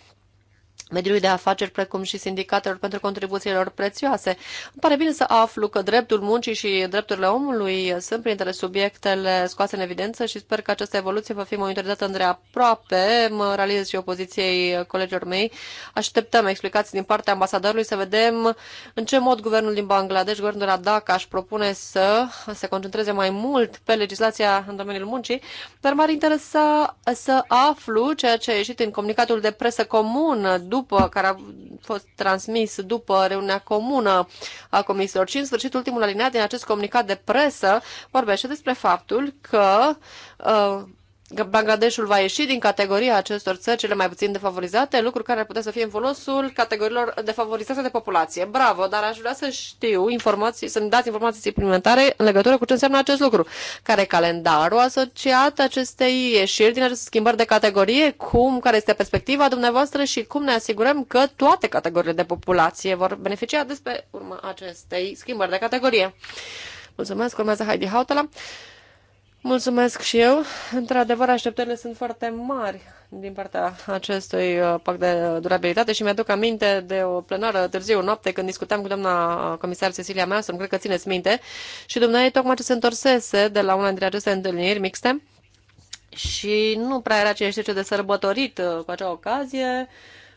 mediului de afaceri, precum și sindicatelor pentru contribuțiile lor prețioase. Îmi pare bine să aflu că dreptul muncii și drepturile omului sunt printre subiectele scoase în evidență și sper că această evoluție va fi monitorizată îndreaproape. Mă realizez și opoziției colegilor mei. Așteptăm explicații din partea ambasadorului să vedem în ce mod guvernul din Bangladesh, guvernul de la Dhaka, își propune să se concentreze mai mult pe legislația în domeniul muncii, dar m-ar interesa să aflu ceea ce a ieșit în comunicatul de presă comun după, care a fost transmis după reuniunea comună a comisilor. Și în sfârșit, ultimul alineat din acest comunicat de presă vorbește despre faptul că uh, că Bangladeshul va ieși din categoria acestor țări cele mai puțin defavorizate, lucru care ar putea să fie în folosul categoriilor defavorizate de populație. Bravo, dar aș vrea să știu informații, să-mi dați informații suplimentare în legătură cu ce înseamnă acest lucru. Care e calendarul asociat acestei ieșiri din aceste schimbări de categorie? Cum, care este perspectiva dumneavoastră și cum ne asigurăm că toate categoriile de populație vor beneficia despre urma acestei schimbări de categorie? Mulțumesc, urmează Heidi Hautala. Mulțumesc și eu. Într-adevăr, așteptările sunt foarte mari din partea acestui uh, pact de durabilitate și mi-aduc aminte de o plenară târziu noapte când discutam cu doamna comisar Cecilia Malmström, cred că țineți minte, și dumneavoastră tocmai ce se întorsese de la una dintre aceste întâlniri mixte și nu prea era cine știe ce de sărbătorit uh, cu acea ocazie.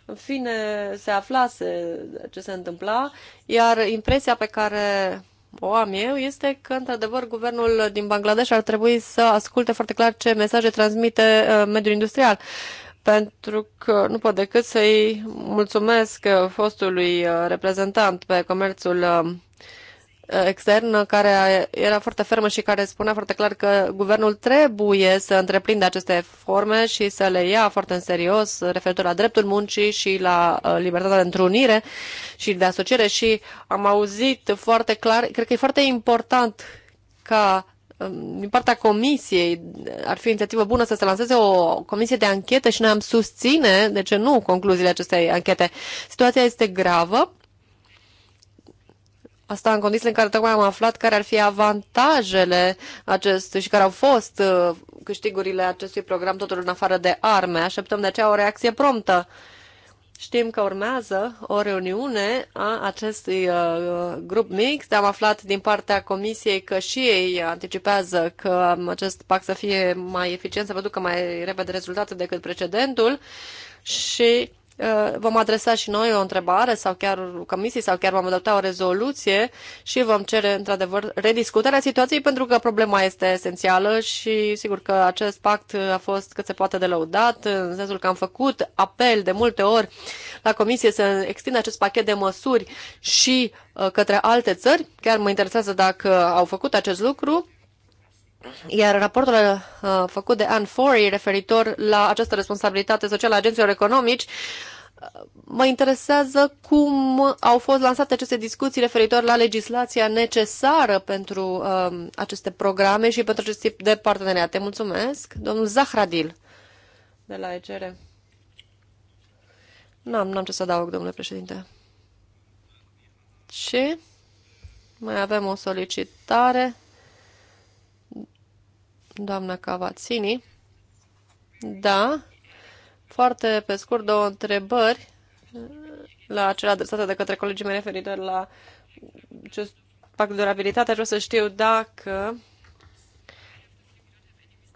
În fine, se aflase ce se întâmpla, iar impresia pe care o am eu este că, într-adevăr, guvernul din Bangladesh ar trebui să asculte foarte clar ce mesaje transmite uh, mediul industrial pentru că nu pot decât să-i mulțumesc uh, fostului uh, reprezentant pe comerțul externă care era foarte fermă și care spunea foarte clar că guvernul trebuie să întreprindă aceste forme și să le ia foarte în serios referitor la dreptul muncii și la uh, libertatea de întrunire și de asociere și am auzit foarte clar, cred că e foarte important ca um, din partea comisiei ar fi inițiativă bună să se lanseze o comisie de anchetă și noi am susține, de ce nu, concluziile acestei anchete. Situația este gravă Asta în condițiile în care tocmai am aflat care ar fi avantajele acestui și care au fost uh, câștigurile acestui program, totul în afară de arme. Așteptăm de aceea o reacție promptă. Știm că urmează o reuniune a acestui uh, grup mix. Am aflat din partea comisiei că și ei anticipează că um, acest pact să fie mai eficient, să că mai repede rezultate decât precedentul și Uh, vom adresa și noi o întrebare sau chiar comisii sau chiar vom adopta o rezoluție și vom cere într-adevăr rediscutarea situației pentru că problema este esențială și sigur că acest pact a fost cât se poate de lăudat în sensul că am făcut apel de multe ori la comisie să extindă acest pachet de măsuri și uh, către alte țări. Chiar mă interesează dacă au făcut acest lucru iar raportul uh, făcut de Anne Forey referitor la această responsabilitate socială a agenților economici uh, mă interesează cum au fost lansate aceste discuții referitor la legislația necesară pentru um, aceste programe și pentru acest tip de parteneriate. Mulțumesc. Domnul Zahradil de la ECR. N-am, n-am ce să adaug, domnule președinte. Și mai avem o solicitare doamna Cavazzini. Da, foarte pe scurt două întrebări la acele adresate de către colegii mei referitor la acest pact de durabilitate. Aș vrea să știu dacă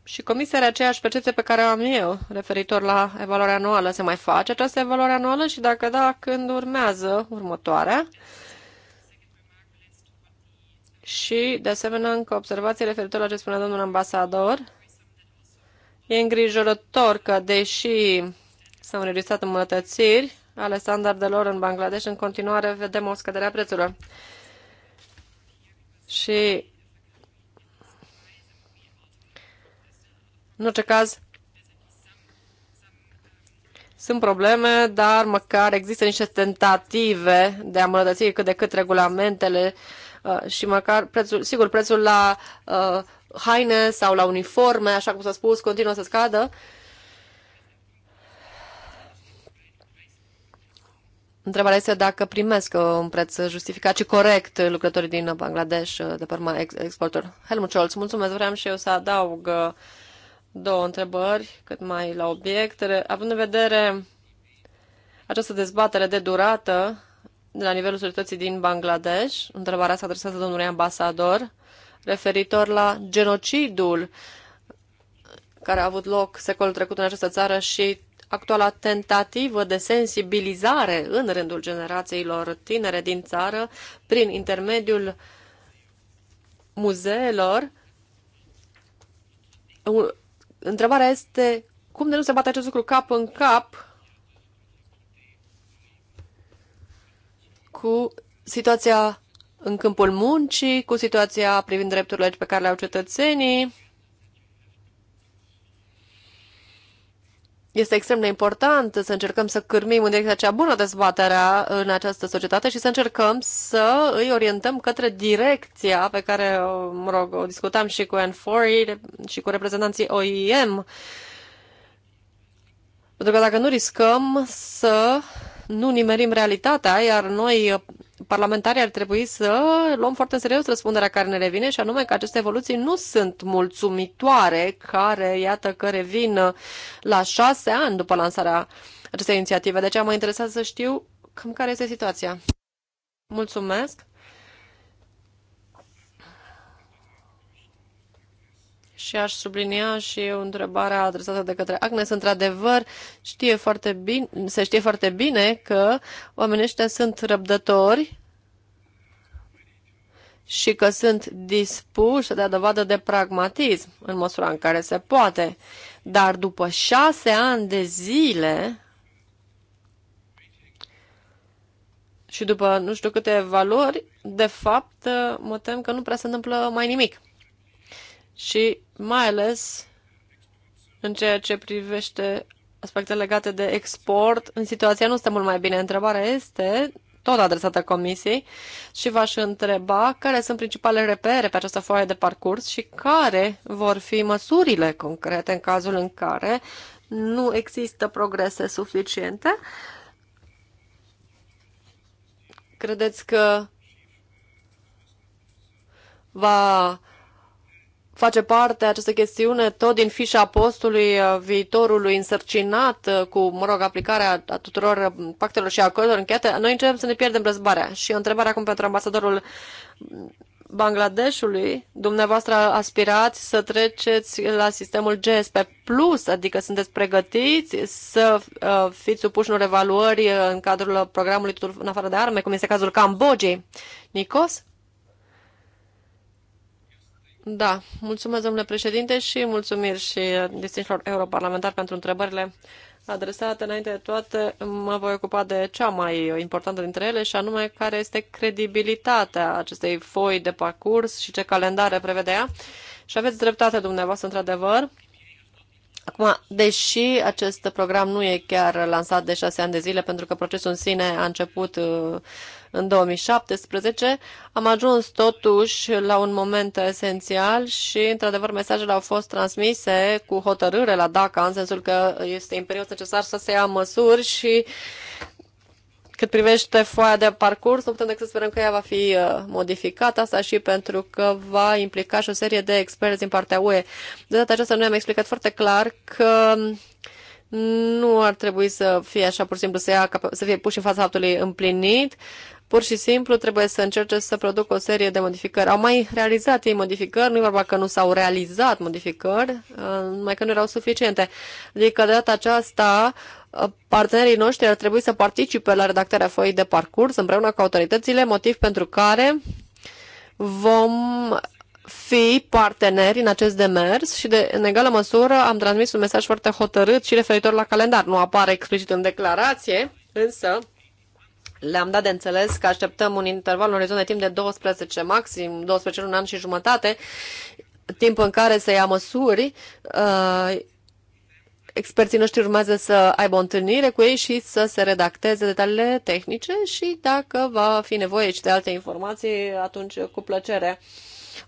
și comisia are aceeași percepție pe care o am eu referitor la evaluarea anuală. Se mai face această evaluare anuală și dacă da, când urmează următoarea? Și, de asemenea, încă observație referitor la ce spunea domnul ambasador. E îngrijorător că, deși s-au înregistrat îmbunătățiri ale standardelor în Bangladesh, în continuare vedem o scădere a prețurilor. Și, în orice caz, sunt probleme, dar măcar există niște tentative de a îmbunătăți cât de cât regulamentele uh, Uh, și măcar prețul, sigur, prețul la uh, haine sau la uniforme, așa cum s-a spus, continuă să scadă. Întrebarea este dacă primesc uh, un preț justificat și corect lucrătorii din Bangladesh de pe urma exportor. Helmut Scholz, mulțumesc. Vreau și eu să adaug două întrebări, cât mai la obiect. Având în vedere această dezbatere de durată, de la nivelul societății din Bangladesh, întrebarea se adresează domnului ambasador, referitor la genocidul care a avut loc secolul trecut în această țară și actuala tentativă de sensibilizare în rândul generațiilor tinere din țară prin intermediul muzeelor. Întrebarea este cum de nu se bate acest lucru cap în cap cu situația în câmpul muncii, cu situația privind drepturile pe care le au cetățenii. Este extrem de important să încercăm să cârmim în direcția cea bună dezbaterea în această societate și să încercăm să îi orientăm către direcția pe care, mă rog, o discutam și cu n și cu reprezentanții OIM. Pentru că dacă nu riscăm să nu nimerim realitatea, iar noi, uh, parlamentarii, ar trebui să luăm foarte în serios răspunderea care ne revine și anume că aceste evoluții nu sunt mulțumitoare, care, iată, că revin uh, la șase ani după lansarea acestei inițiative. De deci, aceea mă interesează să știu cam care este situația. Mulțumesc! și aș sublinia și eu întrebarea adresată de către Agnes. Într-adevăr, știe foarte bine, se știe foarte bine că oamenii ăștia sunt răbdători și că sunt dispuși să dea dovadă de pragmatism în măsura în care se poate. Dar după șase ani de zile și după nu știu câte valori, de fapt, mă tem că nu prea se întâmplă mai nimic și mai ales în ceea ce privește aspecte legate de export, în situația nu este mult mai bine. Întrebarea este tot adresată Comisiei și v-aș întreba care sunt principalele repere pe această foaie de parcurs și care vor fi măsurile concrete în cazul în care nu există progrese suficiente. Credeți că va face parte această chestiune tot din fișa postului uh, viitorului însărcinat uh, cu, mă rog, aplicarea a tuturor uh, pactelor și acordurilor încheiate, noi începem să ne pierdem răzbarea. Și o întrebare acum pentru ambasadorul Bangladeshului, dumneavoastră aspirați să treceți la sistemul GSP+, plus, adică sunteți pregătiți să fiți supuși unor evaluări în cadrul programului în afară de arme, cum este cazul Cambogiei. Nicos? Da, mulțumesc, domnule președinte, și mulțumiri și distinșilor europarlamentari pentru întrebările adresate. Înainte de toate, mă voi ocupa de cea mai importantă dintre ele, și anume care este credibilitatea acestei foi de parcurs și ce calendare prevedea. Și aveți dreptate dumneavoastră, într-adevăr. Acum, deși acest program nu e chiar lansat de șase ani de zile, pentru că procesul în sine a început uh, în 2017. Am ajuns totuși la un moment esențial și, într-adevăr, mesajele au fost transmise cu hotărâre la DACA, în sensul că este imperios necesar să se ia măsuri și cât privește foaia de parcurs, nu putem decât să sperăm că ea va fi uh, modificată, asta și pentru că va implica și o serie de experți din partea UE. De data aceasta noi am explicat foarte clar că nu ar trebui să fie așa pur și simplu să, ia, să fie puși în fața faptului împlinit pur și simplu trebuie să încerce să producă o serie de modificări. Au mai realizat ei modificări, nu e vorba că nu s-au realizat modificări, uh, numai că nu erau suficiente. Adică de data aceasta uh, partenerii noștri ar trebui să participe la redactarea foii de parcurs împreună cu autoritățile, motiv pentru care vom fi parteneri în acest demers și de, în egală măsură am transmis un mesaj foarte hotărât și referitor la calendar. Nu apare explicit în declarație, însă le-am dat de înțeles că așteptăm un interval, un orizont de timp de 12, maxim 12 luni, un an și jumătate, timp în care să ia măsuri. Uh, experții noștri urmează să aibă o întâlnire cu ei și să se redacteze detaliile tehnice și dacă va fi nevoie și de alte informații, atunci cu plăcere.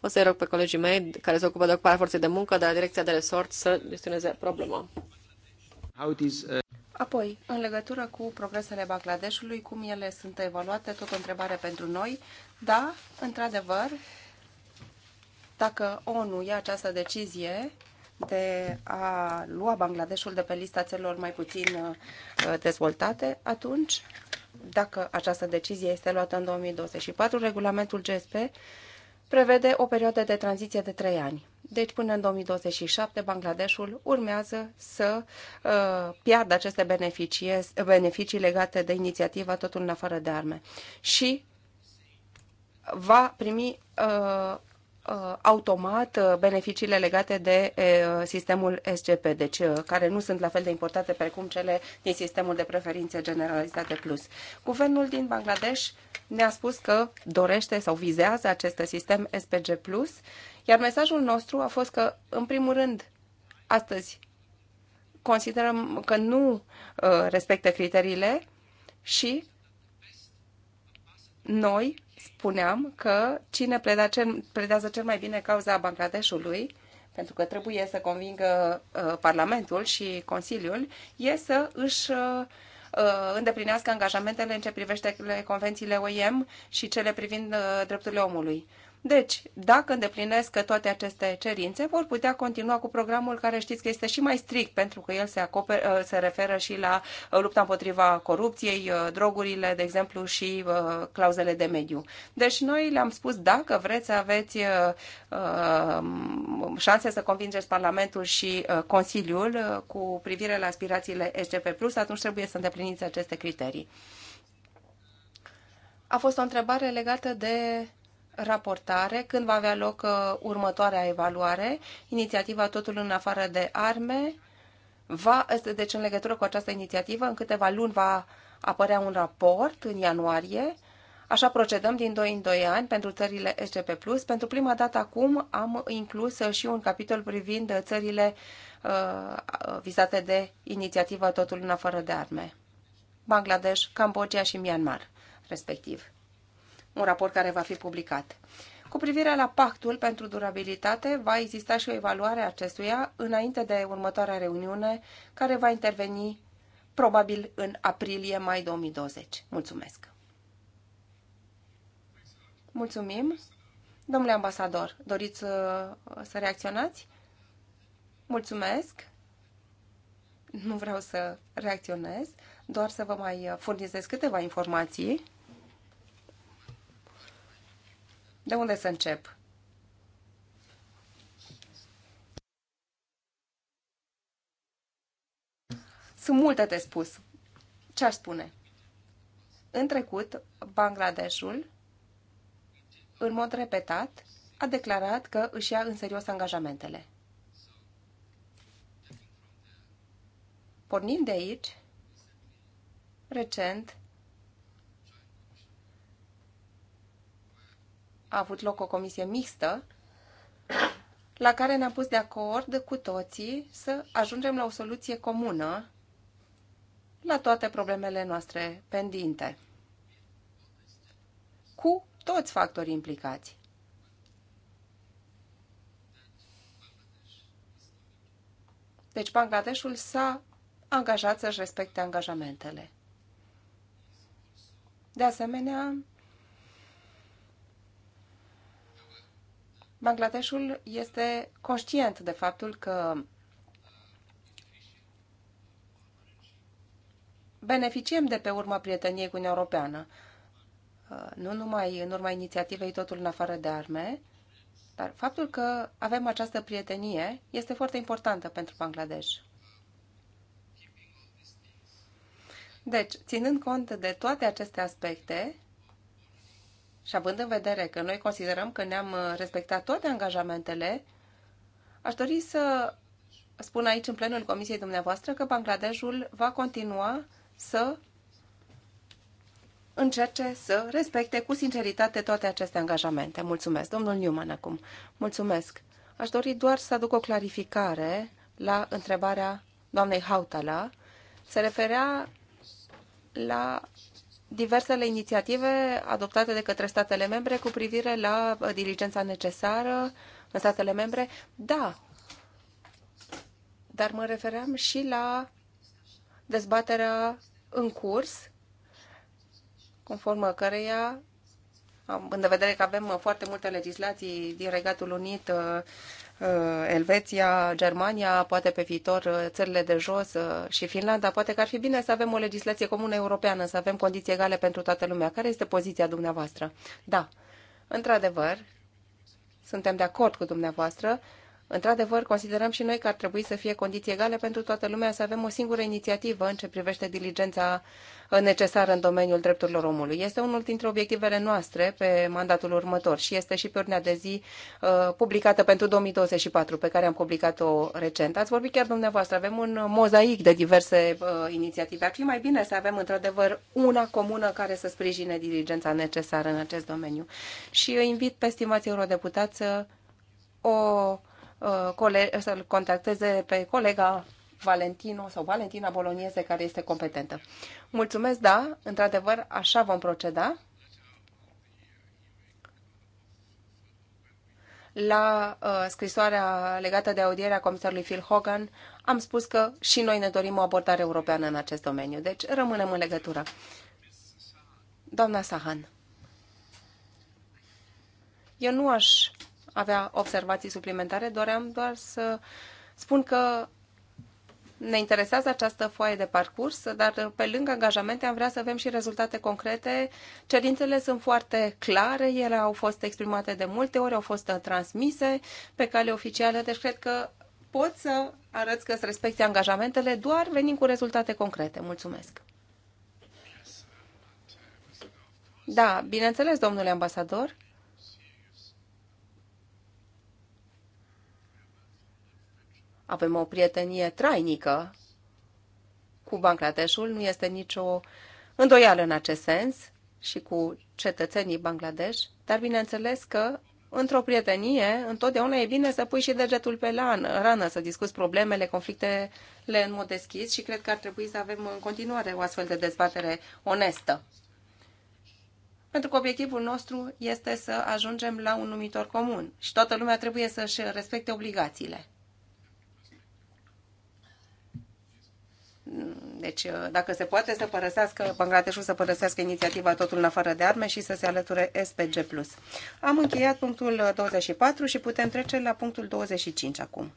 O să-i rog pe colegii mei care se ocupă de ocuparea forței de muncă de la Direcția de Resort să gestioneze problema. How it is, uh... Apoi, în legătură cu progresele Bangladeshului, cum ele sunt evaluate, tot o întrebare pentru noi. Da, într-adevăr, dacă ONU ia această decizie de a lua Bangladeshul de pe lista țărilor mai puțin uh, dezvoltate, atunci, dacă această decizie este luată în 2024, regulamentul GSP prevede o perioadă de tranziție de 3 ani. Deci până în 2027 Bangladeshul urmează să uh, piardă aceste beneficii, beneficii legate de inițiativa Totul în afară de arme și va primi uh, Uh, automat uh, beneficiile legate de uh, sistemul SGP, deci care nu sunt la fel de importante precum cele din sistemul de preferințe generalizate plus. Guvernul din Bangladesh ne-a spus că dorește sau vizează acest sistem SPG plus, iar mesajul nostru a fost că, în primul rând, astăzi considerăm că nu respectă criteriile și noi spuneam că cine pleda cel, pledează cel mai bine cauza Bangladeshului, pentru că trebuie să convingă uh, Parlamentul și Consiliul, e să își uh, uh îndeplinească angajamentele în ce privește convențiile OIM și cele privind uh, drepturile omului. Deci, dacă îndeplinesc toate aceste cerințe, vor putea continua cu programul care știți că este și mai strict, pentru că el se, acoper, uh, se referă și la uh, lupta împotriva corupției, uh, drogurile, de exemplu, și clauzele de mediu. Deci, noi le-am spus, dacă vreți să aveți șanse să convingeți Parlamentul și Consiliul cu privire la aspirațiile SGP+, atunci trebuie să îndepliniți aceste criterii. A fost o întrebare legată de raportare când va avea loc uh, următoarea evaluare, inițiativa Totul în afară de arme. Va, deci în legătură cu această inițiativă, în câteva luni va apărea un raport în ianuarie. Așa procedăm din 2 în 2 ani pentru țările SGP+. Pentru prima dată acum am inclus și un capitol privind țările uh, vizate de inițiativa Totul în afară de arme. Bangladesh, Cambodgia și Myanmar, respectiv un raport care va fi publicat. Cu privire la pactul pentru durabilitate, va exista și o evaluare a acestuia înainte de următoarea reuniune, care va interveni probabil în aprilie-mai 2020. Mulțumesc! Mulțumim! Domnule ambasador, doriți să, uh, să reacționați? Mulțumesc! Nu vreau să reacționez, doar să vă mai uh, furnizez câteva informații. De unde să încep? Sunt multe de spus. Ce aș spune? În trecut, Bangladeshul, în mod repetat, a declarat că își ia în serios angajamentele. Pornind de aici, recent, a avut loc o comisie mixtă la care ne-am pus de acord cu toții să ajungem la o soluție comună la toate problemele noastre pendinte, cu toți factorii implicați. Deci Bangladeshul s-a angajat să-și respecte angajamentele. De asemenea, Bangladeshul este conștient de faptul că beneficiem de pe urma prieteniei cu Uniunea Europeană, uh, nu numai în urma inițiativei Totul în afară de arme, dar faptul că avem această prietenie este foarte importantă pentru Bangladesh. Deci, ținând cont de toate aceste aspecte, și având în vedere că noi considerăm că ne-am uh, respectat toate angajamentele, aș dori să spun aici în plenul comisiei dumneavoastră că Bangladeshul va continua să încerce să respecte cu sinceritate toate aceste angajamente. Mulțumesc. Domnul Newman acum. Mulțumesc. Aș dori doar să aduc o clarificare la întrebarea doamnei Hautala. Se referea la diversele inițiative adoptate de către statele membre cu privire la uh, diligența necesară în statele membre. Da, dar mă refeream și la dezbaterea în curs, conform căreia, în vedere că avem foarte multe legislații din Regatul Unit uh, Eh, Elveția, Germania, poate pe viitor eh, țările de jos eh, și Finlanda, poate că ar fi bine să avem o legislație comună europeană, să avem condiții egale pentru toată lumea. Care este poziția dumneavoastră? Da, într-adevăr, suntem de acord cu dumneavoastră Într-adevăr, considerăm și noi că ar trebui să fie condiții egale pentru toată lumea să avem o singură inițiativă în ce privește diligența necesară în domeniul drepturilor omului. Este unul dintre obiectivele noastre pe mandatul următor și este și pe ordinea de zi uh, publicată pentru 2024, pe care am publicat-o recent. Ați vorbit chiar dumneavoastră, avem un mozaic de diverse uh, inițiative. Ar fi mai bine să avem într-adevăr una comună care să sprijine diligența necesară în acest domeniu. Și eu invit pe stimați eurodeputați să o Uh, să-l contacteze pe colega Valentino sau Valentina Bolonieze care este competentă. Mulțumesc, da, într-adevăr, așa vom proceda. La uh, scrisoarea legată de audierea comisarului Phil Hogan am spus că și noi ne dorim o abordare europeană în acest domeniu, deci rămânem în legătură. Doamna Sahan, eu nu aș avea observații suplimentare, doream doar să spun că ne interesează această foaie de parcurs, dar pe lângă angajamente am vrea să avem și rezultate concrete. Cerințele sunt foarte clare, ele au fost exprimate de multe ori, au fost transmise pe cale oficială, deci cred că pot să arăți că îți respecti angajamentele doar venind cu rezultate concrete. Mulțumesc! Da, bineînțeles, domnule ambasador. avem o prietenie trainică cu Bangladeshul, nu este nicio îndoială în acest sens și cu cetățenii Bangladesh, dar bineînțeles că într-o prietenie întotdeauna e bine să pui și degetul pe lan, rană, să discuți problemele, conflictele în mod deschis și cred că ar trebui să avem în continuare o astfel de dezbatere onestă. Pentru că obiectivul nostru este să ajungem la un numitor comun și toată lumea trebuie să-și respecte obligațiile. Deci, uh, dacă se poate să părăsească, Bangladeshul să părăsească inițiativa Totul în afară de arme și să se alăture SPG+. Am încheiat punctul 24 și putem trece la punctul 25 acum.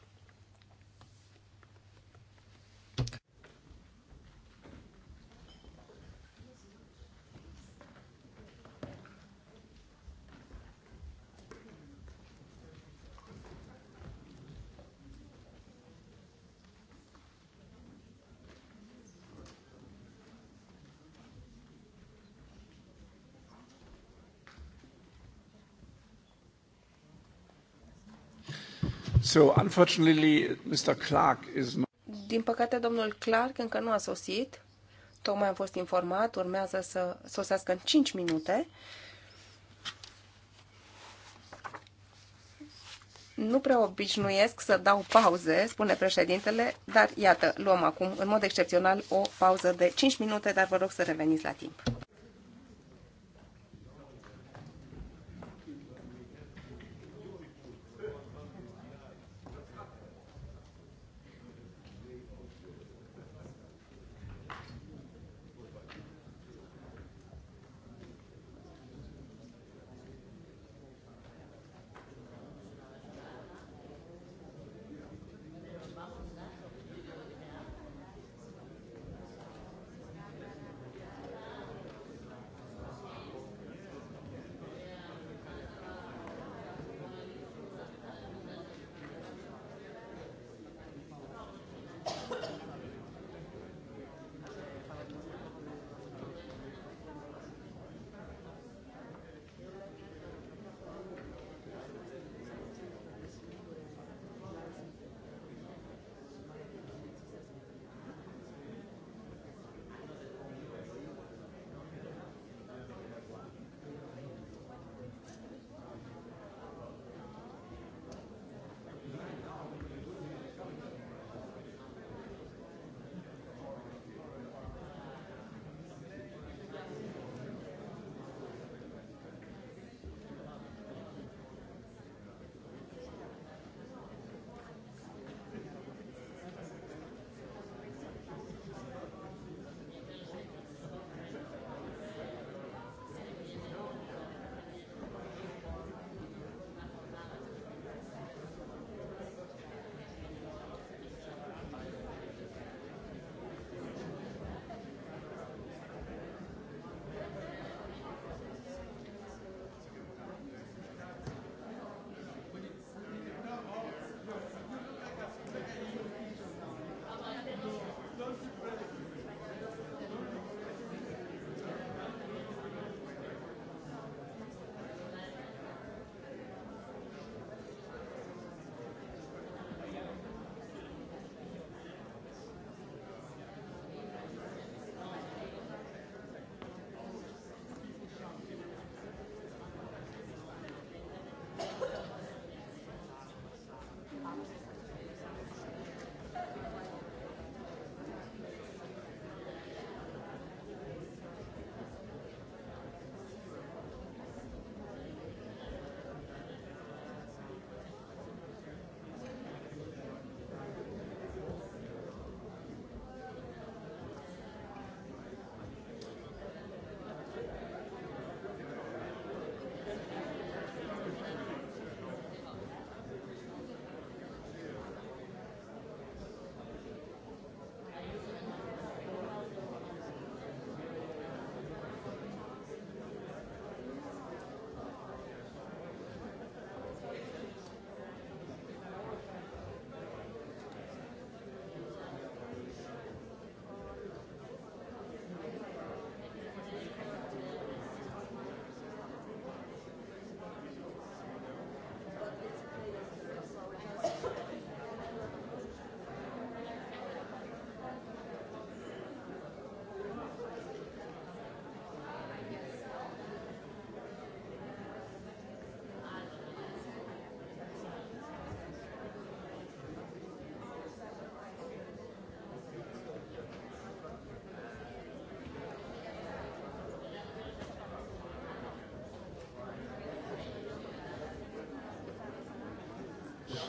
So, unfortunately, Mr. Clark is not... Din păcate, domnul Clark încă nu a sosit. Tocmai am fost informat, urmează să sosească în 5 minute. Nu prea obișnuiesc să dau pauze, spune președintele, dar iată, luăm acum, în mod excepțional, o pauză de 5 minute, dar vă rog să reveniți la timp.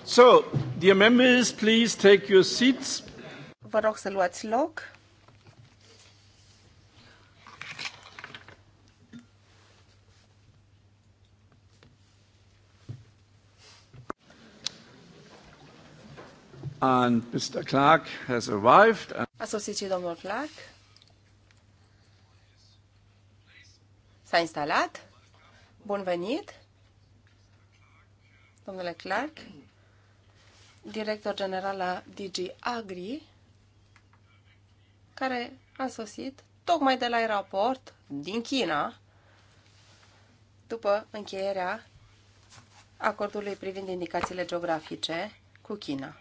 So, dear members, please take your seats. Vă rog să luați loc. And Mr. Clark has arrived. A sosit și domnul Clark. S-a instalat. Bun venit. Domnule Clark, director general la DG Agri, care a sosit tocmai de la aeroport din China, după încheierea acordului privind indicațiile geografice cu China.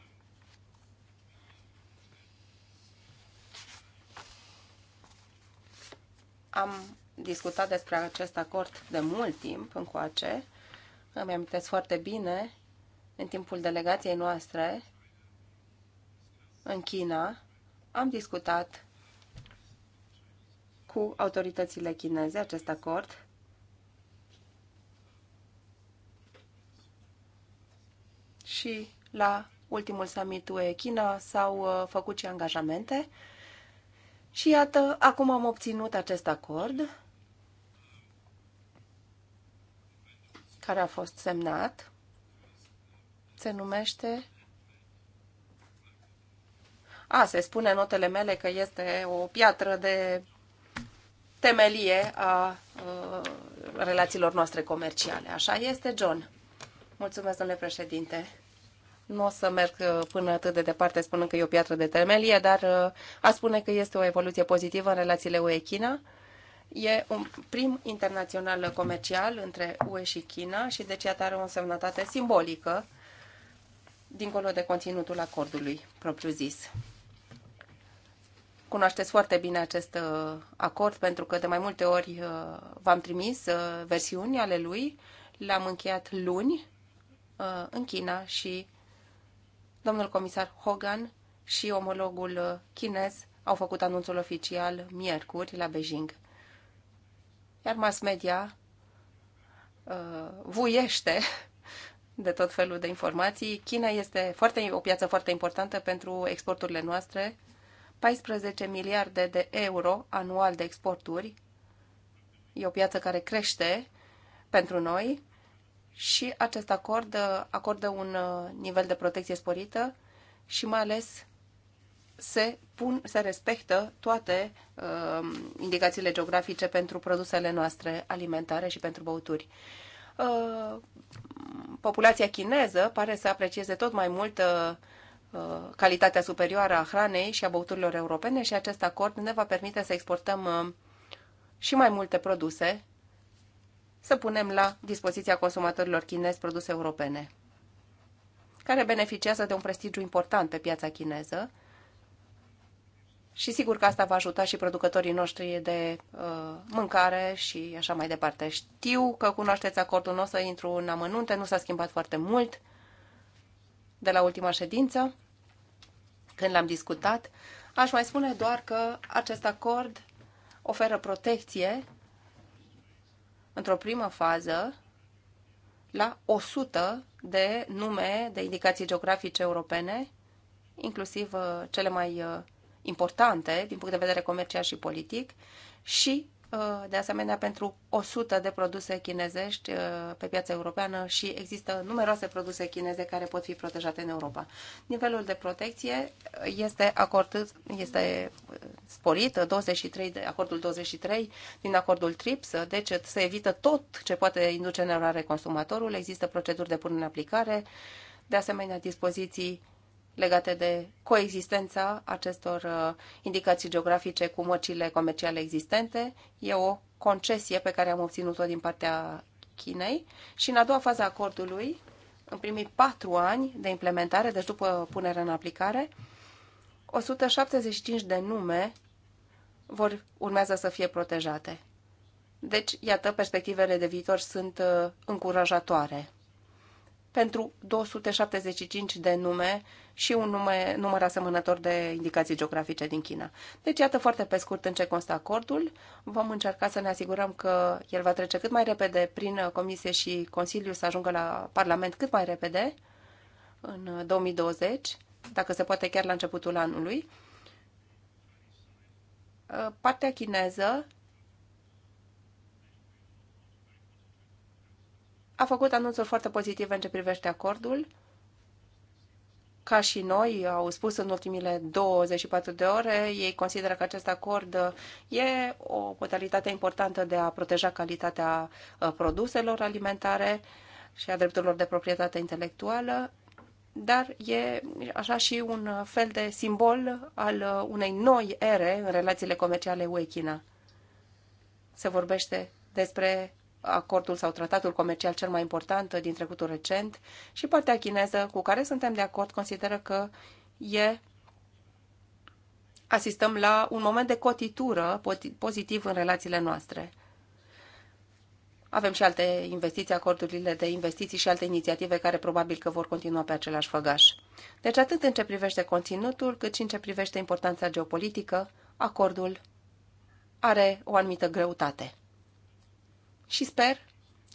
Am discutat despre acest acord de mult timp încoace. Îmi amintesc foarte bine în timpul delegației noastre în China, am discutat cu autoritățile chineze acest acord și la ultimul summit UE-China s-au uh, făcut și angajamente și iată, acum am obținut acest acord care a fost semnat se numește a, se spune în notele mele că este o piatră de temelie a, a uh, relațiilor noastre comerciale. Așa este, John. Mulțumesc, domnule președinte. Nu o să merg uh, până atât de departe spunând că e o piatră de temelie, dar uh, a spune că este o evoluție pozitivă în relațiile UE-China. E un prim internațional comercial între UE și China și deci iată are o însemnătate simbolică dincolo de conținutul acordului propriu-zis. Cunoașteți foarte bine acest uh, acord pentru că de mai multe ori uh, v-am trimis uh, versiuni ale lui. L-am încheiat luni în China și domnul comisar Hogan și omologul chinez au făcut anunțul oficial miercuri la Beijing. Iar mass media uh, vuiește de tot felul de informații. China este foarte, o piață foarte importantă pentru exporturile noastre. 14 miliarde de euro anual de exporturi. E o piață care crește pentru noi și acest acord uh, acordă un uh, nivel de protecție sporită și mai ales se pun, se respectă toate uh, indicațiile geografice pentru produsele noastre alimentare și pentru băuturi. Uh, populația chineză pare să aprecieze tot mai mult uh, uh, calitatea superioară a hranei și a băuturilor europene și acest acord ne va permite să exportăm și mai multe produse, să punem la dispoziția consumatorilor chinezi produse europene, care beneficiază de un prestigiu important pe piața chineză și sigur că asta va ajuta și producătorii noștri de uh, mâncare și așa mai departe. Știu că cunoașteți acordul nostru, intru în amănunte, nu s-a schimbat foarte mult de la ultima ședință, când l-am discutat. Aș mai spune doar că acest acord oferă protecție într-o primă fază la 100 de nume de indicații geografice europene, inclusiv uh, cele mai uh, importante din punct de vedere comercial și politic și uh, de asemenea pentru 100 de produse chinezești uh, pe piața europeană și există numeroase produse chineze care pot fi protejate în Europa. Nivelul de protecție este acordat, este uh, sporit, 23 de, acordul 23 din acordul TRIPS, deci se evită tot ce poate induce în eroare consumatorul, există proceduri de punere în aplicare, de asemenea dispoziții legate de coexistența acestor uh, indicații geografice cu măcile comerciale existente. E o concesie pe care am obținut-o din partea Chinei și în a doua fază a acordului, în primii patru ani de implementare, deci după punerea în aplicare, 175 de nume vor urmează să fie protejate. Deci, iată, perspectivele de viitor sunt uh, încurajatoare. Pentru 275 de nume și un nume, număr asemănător de indicații geografice din China. Deci, iată foarte pe scurt în ce constă acordul. Vom încerca să ne asigurăm că el va trece cât mai repede prin Comisie și Consiliu să ajungă la Parlament cât mai repede, în 2020, dacă se poate chiar la începutul anului. Partea chineză a făcut anunțuri foarte pozitive în ce privește acordul ca și noi, au spus în ultimile 24 de ore, ei consideră că acest acord uh, e o modalitate importantă de a proteja calitatea uh, produselor alimentare și a drepturilor de proprietate intelectuală, dar e așa și un uh, fel de simbol al unei noi ere în relațiile comerciale UE-China. Se vorbește despre acordul sau tratatul comercial cel mai important din trecutul recent și partea chineză cu care suntem de acord consideră că e asistăm la un moment de cotitură pozitiv în relațiile noastre. Avem și alte investiții, acordurile de investiții și alte inițiative care probabil că vor continua pe același făgaș. Deci atât în ce privește conținutul, cât și în ce privește importanța geopolitică, acordul are o anumită greutate și sper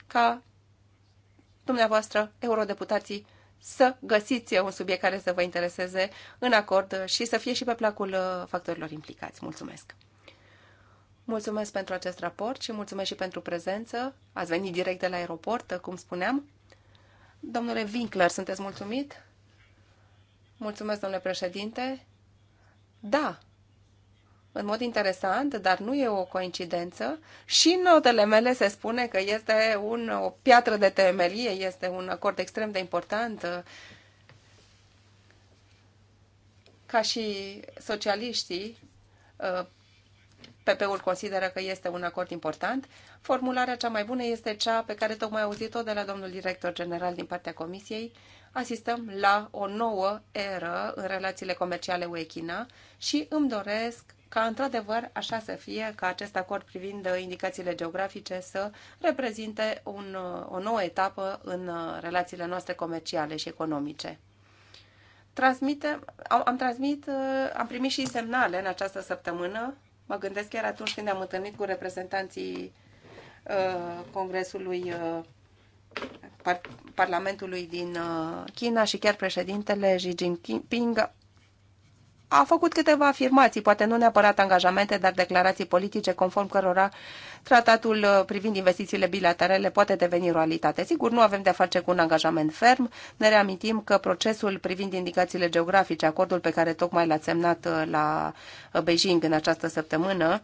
ca dumneavoastră, eurodeputații, să găsiți un subiect care să vă intereseze în acord și să fie și pe placul uh, factorilor implicați. Mulțumesc! Mulțumesc pentru acest raport și mulțumesc și pentru prezență. Ați venit direct de la aeroport, cum spuneam. Domnule Winkler, sunteți mulțumit? Mulțumesc, domnule președinte. Da, în mod interesant, dar nu e o coincidență, și în notele mele se spune că este un, o piatră de temelie, este un acord extrem de important. Uh, ca și socialiștii, uh, PP-ul consideră că este un acord important. Formularea cea mai bună este cea pe care tocmai auzit-o de la domnul director general din partea Comisiei. Asistăm la o nouă eră în relațiile comerciale UE-China și îmi doresc ca într-adevăr așa să fie, ca acest acord privind indicațiile geografice să reprezinte un, o nouă etapă în uh, relațiile noastre comerciale și economice. Transmite, am, am, transmit, uh, am primit și semnale în această săptămână. Mă gândesc chiar atunci când am întâlnit cu reprezentanții uh, Congresului uh, Parlamentului din uh, China și chiar președintele Xi Jinping a făcut câteva afirmații, poate nu neapărat angajamente, dar declarații politice conform cărora tratatul uh, privind investițiile bilaterale poate deveni realitate. Sigur, nu avem de-a face cu un angajament ferm. Ne reamintim că procesul privind indicațiile geografice, acordul pe care tocmai uh, l-a semnat uh, la Beijing în această săptămână,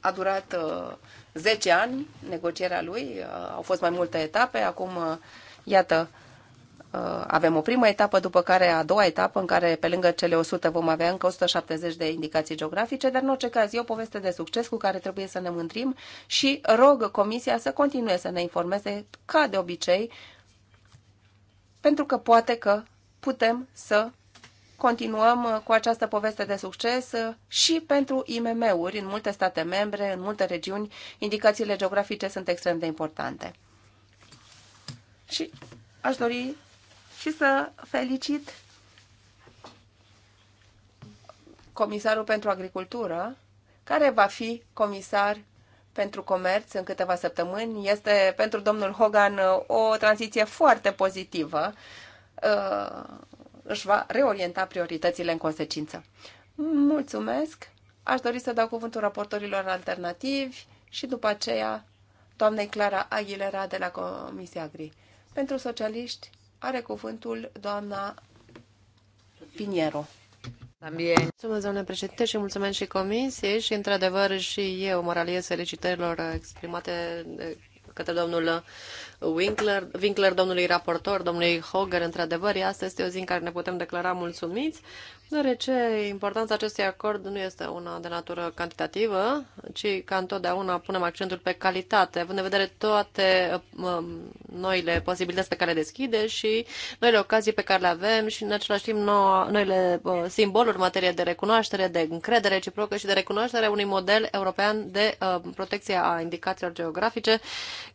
a durat 10 ani negocierea lui, au fost mai multe etape, acum, iată, Uh, avem o primă etapă, după care a doua etapă, în care pe lângă cele 100 vom avea încă 170 de indicații geografice, dar în orice caz e o poveste de succes cu care trebuie să ne mândrim și rog Comisia să continue să ne informeze ca de obicei, pentru că poate că putem să continuăm uh, cu această poveste de succes uh, și pentru IMM-uri în multe state membre, în multe regiuni, indicațiile geografice sunt extrem de importante. Și aș dori și să felicit comisarul pentru agricultură, care va fi comisar pentru comerț în câteva săptămâni. Este pentru domnul Hogan uh, o tranziție foarte pozitivă. Uh, își va reorienta prioritățile în consecință. Mulțumesc! Aș dori să dau cuvântul raportorilor alternativi și după aceea doamnei Clara Aguilera de la Comisia Agri. Pentru socialiști, are cuvântul doamna Piniero. Mulțumesc, doamne președinte, și mulțumesc și comisiei și, într-adevăr, și eu mă raliez felicitărilor exprimate de către domnul Winkler, Winkler domnului raportor, domnului Hoger, într-adevăr, astăzi este o zi în care ne putem declara mulțumiți Deoarece importanța acestui acord nu este una de natură cantitativă, ci ca întotdeauna punem accentul pe calitate, având în vedere toate um, noile posibilități pe care le deschide și noile ocazii pe care le avem și în același timp noile uh, simboluri în materie de recunoaștere, de încredere reciprocă și de recunoaștere unui model european de uh, protecție a indicațiilor geografice,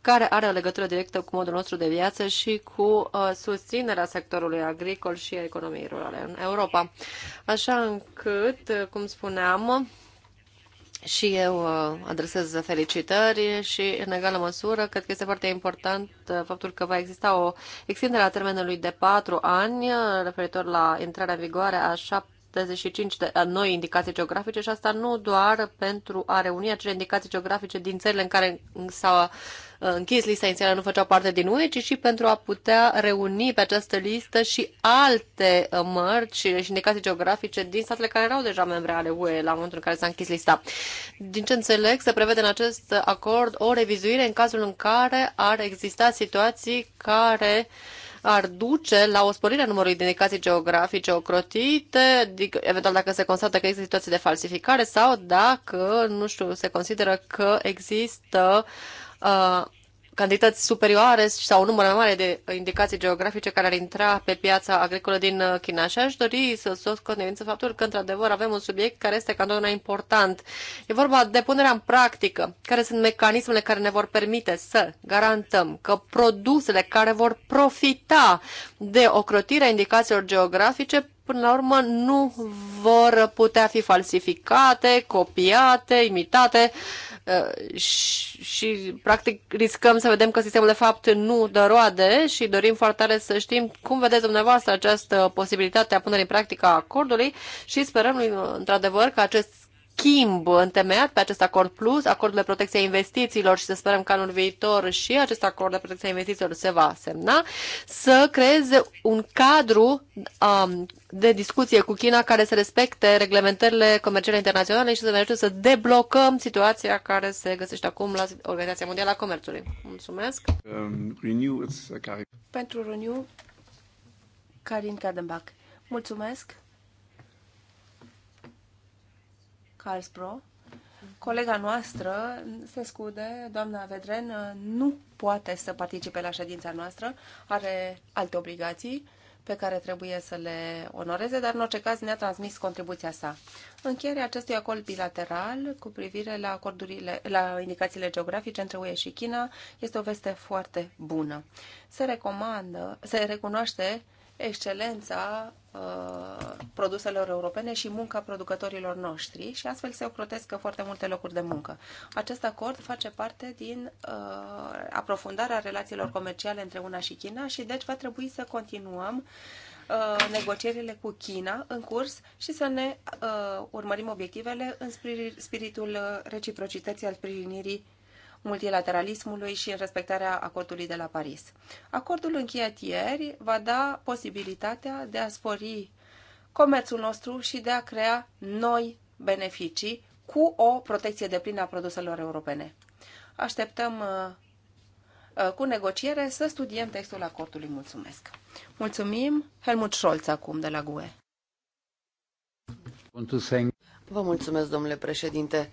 care are o legătură directă cu modul nostru de viață și cu uh, susținerea sectorului agricol și economiei rurale în Europa așa încât, cum spuneam, și eu uh, adresez felicitări și, în egală măsură, cred că este foarte important uh, faptul că va exista o extindere a termenului de patru ani uh, referitor la intrarea în vigoare a șapte 75 de noi indicații geografice și asta nu doar pentru a reuni acele indicații geografice din țările în care s au Uh, închis lista inițială, nu făcea parte din UE, ci și pentru a putea reuni pe această listă și alte uh, mărci și indicații geografice din statele care erau deja membre ale UE la momentul în care s-a închis lista. Din ce înțeleg, se prevede în acest acord o revizuire în cazul în care ar exista situații care ar duce la o sporire a numărului de indicații geografice ocrotite, adică, eventual dacă se constată că există situații de falsificare sau dacă, nu știu, se consideră că există uh, cantități superioare sau un număr mai mare de indicații geografice care ar intra pe piața agricolă din uh, China. Și aș dori să scot conștiință faptul că, într-adevăr, avem un subiect care este ca întotdeauna important. E vorba de punerea în practică, care sunt mecanismele care ne vor permite să garantăm că produsele care vor profita de ocrotirea indicațiilor geografice până la urmă nu vor putea fi falsificate, copiate, imitate Uh, și, practic riscăm să vedem că sistemul de fapt nu dă roade și dorim foarte tare să știm cum vedeți dumneavoastră această posibilitate a punerii în practică a acordului și sperăm într-adevăr că acest schimb întemeiat pe acest acord plus, acordul de protecție a investițiilor și să sperăm că anul viitor și acest acord de protecție a investițiilor se va semna, să creeze un cadru um, de discuție cu China care să respecte reglementările comerciale internaționale și să ne ajute să deblocăm situația care se găsește acum la Organizația Mondială a Comerțului. Mulțumesc! Um, renew, uh, Pentru Renew, Karin Kadenbach. Mulțumesc! Carlsbro, colega noastră se scude, doamna Vedren nu poate să participe la ședința noastră, are alte obligații pe care trebuie să le onoreze, dar în orice caz ne-a transmis contribuția sa. Încheierea acestui acord bilateral cu privire la, acordurile, la indicațiile geografice între UE și China este o veste foarte bună. Se recomandă, se recunoaște excelența uh, produselor europene și munca producătorilor noștri și astfel se ocrotesc foarte multe locuri de muncă. Acest acord face parte din uh, aprofundarea relațiilor comerciale între una și China și deci va trebui să continuăm uh, negocierile cu China în curs și să ne uh, urmărim obiectivele în spiritul uh, reciprocității al sprijinirii multilateralismului și în respectarea acordului de la Paris. Acordul încheiat ieri va da posibilitatea de a spori comerțul nostru și de a crea noi beneficii cu o protecție de plină a produselor europene. Așteptăm uh, uh, cu negociere să studiem textul acordului. Mulțumesc! Mulțumim! Helmut Scholz acum de la GUE. Vă mulțumesc, domnule președinte.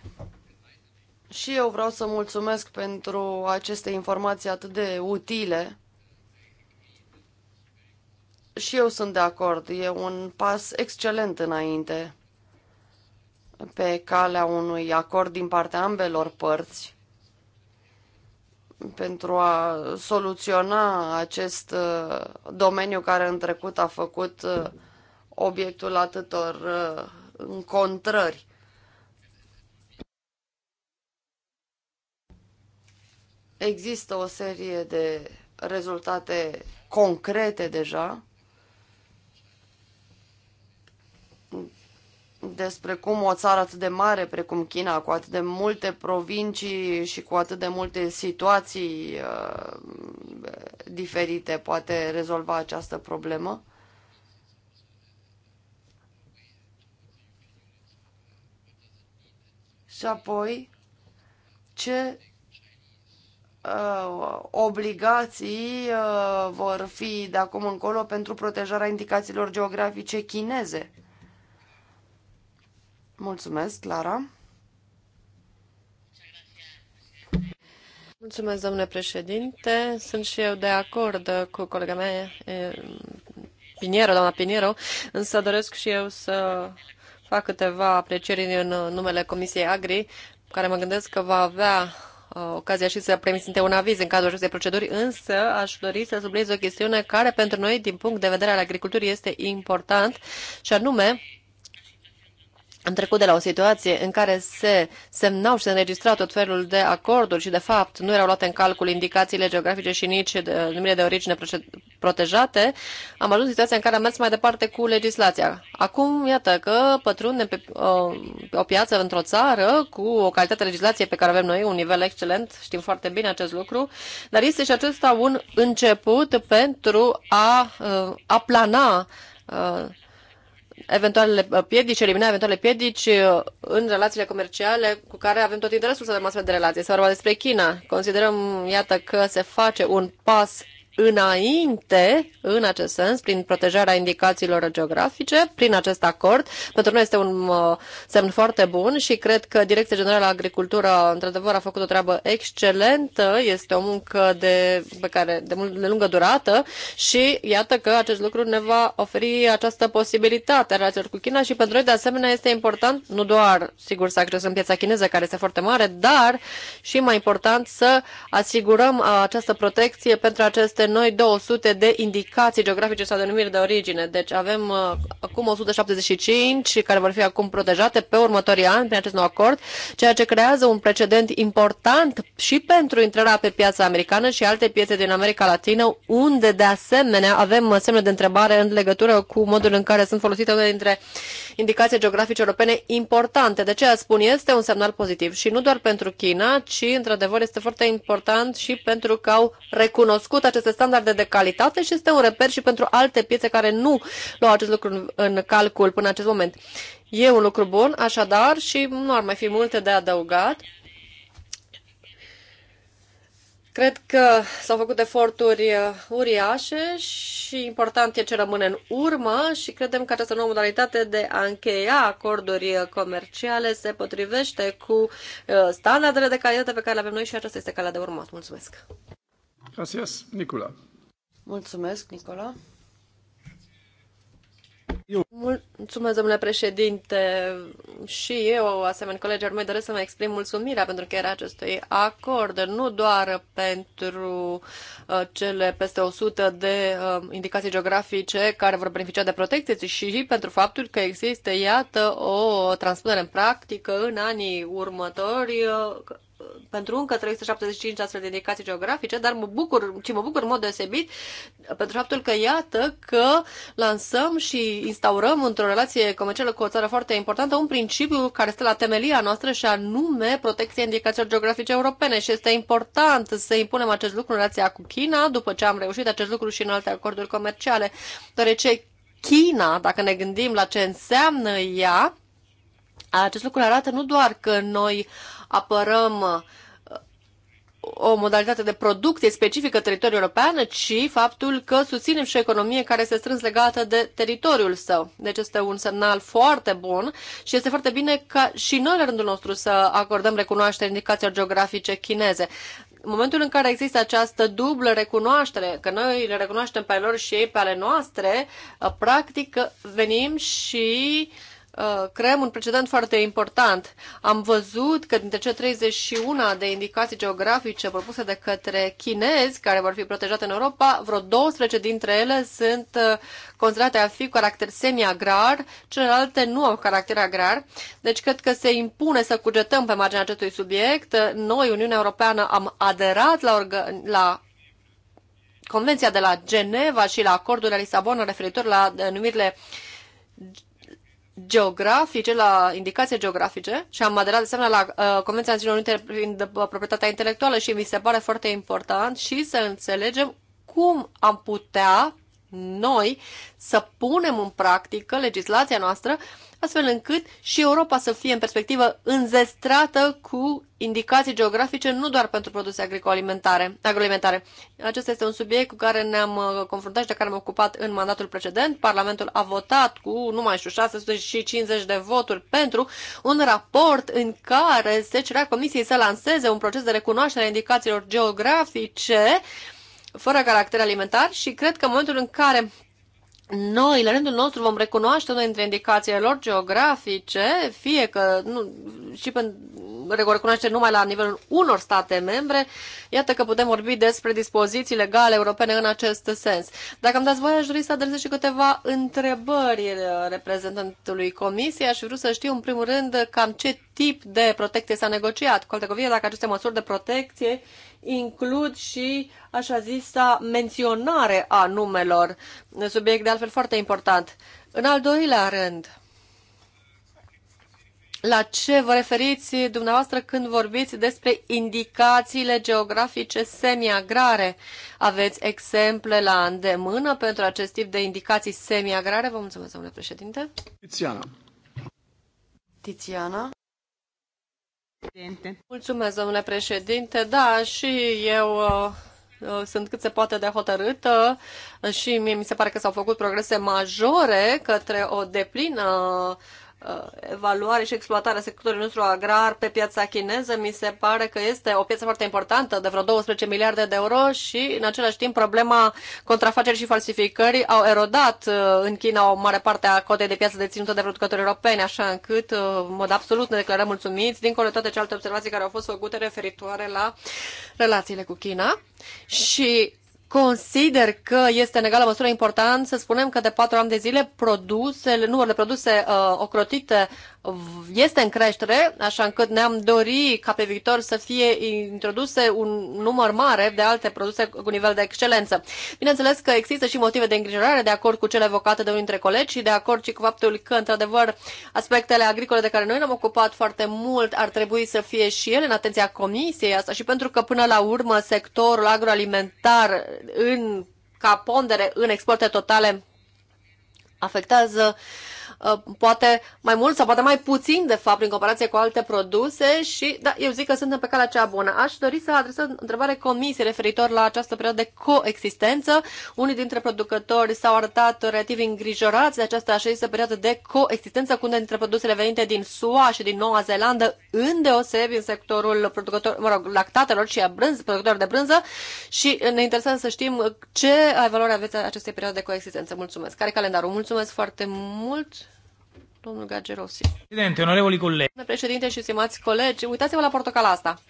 Și eu vreau să mulțumesc pentru aceste informații atât de utile. Și eu sunt de acord, e un pas excelent înainte pe calea unui acord din partea ambelor părți pentru a soluționa acest uh, domeniu care în trecut a făcut uh, obiectul atâtor uh, încontrări. Există o serie de rezultate concrete deja despre cum o țară atât de mare precum China, cu atât de multe provincii și cu atât de multe situații uh, diferite, poate rezolva această problemă. Și apoi, ce uh, obligații uh, vor fi de acum încolo pentru protejarea indicațiilor geografice chineze. Mulțumesc, Clara. Mulțumesc, domnule președinte. Sunt și eu de acord cu colega mea, Piniero, doamna Piniero, însă doresc și eu să fac câteva aprecieri în numele Comisiei Agri, care mă gândesc că va avea Uh, ocazia și să premisinte un aviz în cadrul acestei proceduri, însă aș dori să subliniez o chestiune care pentru noi, din punct de vedere al agriculturii, este important, și anume am trecut de la o situație în care se semnau și se înregistrau tot felul de acorduri și, de fapt, nu erau luate în calcul indicațiile geografice și nici uh, numirile de origine protejate, am ajuns în situația în care am mers mai departe cu legislația. Acum, iată că pătrundem pe o, uh, pe o piață într-o țară cu o calitate legislație pe care avem noi, un nivel excelent, știm foarte bine acest lucru, dar este și acesta un început pentru a uh, plana eventualele uh, piedici, elimina eventuale piedici uh, în relațiile comerciale cu care avem tot interesul să avem astfel de relații. Este vorba despre China. Considerăm, iată, că se face un pas înainte, în acest sens, prin protejarea indicațiilor geografice, prin acest acord. Pentru noi este un uh, semn foarte bun și cred că Direcția Generală Agricultură, într-adevăr, a făcut o treabă excelentă. Este o muncă de, pe care, de, mult, de lungă durată și iată că acest lucru ne va oferi această posibilitate a relațiilor cu China și pentru noi, de asemenea, este important nu doar, sigur, să accesăm piața chineză, care este foarte mare, dar și mai important să asigurăm uh, această protecție pentru aceste noi 200 de indicații geografice sau denumiri de origine. Deci avem uh, acum 175 care vor fi acum protejate pe următorii ani prin acest nou acord, ceea ce creează un precedent important și pentru intrarea pe piața americană și alte piețe din America Latină, unde de asemenea avem semne de întrebare în legătură cu modul în care sunt folosite unele dintre indicații geografice europene importante. De ce spun, este un semnal pozitiv și nu doar pentru China, ci într-adevăr este foarte important și pentru că au recunoscut aceste standarde de calitate și este un reper și pentru alte piețe care nu luau acest lucru în calcul până acest moment. E un lucru bun, așadar, și nu ar mai fi multe de adăugat. Cred că s-au făcut eforturi uh, uriașe și important e ce rămâne în urmă și credem că această nouă modalitate de a încheia acorduri uh, comerciale se potrivește cu uh, standardele de calitate pe care le avem noi și aceasta este calea de urmat. Mulțumesc! Gracias, Nicola. Mulțumesc, Nicola. Mulțumesc, domnule președinte. Și eu, asemenea colegilor mei, doresc să mă exprim mulțumirea pentru că era acestui acord, nu doar pentru uh, cele peste 100 de uh, indicații geografice care vor beneficia de protecție, ci și pentru faptul că există, iată, o transpunere în practică în anii următori uh, pentru încă 375 astfel de indicații geografice, dar mă bucur, ci mă bucur în mod deosebit pentru faptul că iată că lansăm și instaurăm într-o relație comercială cu o țară foarte importantă un principiu care stă la temelia noastră și anume protecția indicațiilor geografice europene și este important să impunem acest lucru în relația cu China după ce am reușit acest lucru și în alte acorduri comerciale, deoarece China, dacă ne gândim la ce înseamnă ea, acest lucru arată nu doar că noi apărăm uh, o modalitate de producție specifică teritoriului european, ci faptul că susținem și o economie care este strâns legată de teritoriul său. Deci este un semnal foarte bun și este foarte bine ca și noi, la rândul nostru, să acordăm recunoaștere indicațiilor geografice chineze. În momentul în care există această dublă recunoaștere, că noi le recunoaștem pe ale lor și ei pe ale noastre, uh, practic uh, venim și uh, Uh, creăm un precedent foarte important. Am văzut că dintre cele 31 de indicații geografice propuse de către chinezi care vor fi protejate în Europa, vreo 12 dintre ele sunt uh, considerate a fi cu caracter semi-agrar, celelalte nu au caracter agrar. Deci cred că se impune să cugetăm pe marginea acestui subiect. Noi, Uniunea Europeană, am aderat la, la Convenția de la Geneva și la acordul de la Lisabona referitor la numirile geografice, la indicații geografice și am aderat de asemenea la uh, Convenția Națiunilor Unite prin uh, proprietatea intelectuală și mi se pare foarte important și să înțelegem cum am putea noi să punem în practică legislația noastră astfel încât și Europa să fie în perspectivă înzestrată cu indicații geografice nu doar pentru produse agroalimentare. agroalimentare. Acesta este un subiect cu care ne-am uh, confruntat și de care am ocupat în mandatul precedent. Parlamentul a votat cu, nu mai știu, 650 de voturi pentru un raport în care se cerea Comisiei să lanseze un proces de recunoaștere a indicațiilor geografice uh, fără caracter alimentar și cred că în momentul în care noi, la rândul nostru, vom recunoaște noi dintre indicațiile lor geografice, fie că nu, și pentru recunoaște numai la nivelul unor state membre, iată că putem vorbi despre dispoziții legale europene în acest sens. Dacă îmi dați voie, aș dori să adresez și câteva întrebări reprezentantului Comisiei. Aș vrea să știu, în primul rând, cam ce tip de protecție s-a negociat. Cu alte cuvinte, dacă aceste măsuri de protecție uh, includ și așa zisa menționare a numelor, subiect de altfel foarte important. În al doilea rând, la ce vă referiți dumneavoastră când vorbiți despre indicațiile geografice semiagrare? Aveți exemple la îndemână pentru acest tip de indicații semiagrare? Vă mulțumesc, domnule președinte. Tiziana. Tiziana. Mulțumesc, domnule președinte. Da, și eu uh, uh, sunt cât se poate de hotărâtă și mie mi se pare că s-au făcut progrese majore către o deplină Uh, evaluare și exploatarea sectorului nostru agrar pe piața chineză. Mi se pare că este o piață foarte importantă, de vreo 12 miliarde de euro și, în același timp, problema contrafacerii și falsificării au erodat uh, în China o mare parte a cotei de piață deținută de producători europeni, așa încât, uh, în mod absolut, ne declarăm mulțumiți, dincolo de toate celelalte observații care au fost făcute referitoare la relațiile cu China. Și Consider că este în egală măsură important să spunem că de patru ani de zile produsele, numărul de produse uh, ocrotite este în creștere, așa încât ne-am dori ca pe viitor să fie introduse un număr mare de alte produse cu nivel de excelență. Bineînțeles că există și motive de îngrijorare, de acord cu cele evocate de unii dintre colegi și de acord și cu faptul că, într-adevăr, aspectele agricole de care noi ne-am ocupat foarte mult ar trebui să fie și ele în atenția comisiei asta și pentru că, până la urmă, sectorul agroalimentar în ca pondere în exporte totale afectează uh, Uh, poate mai mult sau poate mai puțin, de fapt, în comparație cu alte produse și, da, eu zic că suntem pe calea cea bună. Aș dori să adresez o întrebare comisiei referitor la această perioadă de coexistență. Unii dintre producători s-au arătat relativ îngrijorați de această așeză perioadă de coexistență cu unele dintre produsele venite din SUA și din Noua Zeelandă, deosebi în sectorul producător, mă rog, lactatelor și a brânz, producătorilor de brânză și ne interesează să știm ce valoare aveți acestei perioade de coexistență. Mulțumesc. Care calendarul? Mulțumesc foarte mult. Domnul Gagerosi. Președinte, onorevoli colegi. Domnule Președinte și stimați colegi, uitați-vă la portocala asta.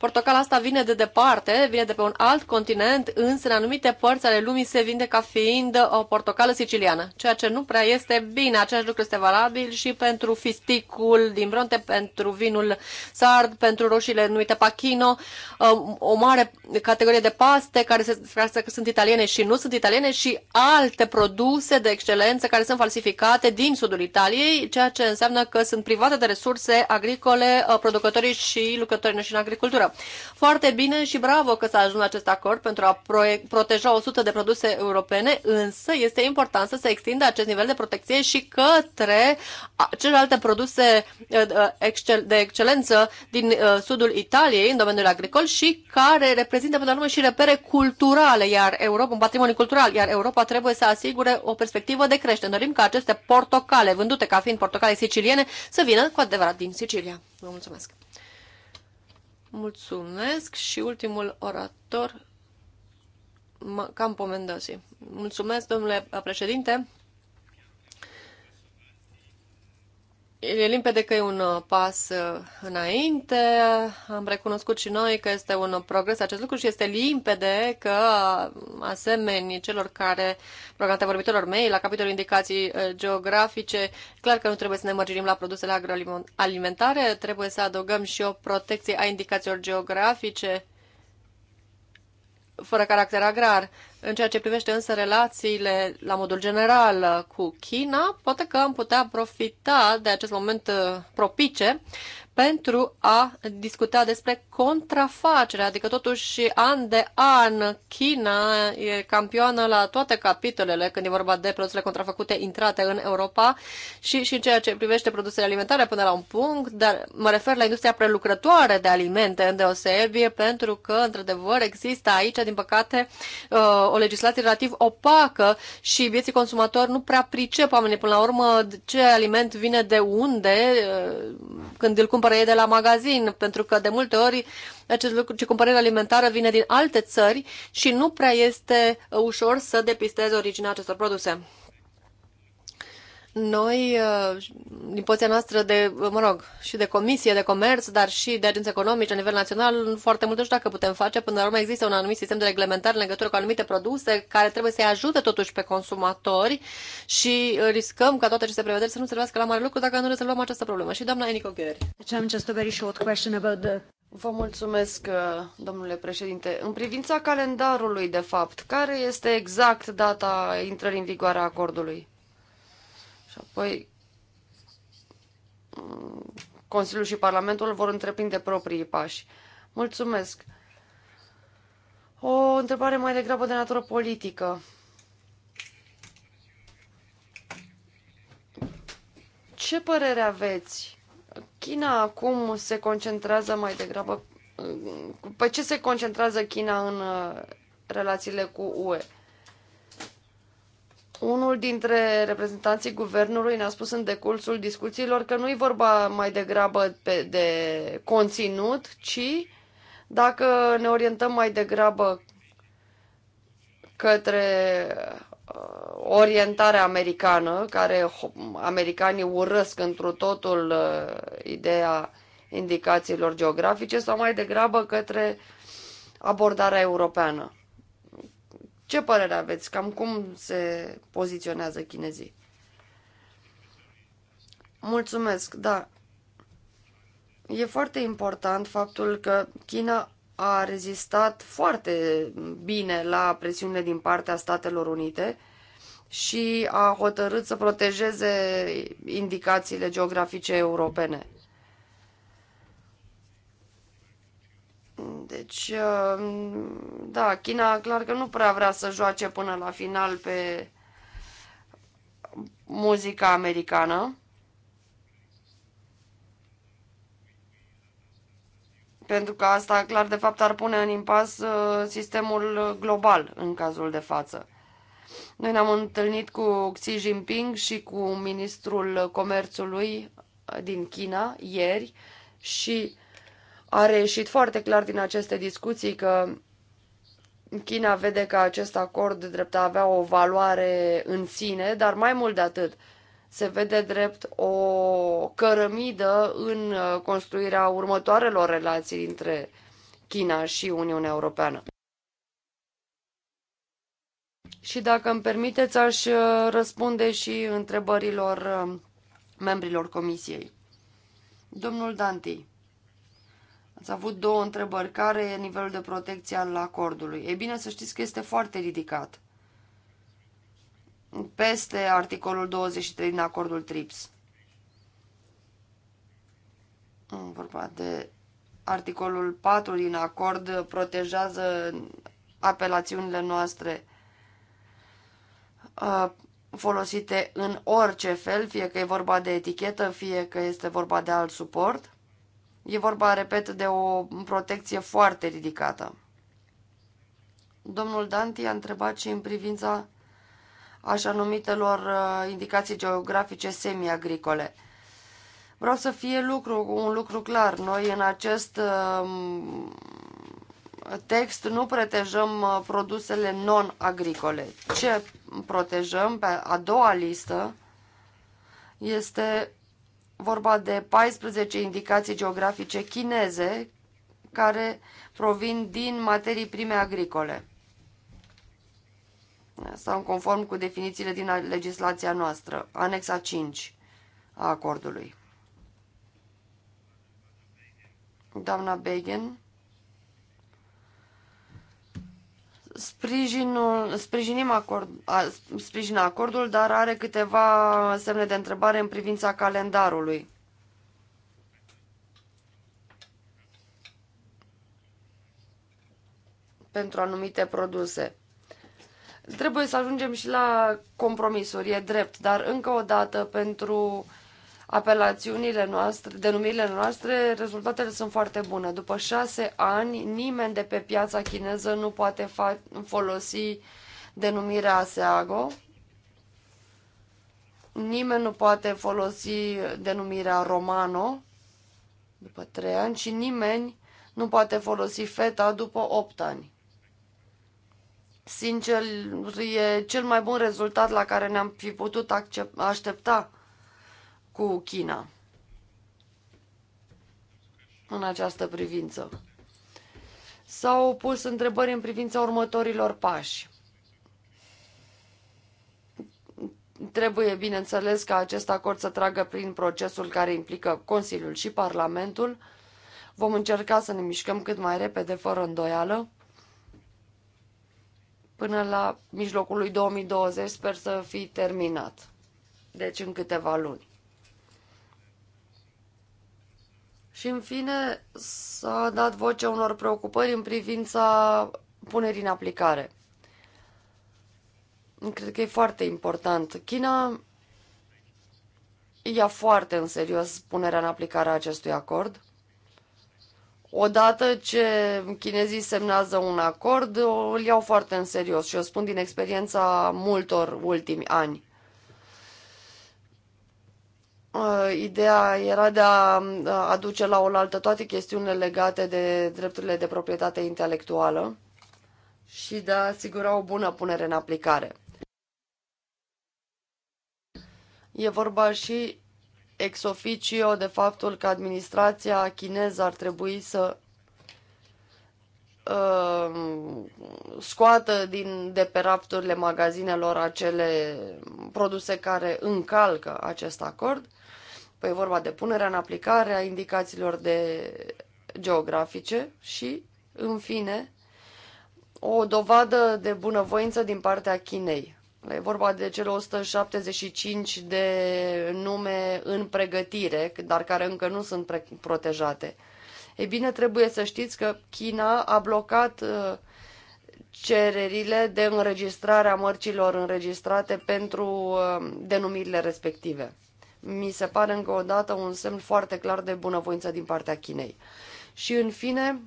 Portocala asta vine de departe, vine de pe un alt continent, însă în anumite părți ale lumii se vinde ca fiind o portocală siciliană, ceea ce nu prea este bine. Același lucru este valabil și pentru fisticul din Bronte, pentru vinul sard, pentru roșiile numite pachino, um, o mare categorie de paste care, se, care sunt italiene și nu sunt italiene și alte produse de excelență care sunt falsificate din sudul Italiei, ceea ce înseamnă că sunt private de resurse agricole uh, producătorii și lucrătorii noștri în agricultură. Foarte bine și bravo că s-a ajuns la acest acord pentru a proteja 100 de produse europene, însă este important să se extindă acest nivel de protecție și către celelalte produse uh, uh, de excelență din uh, sudul Italiei, în domeniul agricol, și care reprezintă, până la urmă, și repere culturale, iar Europa, un patrimoniu cultural, iar Europa trebuie să asigure o perspectivă de creștere. Dorim ca aceste portocale, vândute ca fiind portocale siciliene, să vină cu adevărat din Sicilia. Vă mulțumesc! Mulțumesc și ultimul orator, Campo Mendozi. Mulțumesc, domnule președinte. E limpede că e un uh, pas uh, înainte. Am recunoscut și noi că este un progres acest lucru și este limpede că asemeni celor care, programate vorbitorilor mei, la capitolul indicații uh, geografice, clar că nu trebuie să ne mărgirim la produsele agroalimentare, trebuie să adăugăm și o protecție a indicațiilor geografice fără caracter agrar. În ceea ce privește însă relațiile la modul general cu China, poate că am putea profita de acest moment uh, propice pentru a discuta despre contrafacere, adică totuși an de an China e campioană la toate capitolele când e vorba de produsele contrafăcute intrate în Europa și, și în ceea ce privește produsele alimentare până la un punct, dar mă refer la industria prelucrătoare de alimente în deosebie pentru că, într-adevăr, există aici, din păcate, uh, o legislație relativ opacă și vieții consumatori nu prea pricep oamenii până la urmă ce aliment vine de unde uh, când îl cumpără cumpără ei de la magazin, pentru că de multe ori acest lucru, ce cumpărare alimentară vine din alte țări și nu prea este uh, ușor să depisteze originea acestor produse. Noi, uh, din poziția noastră de, mă rog, și de comisie de comerț, dar și de agenți economice la nivel național, foarte multe știu dacă putem face. Până la urmă există un anumit sistem de reglementare în legătură cu anumite produse care trebuie să-i ajute totuși pe consumatori și uh, riscăm ca toate aceste prevederi să nu servească la mare lucru dacă nu rezolvăm această problemă. Și doamna Enico Gheri. Deci Vă mulțumesc, uh, domnule președinte. În privința calendarului, de fapt, care este exact data intrării în vigoare a acordului? Și apoi mm, Consiliul și Parlamentul vor întreprinde proprii pași. Mulțumesc. O întrebare mai degrabă de natură politică. Ce părere aveți? China acum se concentrează mai degrabă. Mm, pe ce se concentrează China în uh, relațiile cu UE? Unul dintre reprezentanții guvernului ne-a spus în decursul discuțiilor că nu e vorba mai degrabă pe, de conținut, ci dacă ne orientăm mai degrabă către uh, orientarea americană, care americanii urăsc întru totul uh, ideea indicațiilor geografice, sau mai degrabă către abordarea europeană. Ce părere aveți? Cam cum se poziționează chinezii? Mulțumesc, da. E foarte important faptul că China a rezistat foarte bine la presiunile din partea Statelor Unite și a hotărât să protejeze indicațiile geografice europene. Deci, uh, da, China clar că nu prea vrea să joace până la final pe muzica americană. Pentru că asta, clar, de fapt, ar pune în impas uh, sistemul global în cazul de față. Noi ne-am întâlnit cu Xi Jinping și cu ministrul comerțului uh, din China ieri și a reieșit foarte clar din aceste discuții că China vede că acest acord drept a avea o valoare în sine, dar mai mult de atât, se vede drept o cărămidă în uh, construirea următoarelor relații dintre China și Uniunea Europeană. Și dacă îmi permiteți, aș uh, răspunde și întrebărilor uh, membrilor comisiei. Domnul Danti. Ați avut două întrebări. Care e nivelul de protecție al acordului? E bine să știți că este foarte ridicat. Peste articolul 23 din acordul TRIPS. Mm, vorba de articolul 4 din acord protejează apelațiunile noastre uh, folosite în orice fel, fie că e vorba de etichetă, fie că este vorba de alt suport. E vorba, repet, de o protecție foarte ridicată. Domnul Danti a întrebat și în privința așa numitelor uh, indicații geografice semi-agricole. Vreau să fie lucru, un lucru clar. Noi în acest um, text nu protejăm uh, produsele non-agricole. Ce protejăm pe a doua listă este vorba de 14 indicații geografice chineze care provin din materii prime agricole sau conform cu definițiile din legislația noastră, anexa 5 a acordului. Doamna Begen Sprijinul, sprijinim acord, a, acordul, dar are câteva semne de întrebare în privința calendarului. pentru anumite produse. Trebuie să ajungem și la compromisuri, e drept, dar încă o dată pentru uh, apelațiunile noastre, denumirile noastre, rezultatele sunt foarte bune. După șase ani, nimeni de pe piața chineză nu poate folosi denumirea Seago. nimeni nu poate folosi denumirea Romano după trei ani și nimeni nu poate folosi feta după opt ani. Sincer, e cel mai bun rezultat la care ne-am fi putut aștepta cu China în această privință. S-au pus întrebări în privința următorilor pași. Trebuie, bineînțeles, ca acest acord să tragă prin procesul care implică Consiliul și Parlamentul. Vom încerca să ne mișcăm cât mai repede, fără îndoială. Până la mijlocul lui 2020 sper să fi terminat. Deci în câteva luni. Și, în fine, s-a dat voce unor preocupări în privința punerii în aplicare. Cred că e foarte important. China ia foarte în serios punerea în aplicare a acestui acord. Odată ce chinezii semnează un acord, îl iau foarte în serios și o spun din experiența multor ultimi ani. Uh, ideea era de a uh, aduce la oaltă toate chestiunile legate de drepturile de proprietate intelectuală și de a asigura o bună punere în aplicare. E vorba și ex officio de faptul că administrația chineză ar trebui să uh, scoată din, de pe rafturile magazinelor acele produse care încalcă acest acord Păi e vorba de punerea în aplicare a indicațiilor de geografice și, în fine, o dovadă de bunăvoință din partea Chinei. E vorba de cele 175 de nume în pregătire, dar care încă nu sunt protejate. Ei bine, trebuie să știți că China a blocat uh, cererile de înregistrare a mărcilor înregistrate pentru uh, denumirile respective mi se pare încă o dată un semn foarte clar de bunăvoință din partea Chinei. Și în fine,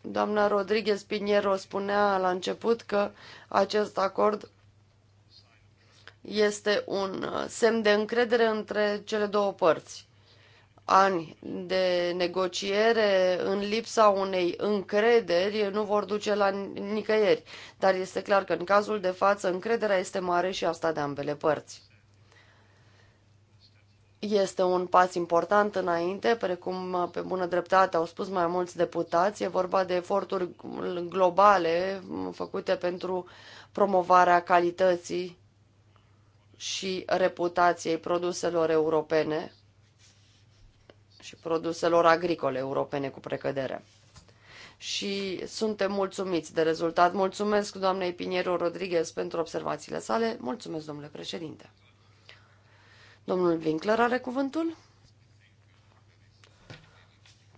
doamna Rodriguez Piniero spunea la început că acest acord este un semn de încredere între cele două părți. Ani de negociere în lipsa unei încrederi nu vor duce la nicăieri, dar este clar că în cazul de față încrederea este mare și asta de ambele părți. Este un pas important înainte, precum uh, pe bună dreptate au spus mai mulți deputați. E vorba de eforturi globale mm, făcute pentru promovarea calității și reputației produselor europene și produselor agricole europene cu precădere. Și suntem mulțumiți de rezultat. Mulțumesc doamnei Pinieru Rodriguez pentru observațiile sale. Mulțumesc, domnule președinte. Domnul Winkler are cuvântul?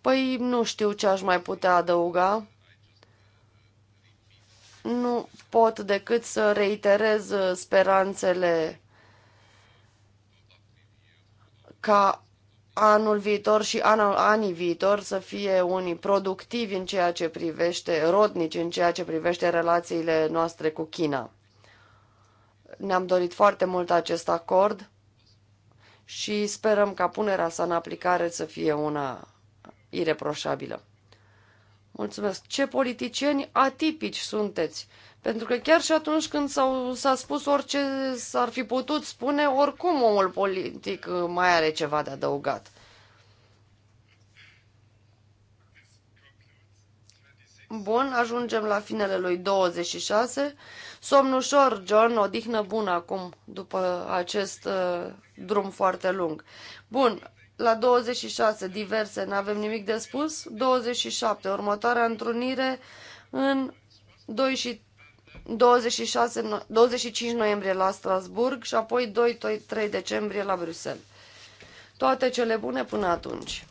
Păi nu știu ce aș mai putea adăuga. Nu pot decât să reiterez uh, speranțele ca anul viitor și anul, anii viitor să fie unii productivi în ceea ce privește, rodnici în ceea ce privește relațiile noastre cu China. Ne-am dorit foarte mult acest acord și sperăm ca punerea sa în aplicare să fie una ireproșabilă. Mulțumesc. Ce politicieni atipici sunteți! Pentru că chiar și atunci când s-a spus orice s-ar fi putut spune, oricum omul politic mai are ceva de adăugat. Bun, ajungem la finele lui 26. Somn ușor, John, odihnă bună acum, după acest uh, drum foarte lung. Bun, la 26, diverse, n-avem nimic de spus. 27, următoarea întrunire în 2 și 26, 25 noiembrie la Strasburg și apoi 2-3 decembrie la Bruxelles. Toate cele bune până atunci!